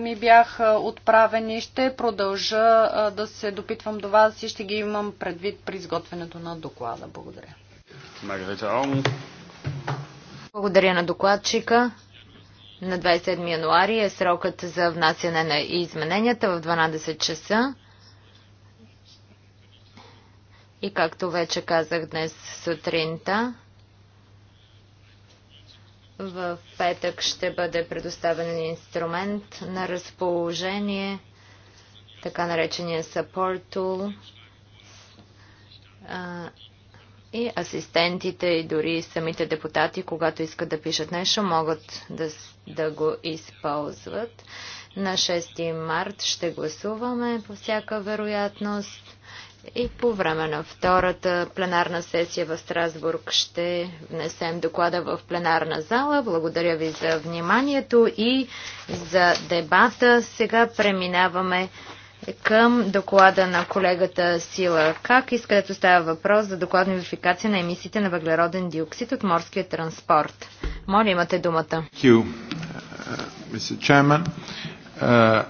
ми бяха отправени. Ще продължа да се допитвам до вас и ще ги имам предвид при изготвянето на доклада. Благодаря. Благодаря на докладчика. На 27 януари е срокът за внасяне на измененията в 12 часа. И както вече казах днес сутринта, в петък ще бъде предоставен инструмент на разположение, така наречения support tool. И асистентите и дори самите депутати, когато искат да пишат нещо, могат да, да го използват. На 6 март ще гласуваме по всяка вероятност. И по време на втората пленарна сесия в Страсбург ще внесем доклада в пленарна зала. Благодаря ви за вниманието и за дебата. Сега преминаваме към доклада на колегата Сила Как, където става въпрос за доклад верификация на емисиите на въглероден диоксид от морския транспорт. Моля, имате думата. Благодаря, Uh...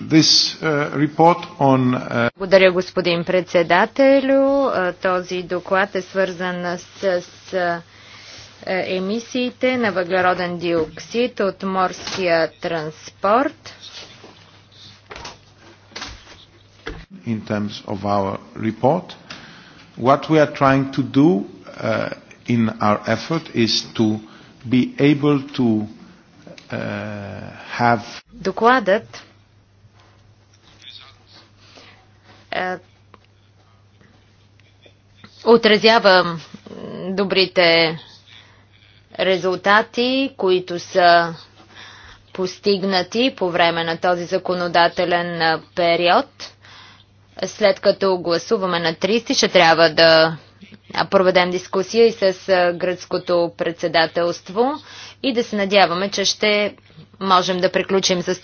This, uh, on, uh, Благодаря, господин председателю. Е, този доклад е свързан с, с е, емисиите на въглероден диоксид от морския транспорт. In terms of our report, what we are trying to do uh, in our effort is to be able to uh, have Докладът Е, отразява добрите резултати, които са постигнати по време на този законодателен е, период. След като гласуваме на 30, ще трябва да проведем дискусия и с е, гръцкото председателство и да се надяваме, че ще можем да приключим с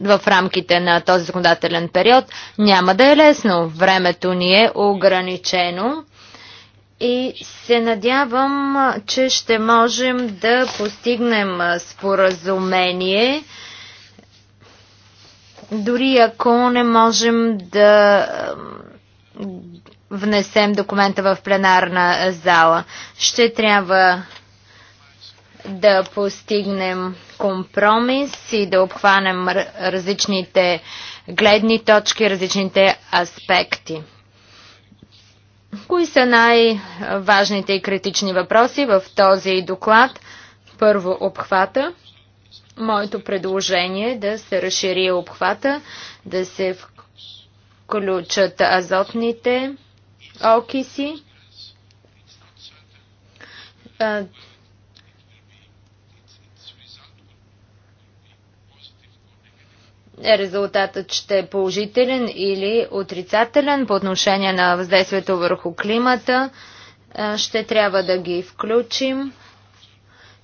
в рамките на този законодателен период няма да е лесно. Времето ни е ограничено и се надявам, че ще можем да постигнем споразумение, дори ако не можем да внесем документа в пленарна зала. Ще трябва да постигнем компромис и да обхванем различните гледни точки, различните аспекти. Кои са най-важните и критични въпроси в този доклад? Първо обхвата. Моето предложение е да се разшири обхвата, да се включат азотните окиси резултатът ще е положителен или отрицателен по отношение на въздействието върху климата. Ще трябва да ги включим.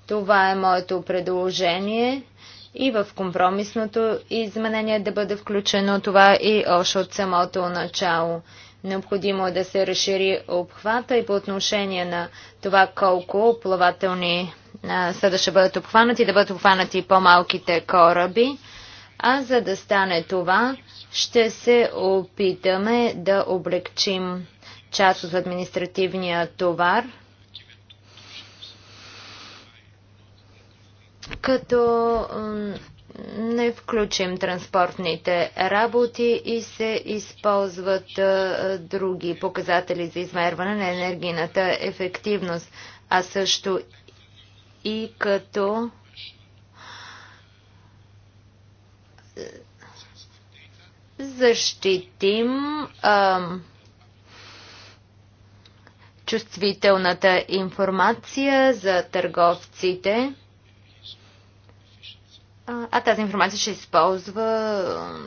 Това е моето предложение и в компромисното изменение да бъде включено това и още от самото начало. Необходимо е да се разшири обхвата и по отношение на това колко плавателни съда ще бъдат обхванати, да бъдат обхванати по-малките кораби. А за да стане това, ще се опитаме да облегчим част от административния товар, като не включим транспортните работи и се използват други показатели за измерване на енергийната ефективност, а също и като защитим а, чувствителната информация за търговците, а, а тази информация ще използва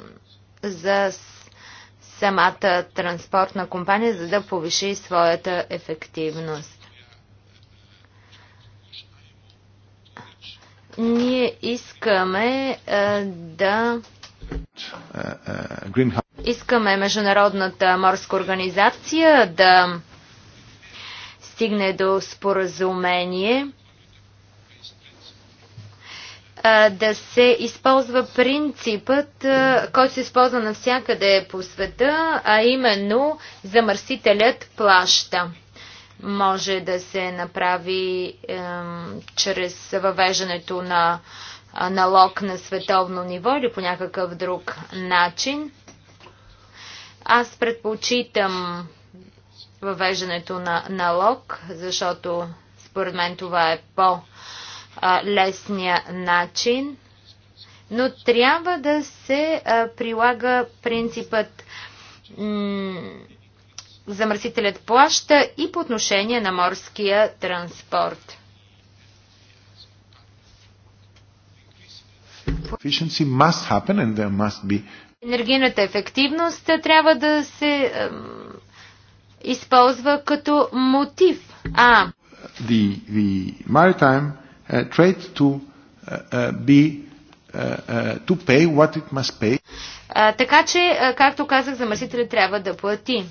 за самата транспортна компания, за да повиши своята ефективност. Ние искаме е, да искаме Международната морска организация да стигне до споразумение е, да се използва принципът, е, който се използва навсякъде по света, а именно замърсителят плаща може да се направи е, чрез въвеждането на налог на световно ниво или по някакъв друг начин. Аз предпочитам въвеждането на налог, защото според мен това е по-лесния начин. Но трябва да се прилага принципът замърсителят плаща и по отношение на морския транспорт. Енергийната ефективност трябва да се е, използва като мотив. А. The, the maritime uh, trade to uh, uh be uh, uh, to pay what it must pay. Uh, така че, както казах, замърсителят трябва да плати.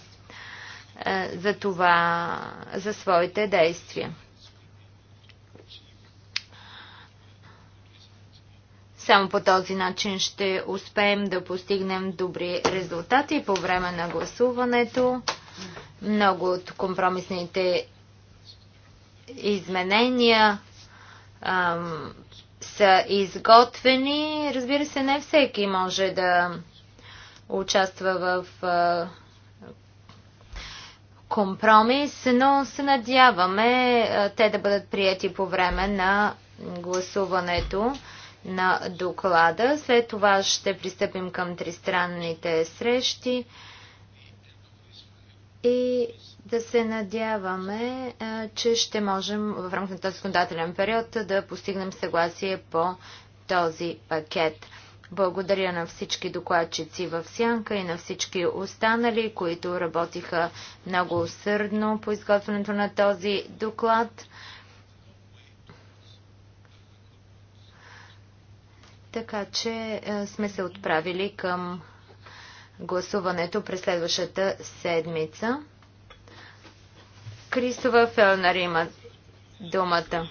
Е, за това, за своите действия. Само по този начин ще успеем да постигнем добри резултати по време на гласуването. Много от компромисните изменения ам, са изготвени. Разбира се, не всеки може да участва в а, компромис, но се надяваме те да бъдат прияти по време на гласуването на доклада. След това ще пристъпим към тристранните срещи и да се надяваме, че ще можем в рамките на този законодателен период да постигнем съгласие по този пакет. Благодаря на всички докладчици в Сянка и на всички останали, които работиха много усърдно по изготвянето на този доклад. Така че е, сме се отправили към гласуването през следващата седмица. Кристова Фелнер има думата.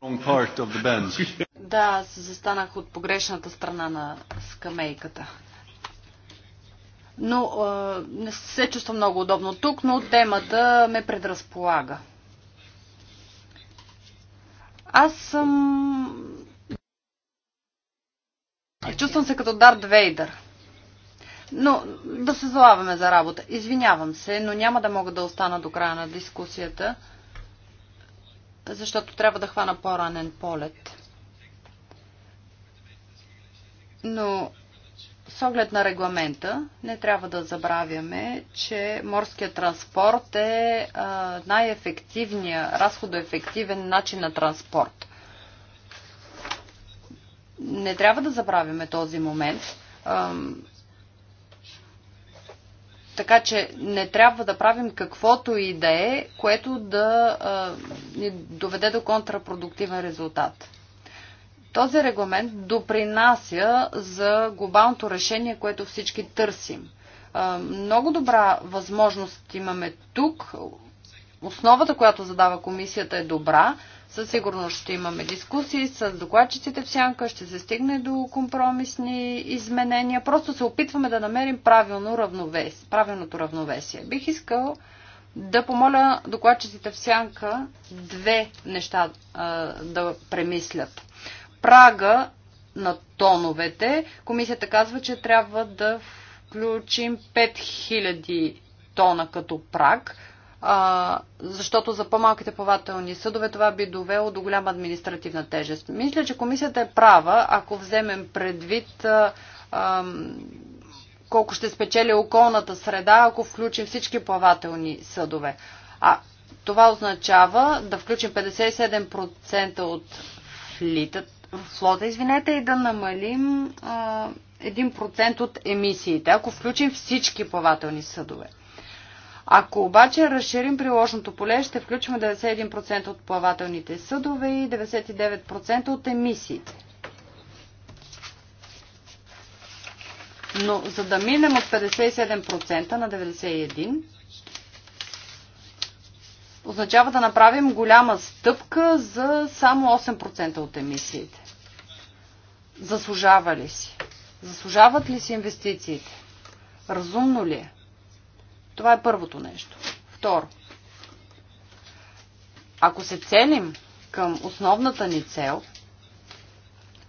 Да, аз застанах от погрешната страна на скамейката. Но а, не се чувствам много удобно тук, но темата ме предразполага. Аз съм... Чувствам се като Дарт Вейдър. Но да се залаваме за работа. Извинявам се, но няма да мога да остана до края на дискусията защото трябва да хвана по-ранен полет. Но с оглед на регламента не трябва да забравяме, че морският транспорт е най-ефективният, разходоефективен начин на транспорт. Не трябва да забравяме този момент. Така че не трябва да правим каквото и да е, което да а, ни доведе до контрапродуктивен резултат. Този регламент допринася за глобалното решение, което всички търсим. А, много добра възможност имаме тук. Основата, която задава комисията е добра, със сигурност ще имаме дискусии с докладчиците в сянка, ще се стигне до компромисни изменения. Просто се опитваме да намерим правилно равновес, правилното равновесие. Бих искал да помоля докладчиците в сянка две неща а, да премислят. Прага на тоновете. Комисията казва, че трябва да включим 5000 тона като праг а, защото за по-малките плавателни съдове това би довело до голяма административна тежест. Мисля, че комисията е права, ако вземем предвид а, а, колко ще спечели околната среда, ако включим всички плавателни съдове. А това означава да включим 57% от флитът, флота, извинете, и да намалим а, 1% от емисиите, ако включим всички плавателни съдове. Ако обаче разширим приложното поле, ще включим 91% от плавателните съдове и 99% от емисиите. Но за да минем от 57% на 91%, означава да направим голяма стъпка за само 8% от емисиите. Заслужава ли си? Заслужават ли си инвестициите? Разумно ли е? Това е първото нещо. Второ, ако се ценим към основната ни цел,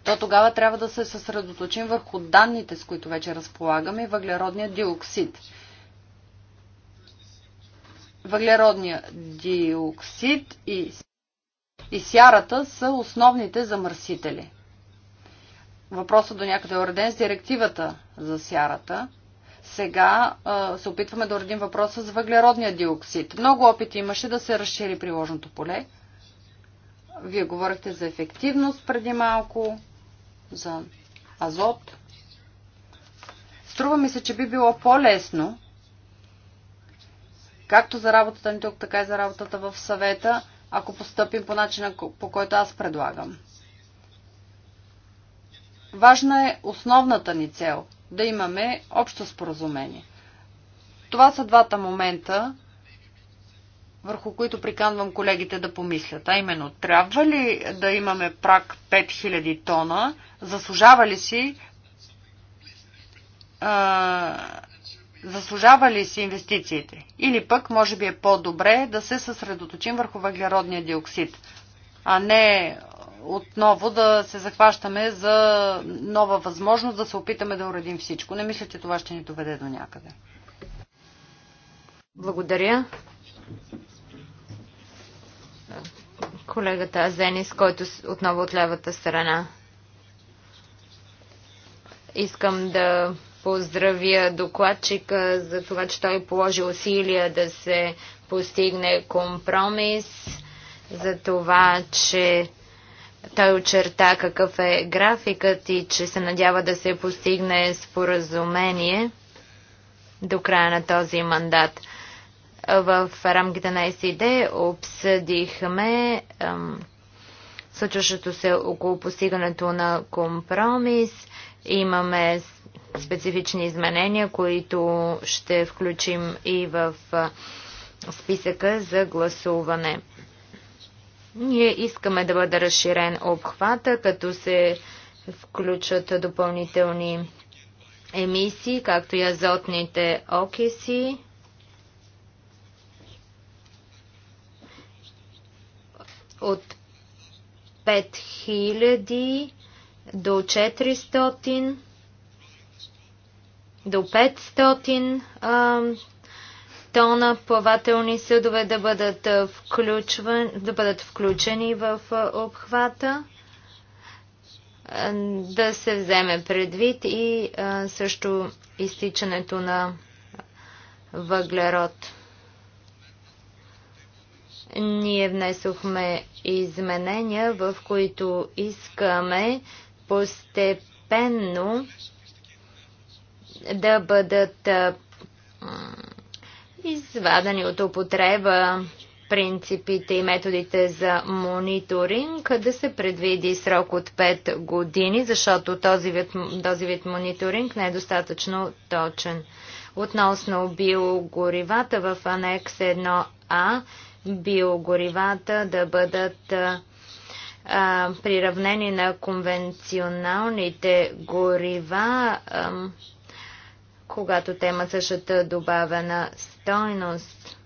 то тогава трябва да се съсредоточим върху данните, с които вече разполагаме, въглеродния диоксид. Въглеродния диоксид и, и сярата са основните замърсители. Въпросът до някъде е уреден с директивата за сярата – сега а, се опитваме да уредим въпроса с въглеродния диоксид. Много опити имаше да се разшири приложното поле. Вие говорихте за ефективност преди малко, за азот. Струва ми се, че би било по-лесно, както за работата ни тук, така и за работата в съвета, ако постъпим по начина, по който аз предлагам. Важна е основната ни цел да имаме общо споразумение. Това са двата момента, върху които приканвам колегите да помислят. А именно, трябва ли да имаме прак 5000 тона? Заслужава ли си а, заслужава ли си инвестициите? Или пък, може би е по-добре да се съсредоточим върху въглеродния диоксид, а не отново да се захващаме за нова възможност да се опитаме да уредим всичко. Не мисля, че това ще ни доведе до някъде. Благодаря. Колегата Азенис, който отново от лявата страна. Искам да поздравя докладчика за това, че той е положи усилия да се постигне компромис, за това, че той очерта какъв е графикът и че се надява да се постигне споразумение до края на този мандат. В рамките на СИД обсъдихме случващото се около постигането на компромис. Имаме специфични изменения, които ще включим и в списъка за гласуване. Ние искаме да бъде разширен обхвата, като се включат допълнителни емисии, както и азотните окиси. От 5000 до 400 до 500 тона плавателни съдове да бъдат, включван, да бъдат включени в обхвата, да се вземе предвид и също изтичането на въглерод. Ние внесохме изменения, в които искаме постепенно да бъдат извадени от употреба принципите и методите за мониторинг, да се предвиди срок от 5 години, защото този вид, този вид мониторинг не е достатъчно точен. Относно биогоривата в анекс 1А, биогоривата да бъдат а, приравнени на конвенционалните горива, а, когато те имат същата добавена стойност.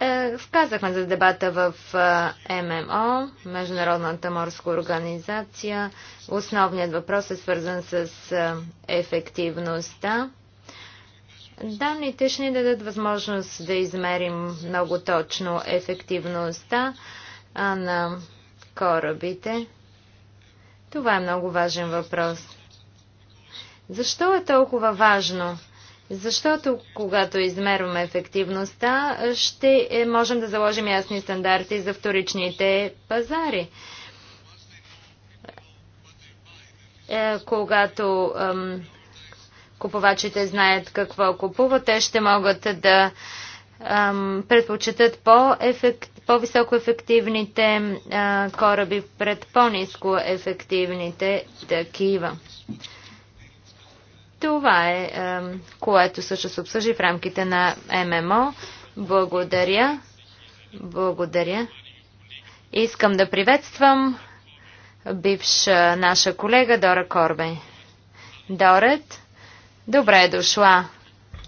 Е, Казахме за дебата в е, ММО, Международната морска организация. Основният въпрос е свързан с е, ефективността. Данните ще ни дадат възможност да измерим много точно ефективността на корабите. Това е много важен въпрос. Защо е толкова важно? Защото когато измерваме ефективността, ще е, можем да заложим ясни стандарти за вторичните пазари. Е, когато ем, купувачите знаят какво купуват, те ще могат да ем, предпочитат по-ефективно по-високо ефективните а, кораби пред по-низко ефективните такива. Това е а, което също се обсъжи в рамките на ММО. Благодаря. Благодаря. Искам да приветствам бивша наша колега Дора Корбе. Дорет, добре е дошла.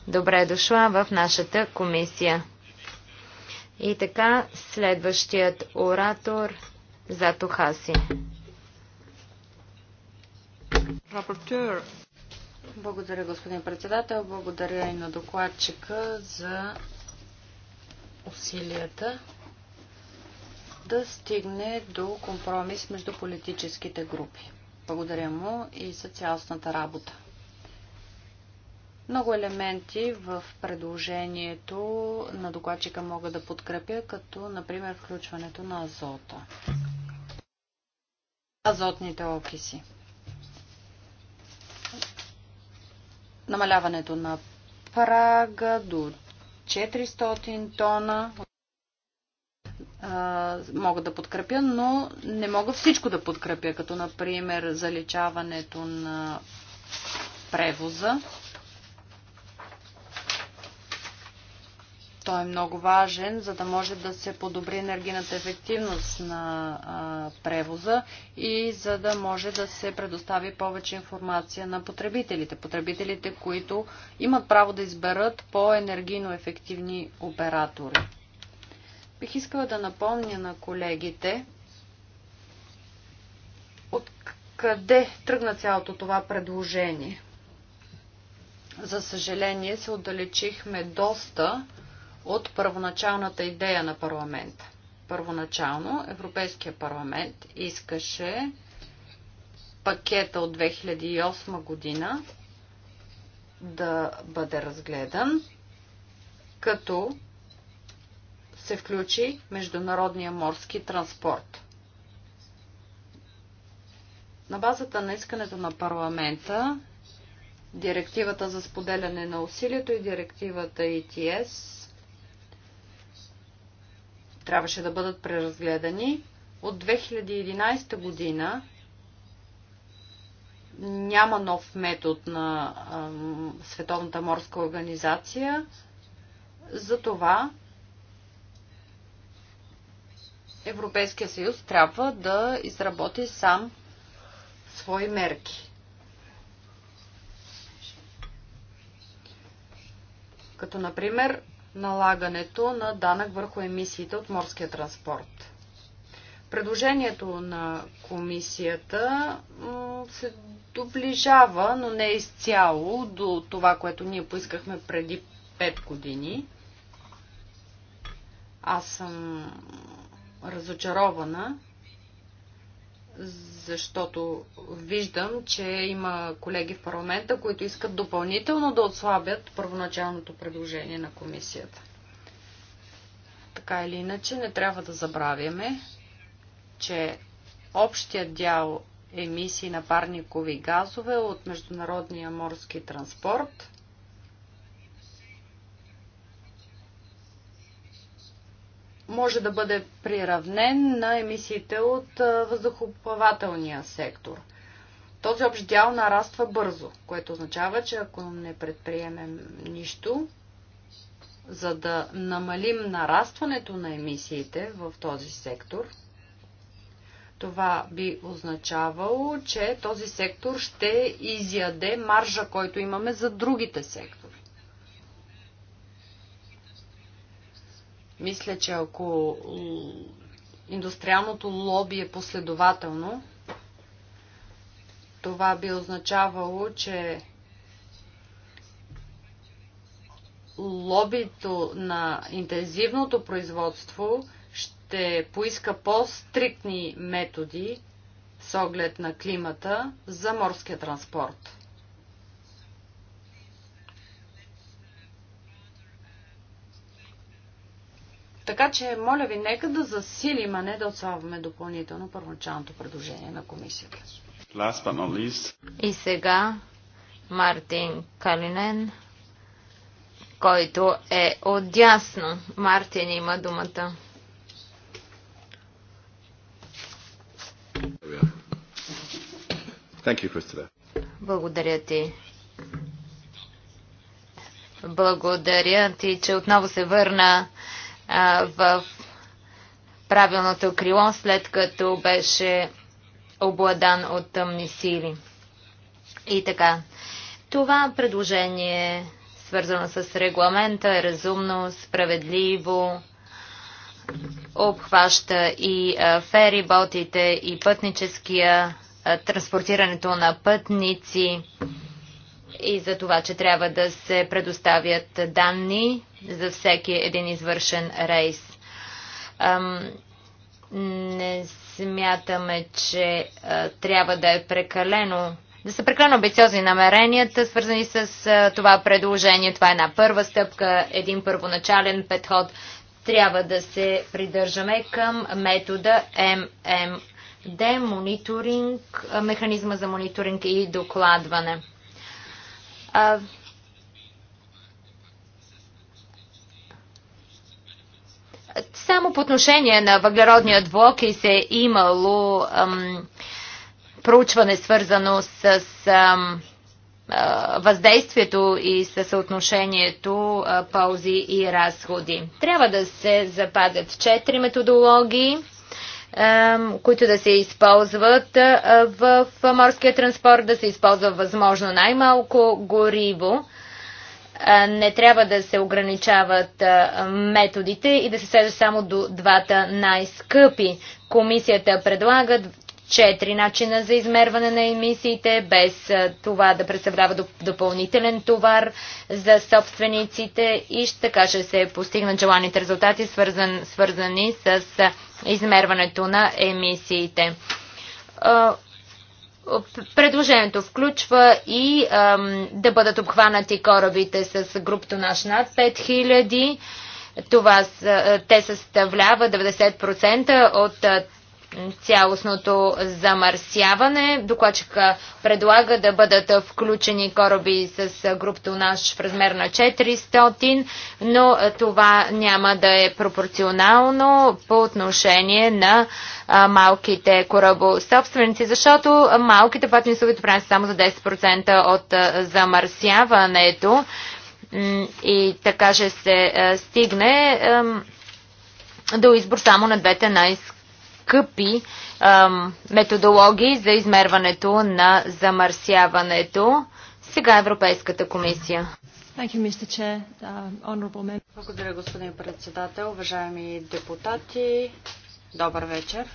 Добре е дошла в нашата комисия. И така, следващият оратор Зато Хаси. Рапортер. Благодаря, господин председател. Благодаря и на докладчика за усилията да стигне до компромис между политическите групи. Благодаря му и за цялостната работа. Много елементи в предложението на докладчика мога да подкрепя, като например включването на азота. Азотните окиси. Намаляването на прага до 400 тона мога да подкрепя, но не мога всичко да подкрепя, като например заличаването на превоза Той е много важен, за да може да се подобри енергийната ефективност на а, превоза и за да може да се предостави повече информация на потребителите. Потребителите, които имат право да изберат по-енергийно ефективни оператори. Бих искала да напомня на колегите от къде тръгна цялото това предложение. За съжаление се отдалечихме доста от първоначалната идея на парламента. Първоначално Европейския парламент искаше пакета от 2008 година да бъде разгледан, като се включи международния морски транспорт. На базата на искането на парламента, директивата за споделяне на усилието и директивата ETS трябваше да бъдат преразгледани. От 2011 година няма нов метод на а, Световната морска организация. Затова Европейския съюз трябва да изработи сам свои мерки. Като, например, налагането на данък върху емисиите от морския транспорт. Предложението на комисията се доближава, но не изцяло до това, което ние поискахме преди 5 години. Аз съм разочарована, защото виждам, че има колеги в парламента, които искат допълнително да отслабят първоначалното предложение на комисията. Така или иначе, не трябва да забравяме, че общият дял емисии на парникови газове от международния морски транспорт – може да бъде приравнен на емисиите от въздухоплавателния сектор. Този общ дял нараства бързо, което означава, че ако не предприемем нищо, за да намалим нарастването на емисиите в този сектор, това би означавало, че този сектор ще изяде маржа, който имаме за другите сектори. Мисля, че ако индустриалното лоби е последователно, това би означавало, че лобито на интензивното производство ще поиска по-стриктни методи с оглед на климата за морския транспорт. Така че, моля ви, нека да засилим, а не да отслабваме допълнително първоначалното предложение на комисията. И сега Мартин Калинен, който е отясно. Мартин има думата. You, Благодаря ти. Благодаря ти, че отново се върна в правилното крило, след като беше обладан от тъмни сили. И така, това предложение, свързано с регламента, е разумно, справедливо, обхваща и фериботите, и пътническия, транспортирането на пътници, и за това, че трябва да се предоставят данни за всеки един извършен рейс. Не смятаме, че трябва да е прекалено да са прекалено амбициозни намеренията, свързани с това предложение. Това е една първа стъпка, един първоначален подход. Трябва да се придържаме към метода ММД, мониторинг, механизма за мониторинг и докладване of само по отношение на въглеродният блок и се имало ам, проучване свързано с ам, въздействието и с съотношението ползи и разходи. Трябва да се западят четири методологии – които да се използват в морския транспорт, да се използва възможно най-малко гориво. Не трябва да се ограничават методите и да се следва само до двата най-скъпи. Комисията предлага четири начина за измерване на емисиите, без това да представлява допълнителен товар за собствениците и ще така ще се постигнат желаните резултати, свързан, свързани с измерването на емисиите. Предложението включва и ам, да бъдат обхванати корабите с наш над 5000. Това, те съставляват 90% от цялостното замърсяване. Докладчика предлага да бъдат включени кораби с наш в размер на 400, но това няма да е пропорционално по отношение на малките корабособственици, защото малките пътни судове правят само за 10% от замърсяването и така ще се стигне до избор само на двете най скъпи ам, методологии за измерването на замърсяването. Сега Европейската комисия. Uh, Благодаря, господин председател, уважаеми депутати. Добър вечер.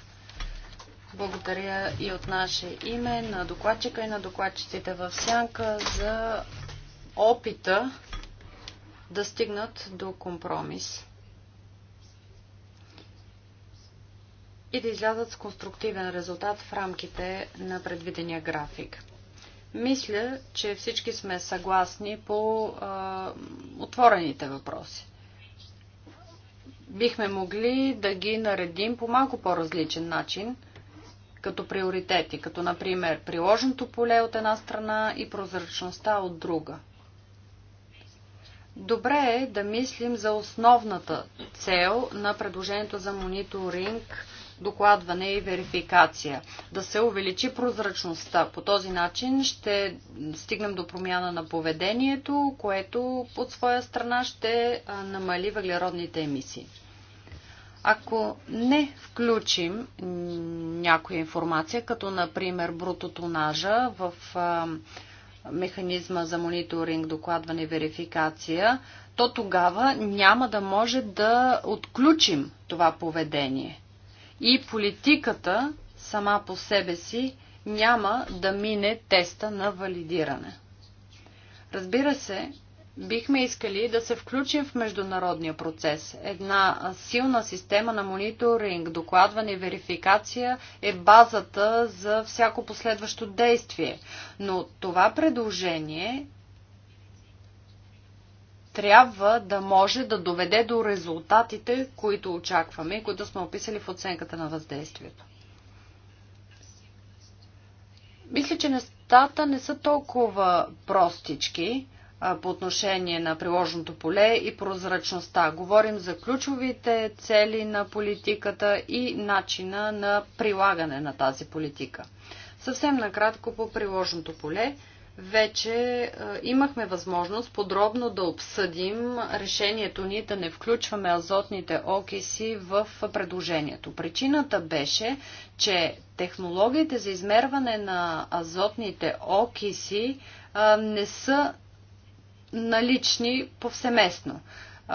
Благодаря и от наше име на докладчика и на докладчиците в Сянка за опита да стигнат до компромис. и да излязат с конструктивен резултат в рамките на предвидения график. Мисля, че всички сме съгласни по а, отворените въпроси. Бихме могли да ги наредим по малко по-различен начин, като приоритети, като например приложното поле от една страна и прозрачността от друга. Добре е да мислим за основната цел на предложението за мониторинг – докладване и верификация. Да се увеличи прозрачността. По този начин ще стигнем до промяна на поведението, което от своя страна ще намали въглеродните емисии. Ако не включим някоя информация, като например брутотонажа в механизма за мониторинг, докладване и верификация, то тогава няма да може да отключим това поведение и политиката сама по себе си няма да мине теста на валидиране. Разбира се, бихме искали да се включим в международния процес. Една силна система на мониторинг, докладване и верификация е базата за всяко последващо действие. Но това предложение трябва да може да доведе до резултатите, които очакваме и които сме описали в оценката на въздействието. Мисля, че нещата не са толкова простички по отношение на приложното поле и прозрачността. Говорим за ключовите цели на политиката и начина на прилагане на тази политика. Съвсем накратко по приложното поле вече е, имахме възможност подробно да обсъдим решението ни да не включваме азотните окиси в предложението. Причината беше, че технологиите за измерване на азотните окиси е, не са налични повсеместно. Е,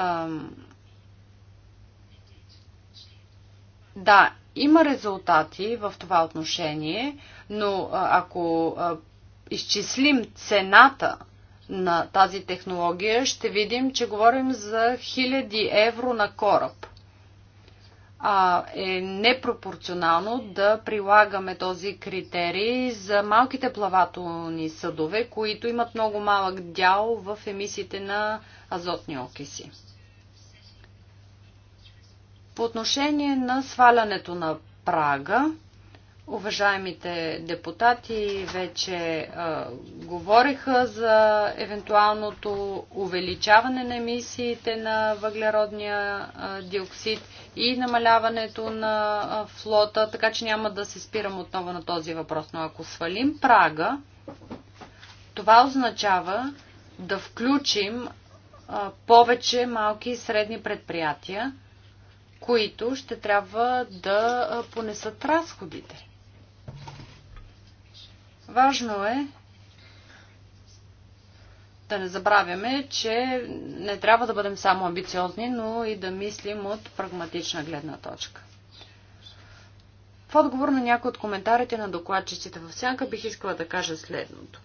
да, има резултати в това отношение, но ако изчислим цената на тази технология, ще видим, че говорим за хиляди евро на кораб. А, е непропорционално да прилагаме този критерий за малките плавателни съдове, които имат много малък дял в емисиите на азотни окиси. По отношение на свалянето на прага, Уважаемите депутати вече а, говориха за евентуалното увеличаване на емисиите на въглеродния а, диоксид и намаляването на а, флота, така че няма да се спирам отново на този въпрос. Но ако свалим прага, това означава да включим а, повече малки и средни предприятия, които ще трябва да понесат разходите. Важно е да не забравяме, че не трябва да бъдем само амбициозни, но и да мислим от прагматична гледна точка. В отговор на някои от коментарите на докладчиците в сянка бих искала да кажа следното.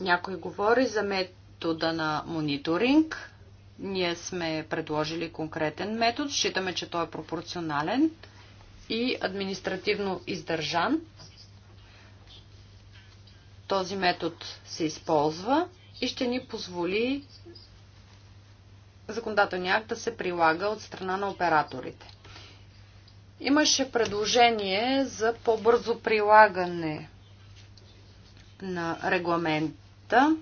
Някой говори за метода на мониторинг. Ние сме предложили конкретен метод. Считаме, че той е пропорционален и административно издържан. Този метод се използва и ще ни позволи законодателния акт да се прилага от страна на операторите. Имаше предложение за по-бързо прилагане на регламента.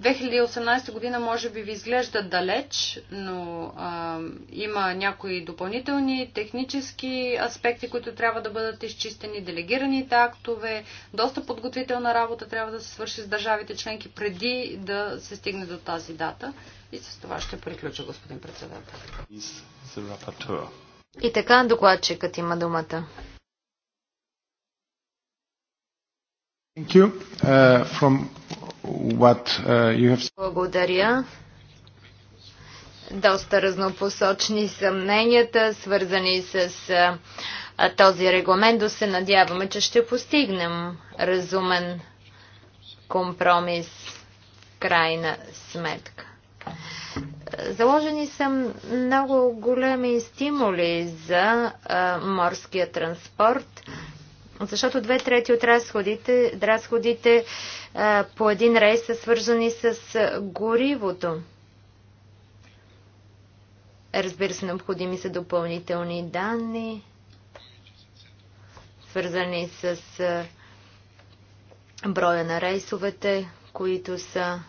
2018 година може би ви изглежда далеч, но а, има някои допълнителни технически аспекти, които трябва да бъдат изчистени, делегираните актове, доста подготвителна работа трябва да се свърши с държавите членки преди да се стигне до тази дата. И с това ще приключа, господин председател. И така докладчикът има думата. Thank you. Uh, from what, uh, you have... Благодаря. Доста разнопосочни са мненията, свързани с а, този регламент. До се надяваме, че ще постигнем разумен компромис в крайна сметка. Заложени са много големи стимули за а, морския транспорт. Защото две трети от разходите, разходите а, по един рейс са свързани с горивото. Разбира се, необходими са допълнителни данни, свързани с броя на рейсовете, които са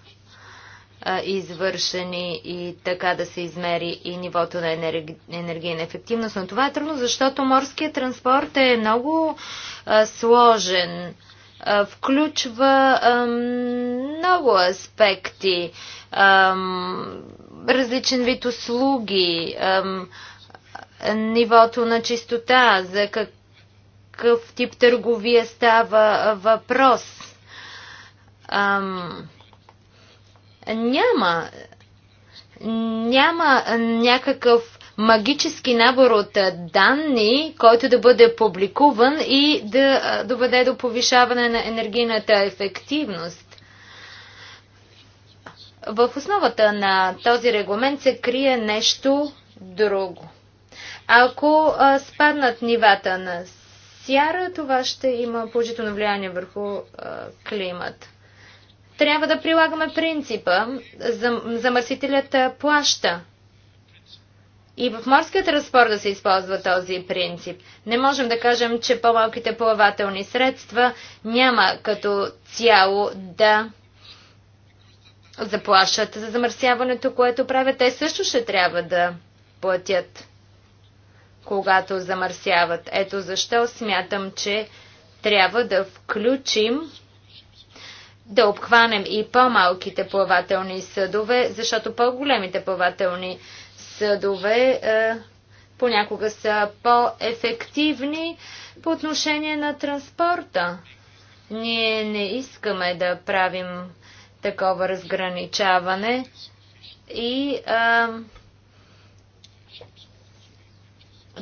извършени и така да се измери и нивото на енерги... енергийна ефективност. Но това е трудно, защото морският транспорт е много а, сложен. А, включва а, много аспекти, различен вид услуги, нивото на чистота, за какъв тип търговия става въпрос. Ам няма. Няма някакъв магически набор от данни, който да бъде публикуван и да доведе до повишаване на енергийната ефективност. В основата на този регламент се крие нещо друго. Ако а, спаднат нивата на сяра, това ще има положително влияние върху а, климата. Трябва да прилагаме принципа замърсителят плаща. И в морския транспорт да се използва този принцип. Не можем да кажем, че по-малките плавателни средства няма като цяло да заплашат за замърсяването, което правят. Те също ще трябва да платят, когато замърсяват. Ето защо смятам, че трябва да включим да обхванем и по-малките плавателни съдове, защото по-големите плавателни съдове е, понякога са по-ефективни по отношение на транспорта. Ние не искаме да правим такова разграничаване и а,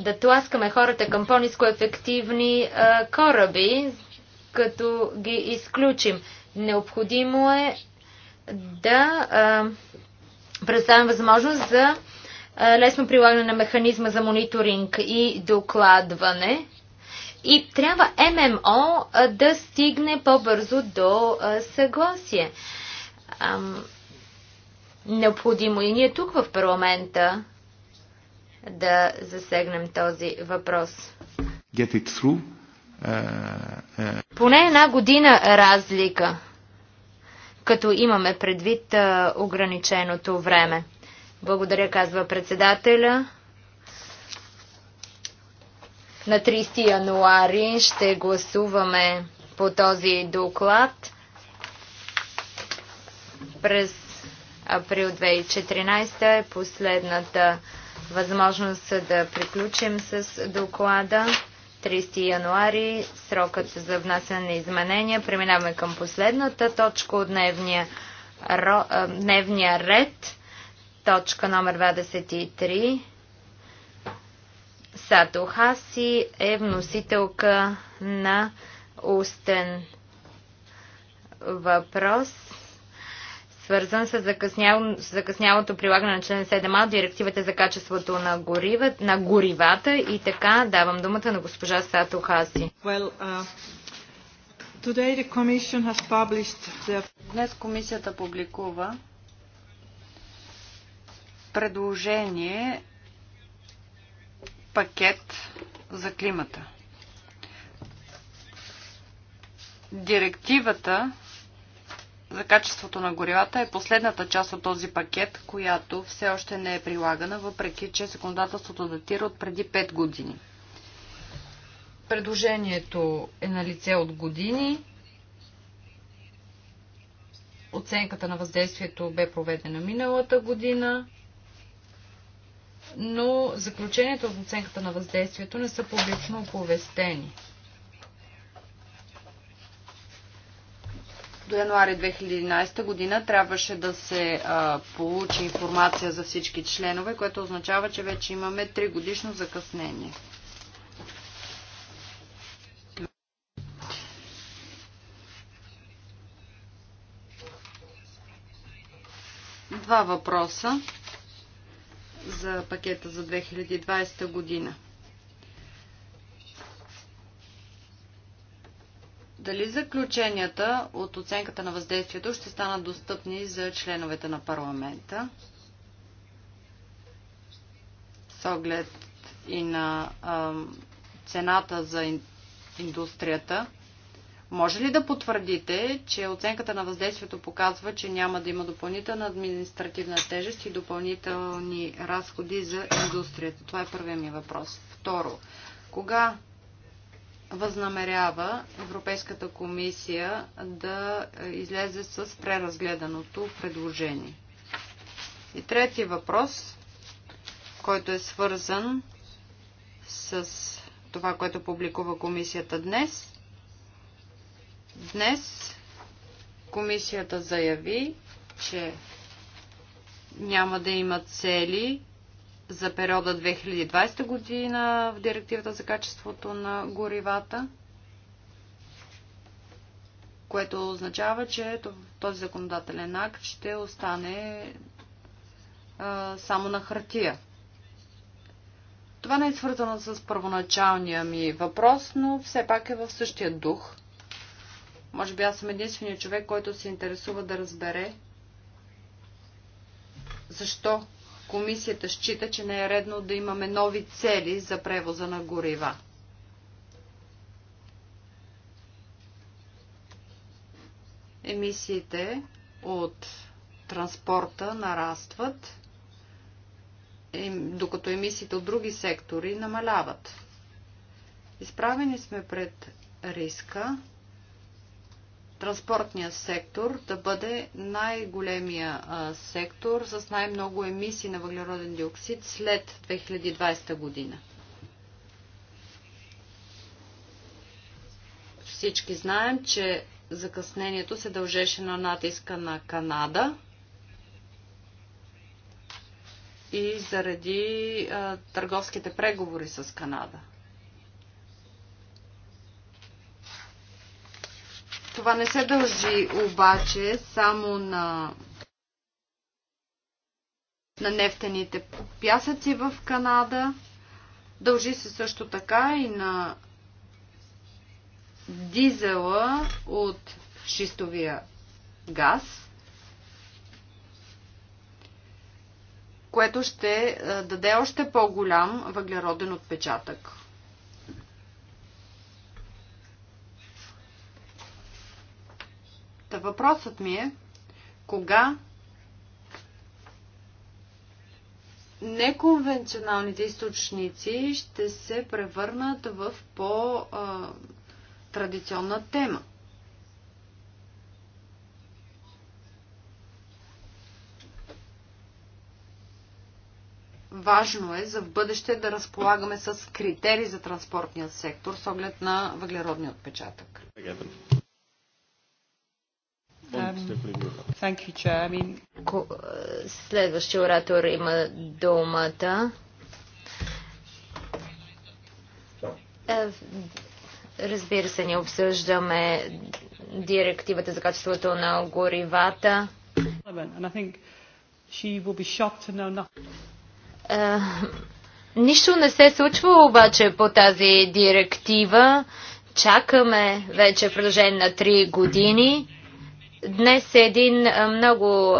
е, да тласкаме хората към по-низко ефективни е, кораби, като ги изключим. Необходимо е да а, представим възможност за а, лесно прилагане на механизма за мониторинг и докладване. И трябва ММО а, да стигне по-бързо до а, съгласие. А, необходимо и ние тук в парламента да засегнем този въпрос. Get it through поне една година разлика, като имаме предвид ограниченото време. Благодаря, казва председателя. На 30 януари ще гласуваме по този доклад. През април 2014 е последната възможност да приключим с доклада. 30 януари срокът за внасяне на изменения. Преминаваме към последната точка от дневния, дневния ред. Точка номер 23. Сато Хаси е вносителка на устен въпрос свързан с, закъснял, закъснялото прилагане на член 7а от директивата за качеството на, горива, на горивата. И така давам думата на госпожа Сато Хаси. Well, uh... the... Днес комисията публикува предложение пакет за климата. Директивата за качеството на горивата е последната част от този пакет, която все още не е прилагана, въпреки че законодателството датира от преди 5 години. Предложението е на лице от години. Оценката на въздействието бе проведена миналата година, но заключението от оценката на въздействието не са публично оповестени. До януари 2011 година трябваше да се а, получи информация за всички членове, което означава, че вече имаме 3 годишно закъснение. Два въпроса за пакета за 2020 година. Дали заключенията от оценката на въздействието ще станат достъпни за членовете на парламента с оглед и на а, цената за индустрията? Може ли да потвърдите, че оценката на въздействието показва, че няма да има допълнителна административна тежест и допълнителни разходи за индустрията? Това е първият ми въпрос. Второ, кога възнамерява Европейската комисия да излезе с преразгледаното предложение. И трети въпрос, който е свързан с това, което публикува комисията днес. Днес комисията заяви, че няма да има цели за периода 2020 година в директивата за качеството на горивата, което означава, че този законодателен акт ще остане а, само на хартия. Това не е свързано с първоначалния ми въпрос, но все пак е в същия дух. Може би аз съм единственият човек, който се интересува да разбере защо Комисията счита, че не е редно да имаме нови цели за превоза на горива. Емисиите от транспорта нарастват, докато емисиите от други сектори намаляват. Изправени сме пред риска транспортния сектор да бъде най-големия сектор с най-много емисии на въглероден диоксид след 2020 година. Всички знаем, че закъснението се дължеше на натиска на Канада и заради а, търговските преговори с Канада. Това не се дължи обаче само на на нефтените пясъци в Канада. Дължи се също така и на дизела от шистовия газ, което ще даде още по-голям въглероден отпечатък. Та въпросът ми е, кога неконвенционалните източници ще се превърнат в по-традиционна тема. Важно е за в бъдеще да разполагаме с критерии за транспортния сектор с оглед на въглеродния отпечатък. Е, следващия оратор има думата. Е, разбира се, не обсъждаме директивата за качеството на горивата. Е, нищо не се случва обаче по тази директива. Чакаме вече продължение на 3 години. Днес е един много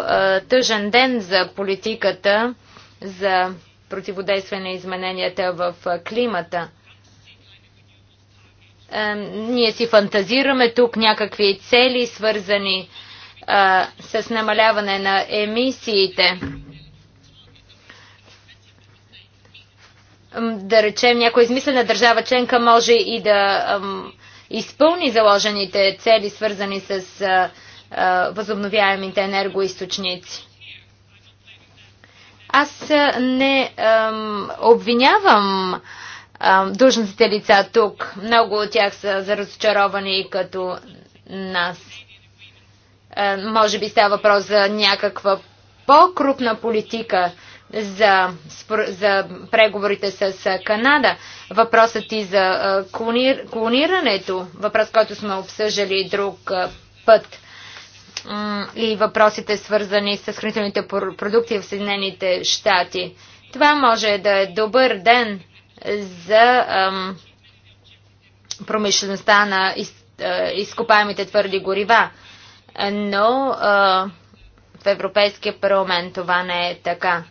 тъжен ден за политиката за противодействие на измененията в климата. Ние си фантазираме тук някакви цели, свързани с намаляване на емисиите. Да речем, някоя измислена държава членка може и да изпълни заложените цели, свързани с възобновяемите енергоисточници. Аз не ам, обвинявам ам, душните лица тук. Много от тях са заразочаровани като нас. А, може би става въпрос за някаква по-крупна политика за, за преговорите с Канада. Въпросът и за клонир, клонирането, въпрос, който сме обсъждали друг път и въпросите свързани с хранителните продукти в Съединените щати. Това може да е добър ден за промишлеността на изкопаемите твърди горива, но в Европейския парламент това не е така.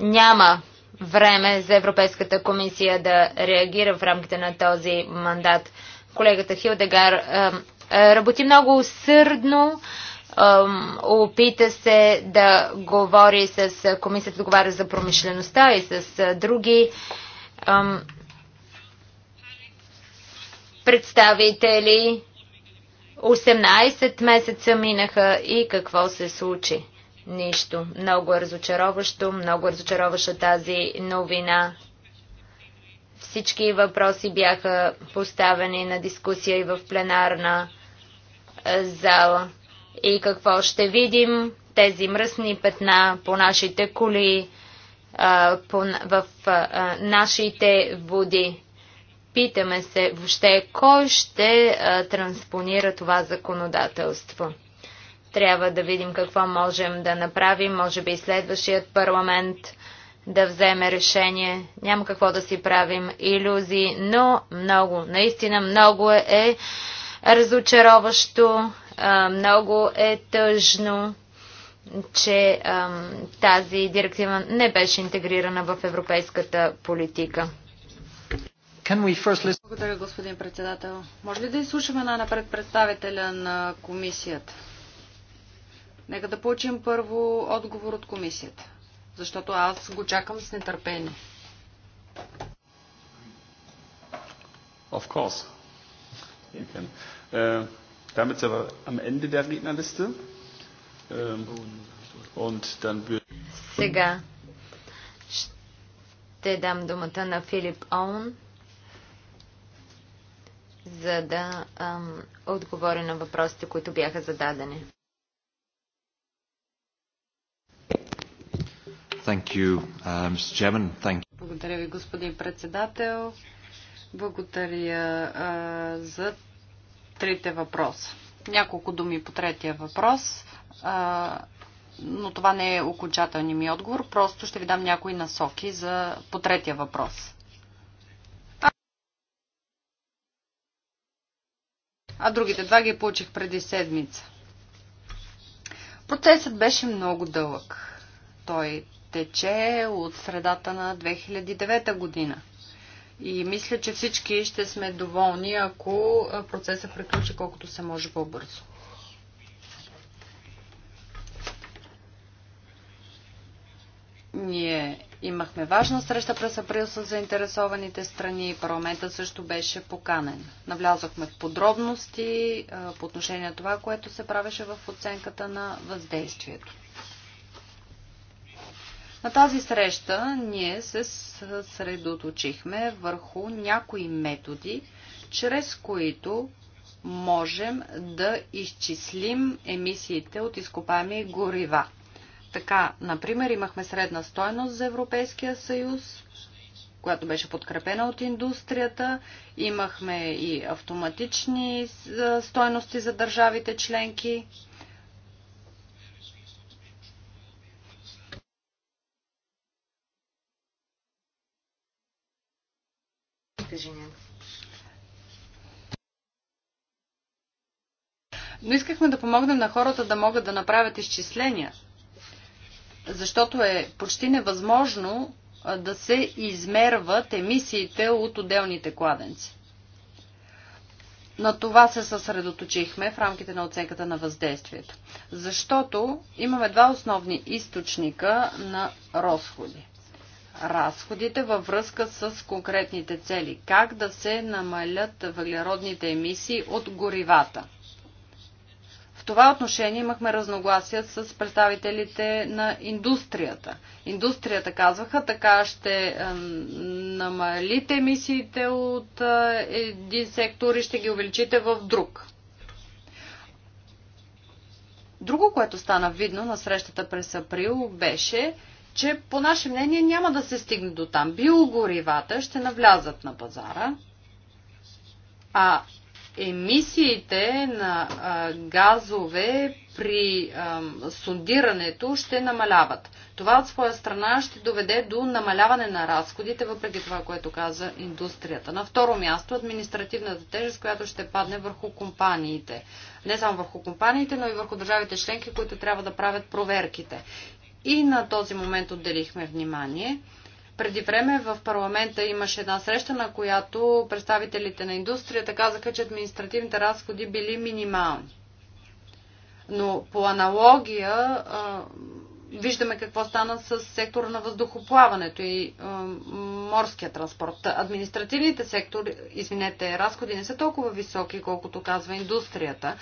няма време за Европейската комисия да реагира в рамките на този мандат. Колегата Хилдегар е, работи много усърдно, опита се да говори с е, комисията, договаря за промишлеността и с е, други представители. 18 месеца минаха и какво се случи? Нищо. Много е разочароващо, много е разочароваща тази новина. Всички въпроси бяха поставени на дискусия и в пленарна е, зала. И какво ще видим? Тези мръсни петна по нашите коли, е, в е, нашите води. Питаме се въобще кой ще транспонира това законодателство. Трябва да видим какво можем да направим. Може би следващият парламент да вземе решение. Няма какво да си правим иллюзии, но много, наистина много е, е разочароващо, много е тъжно, че тази директива не беше интегрирана в европейската политика. Благодаря, господин председател. Може ли да изслушаме най-напред представителя на комисията? Нека да получим първо отговор от комисията защото аз го чакам с нетърпение. Of course. You can. Äh, damit sind wir am Ende der Rednerliste. Uh, und dann würde Сега ще дам думата на Филип Оун, за да um, отговори на въпросите, които бяха зададени. Uh, Благодаря ви, господин председател. Благодаря за трите въпроса. Няколко думи по третия въпрос, а, но това не е окончателният ми отговор. Просто ще ви дам някои насоки за, по третия въпрос. а другите два ги получих преди седмица. Процесът беше много дълъг. Той тече от средата на 2009 година. И мисля, че всички ще сме доволни, ако процесът приключи колкото се може по-бързо. Ние имахме важна среща през април с заинтересованите страни и парламента също беше поканен. Навлязохме в подробности по отношение на това, което се правеше в оценката на въздействието. На тази среща ние се съсредоточихме върху някои методи, чрез които можем да изчислим емисиите от изкопаеми горива. Така, например, имахме средна стойност за Европейския съюз, която беше подкрепена от индустрията. Имахме и автоматични стойности за държавите членки. притеснения. Но искахме да помогнем на хората да могат да направят изчисления, защото е почти невъзможно да се измерват емисиите от отделните кладенци. На това се съсредоточихме в рамките на оценката на въздействието. Защото имаме два основни източника на разходи разходите във връзка с конкретните цели. Как да се намалят въглеродните емисии от горивата? В това отношение имахме разногласия с представителите на индустрията. Индустрията казваха, така ще намалите емисиите от е, един сектор и ще ги увеличите в друг. Друго, което стана видно на срещата през април, беше, че по наше мнение няма да се стигне до там. Биогоривата ще навлязат на пазара, а емисиите на а, газове при а, сундирането ще намаляват. Това от своя страна ще доведе до намаляване на разходите, въпреки това, което каза индустрията. На второ място административната тежест, която ще падне върху компаниите. Не само върху компаниите, но и върху държавите членки, които трябва да правят проверките. И на този момент отделихме внимание. Преди време в парламента имаше една среща, на която представителите на индустрията казаха, че административните разходи били минимални. Но по аналогия а, виждаме какво стана с сектора на въздухоплаването и а, морския транспорт. Административните сектори, извинете, разходи не са толкова високи, колкото казва индустрията,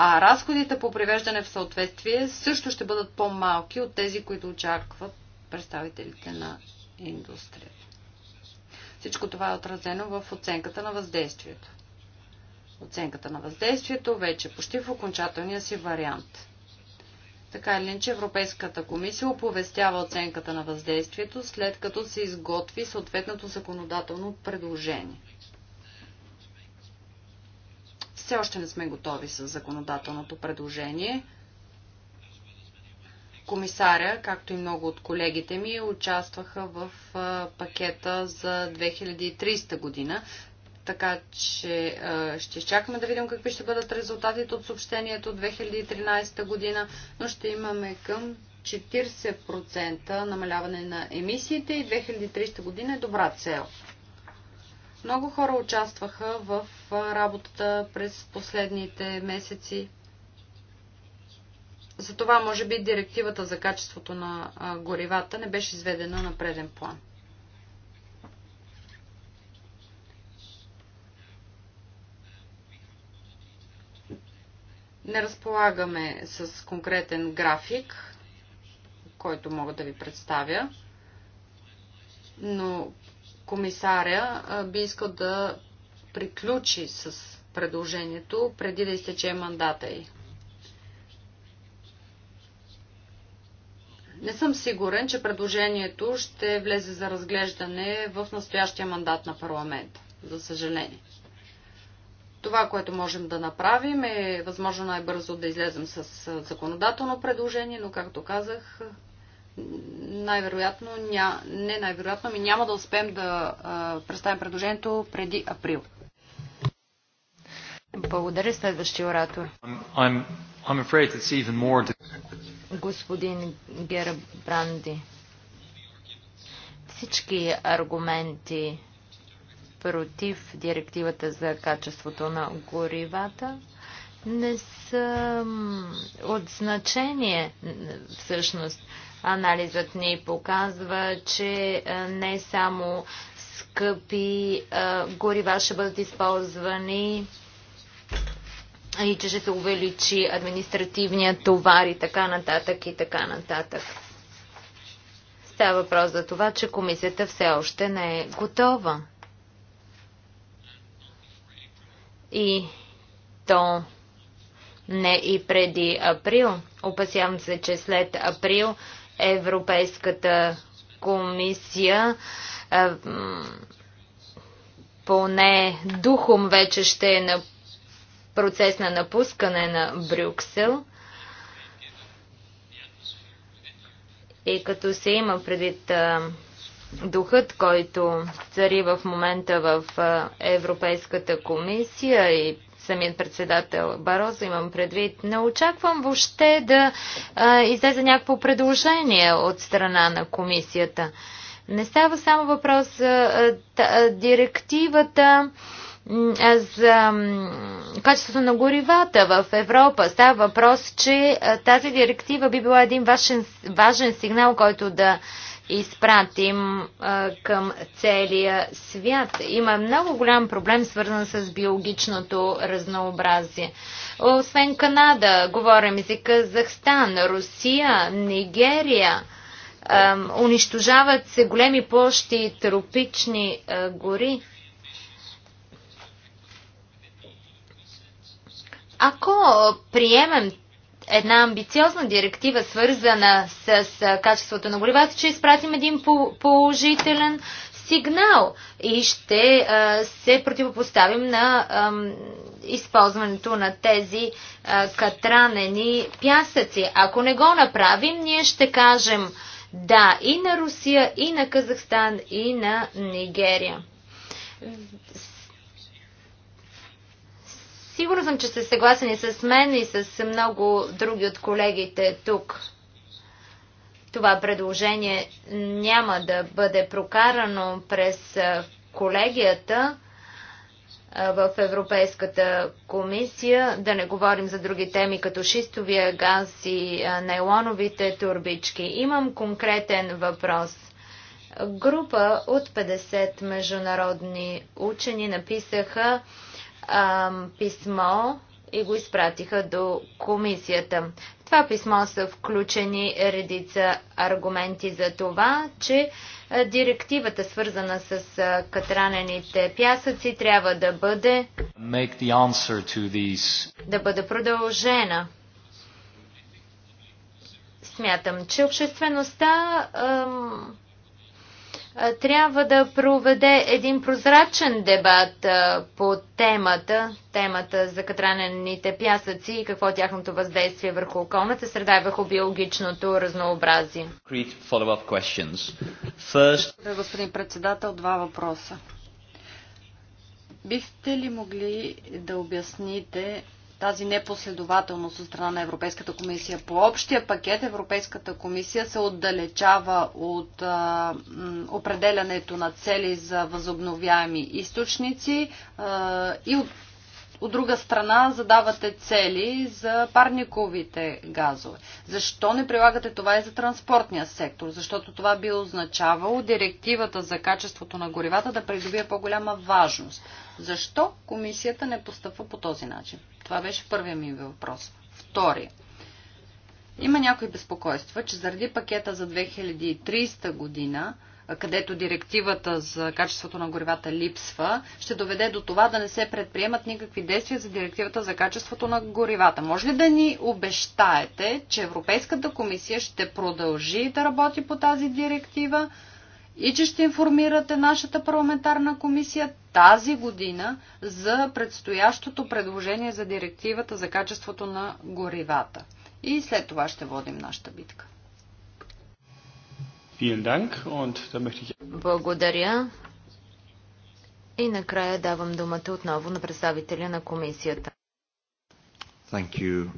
а разходите по привеждане в съответствие също ще бъдат по-малки от тези, които очакват представителите на индустрията. Всичко това е отразено в оценката на въздействието. Оценката на въздействието вече е почти в окончателния си вариант. Така или иначе Европейската комисия оповестява оценката на въздействието, след като се изготви съответното законодателно предложение. Все още не сме готови с законодателното предложение. Комисаря, както и много от колегите ми, участваха в пакета за 2300 година, така че ще изчакаме да видим какви ще бъдат резултатите от съобщението 2013 година, но ще имаме към 40% намаляване на емисиите и 2300 година е добра цел. Много хора участваха в работата през последните месеци. Затова, може би, директивата за качеството на горивата не беше изведена на преден план. Не разполагаме с конкретен график, който мога да ви представя, но комисаря би искал да приключи с предложението преди да изтече мандата й. Не съм сигурен, че предложението ще влезе за разглеждане в настоящия мандат на парламента, за съжаление. Това, което можем да направим е възможно най-бързо да излезем с законодателно предложение, но както казах, най-вероятно, ня... не най-вероятно, ми няма да успеем да а, представим предложението преди април. Благодаря. Следващия оратор. I'm, I'm more... Господин Гербранди, всички аргументи против директивата за качеството на горивата не са от значение всъщност. Анализът ни показва, че не само скъпи горива ще бъдат използвани и че ще се увеличи административния товар и така нататък и така нататък. Става въпрос за това, че комисията все още не е готова. И то не и преди април. Опасявам се, че след април Европейската комисия поне духом вече ще е на процес на напускане на Брюксел. И като се има предвид духът, който цари в момента в Европейската комисия и самият председател Барозо имам предвид. Не очаквам въобще да а, излезе някакво предложение от страна на комисията. Не става само въпрос за директивата за качеството на горивата в Европа. Става въпрос, че тази директива би била един важен, важен сигнал, който да изпратим а, към целия свят. Има много голям проблем, свързан с биологичното разнообразие. Освен Канада, говорим и за Казахстан, Русия, Нигерия. А, унищожават се големи площи тропични а, гори. Ако приемем една амбициозна директива, свързана с, с качеството на горивата, че изпратим един положителен сигнал и ще а, се противопоставим на а, използването на тези а, катранени пясъци. Ако не го направим, ние ще кажем да и на Русия, и на Казахстан, и на Нигерия. Сигурно съм, че сте съгласени с мен и с много други от колегите тук. Това предложение няма да бъде прокарано през колегията в Европейската комисия, да не говорим за други теми като шистовия газ и нейлоновите турбички. Имам конкретен въпрос. Група от 50 международни учени написаха а, писмо и го изпратиха до комисията. В това писмо са включени редица аргументи за това, че директивата свързана с катранените пясъци трябва да бъде да бъде продължена. Смятам, че обществеността трябва да проведе един прозрачен дебат по темата, темата за катранените пясъци и какво е тяхното въздействие върху околната среда и върху биологичното разнообразие. First... Господин председател, два въпроса. Бихте ли могли да обясните тази непоследователност от страна на Европейската комисия. По общия пакет Европейската комисия се отдалечава от а, определянето на цели за възобновяеми източници а, и от от друга страна задавате цели за парниковите газове. Защо не прилагате това и за транспортния сектор? Защото това би означавало директивата за качеството на горивата да придобие по-голяма важност. Защо комисията не постъпва по този начин? Това беше първия ми въпрос. Втори. Има някои безпокойства, че заради пакета за 2300 година където директивата за качеството на горивата липсва, ще доведе до това да не се предприемат никакви действия за директивата за качеството на горивата. Може ли да ни обещаете, че Европейската комисия ще продължи да работи по тази директива и че ще информирате нашата парламентарна комисия тази година за предстоящото предложение за директивата за качеството на горивата? И след това ще водим нашата битка. Благодаря. И накрая давам думата отново на представителя на комисията. You,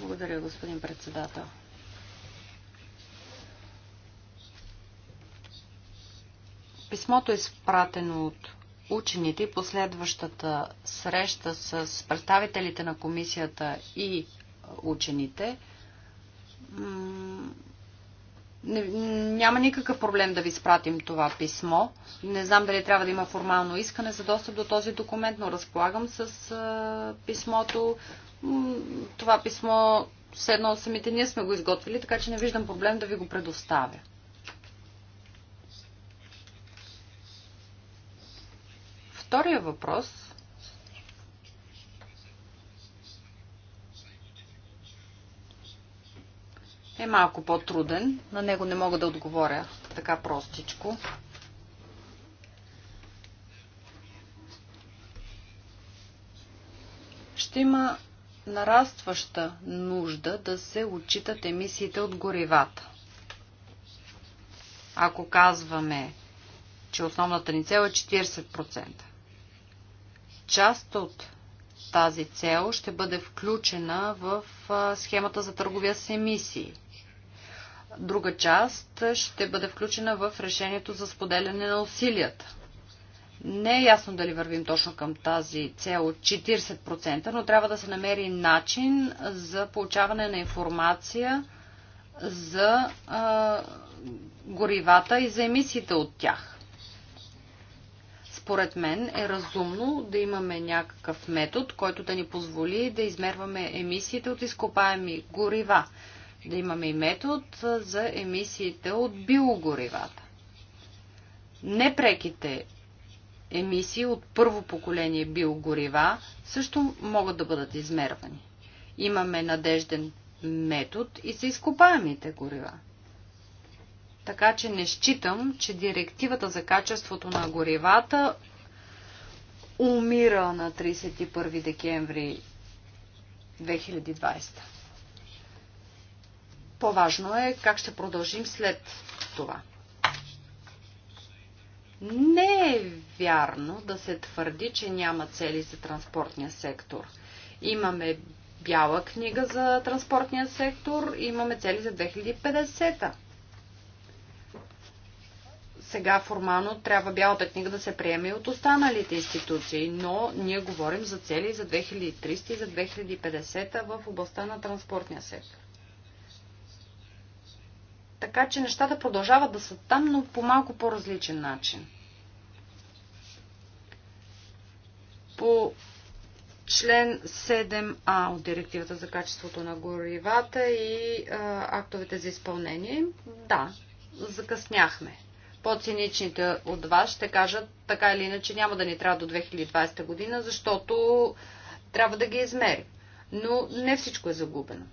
Благодаря, господин председател. Писмото е изпратено от учените и последващата среща с представителите на комисията и учените няма никакъв проблем да ви спратим това писмо. Не знам дали трябва да има формално искане за достъп до този документ, но разполагам с а, писмото. Това писмо, все едно от самите ние сме го изготвили, така че не виждам проблем да ви го предоставя. Втория въпрос е малко по-труден. На него не мога да отговоря така простичко. Ще има нарастваща нужда да се отчитат емисиите от горивата. Ако казваме, че основната ни цел е 40%, част от тази цел ще бъде включена в схемата за търговия с емисии друга част ще бъде включена в решението за споделяне на усилията. Не е ясно дали вървим точно към тази цел от 40%, но трябва да се намери начин за получаване на информация за а, горивата и за емисиите от тях. Според мен е разумно да имаме някакъв метод, който да ни позволи да измерваме емисиите от изкопаеми горива да имаме и метод за емисиите от биогоривата. Непреките емисии от първо поколение биогорива също могат да бъдат измервани. Имаме надежден метод и за изкопаемите горива. Така че не считам, че директивата за качеството на горивата умира на 31 декември 2020. По-важно е как ще продължим след това. Не е вярно да се твърди, че няма цели за транспортния сектор. Имаме бяла книга за транспортния сектор, имаме цели за 2050-та. Сега формално трябва бялата книга да се приеме и от останалите институции, но ние говорим за цели за 2300 и за 2050 в областта на транспортния сектор. Така че нещата продължават да са там, но по малко по-различен начин. По член 7а от директивата за качеството на горивата и а, актовете за изпълнение, да, закъсняхме. По-циничните от вас ще кажат, така или иначе няма да ни трябва до 2020 година, защото трябва да ги измерим. Но не всичко е загубено.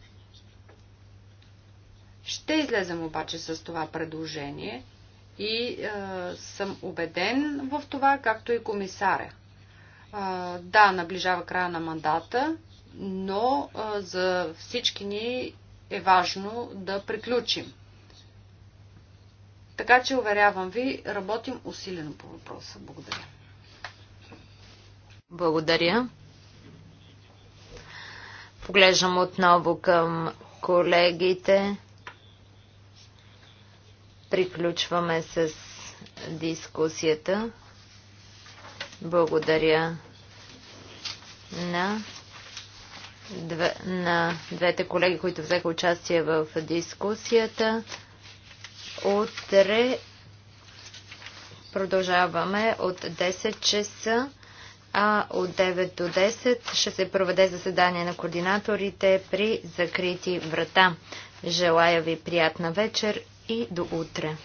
Ще излезем обаче с това предложение и е, съм убеден в това, както и комисаря. Е, да, наближава края на мандата, но е, за всички ни е важно да приключим. Така че, уверявам ви, работим усилено по въпроса. Благодаря. Благодаря. Поглеждам отново към колегите. Приключваме с дискусията. Благодаря на, две, на двете колеги, които взеха участие в дискусията. Утре продължаваме от 10 часа, а от 9 до 10 ще се проведе заседание на координаторите при закрити врата. Желая ви приятна вечер и до утре.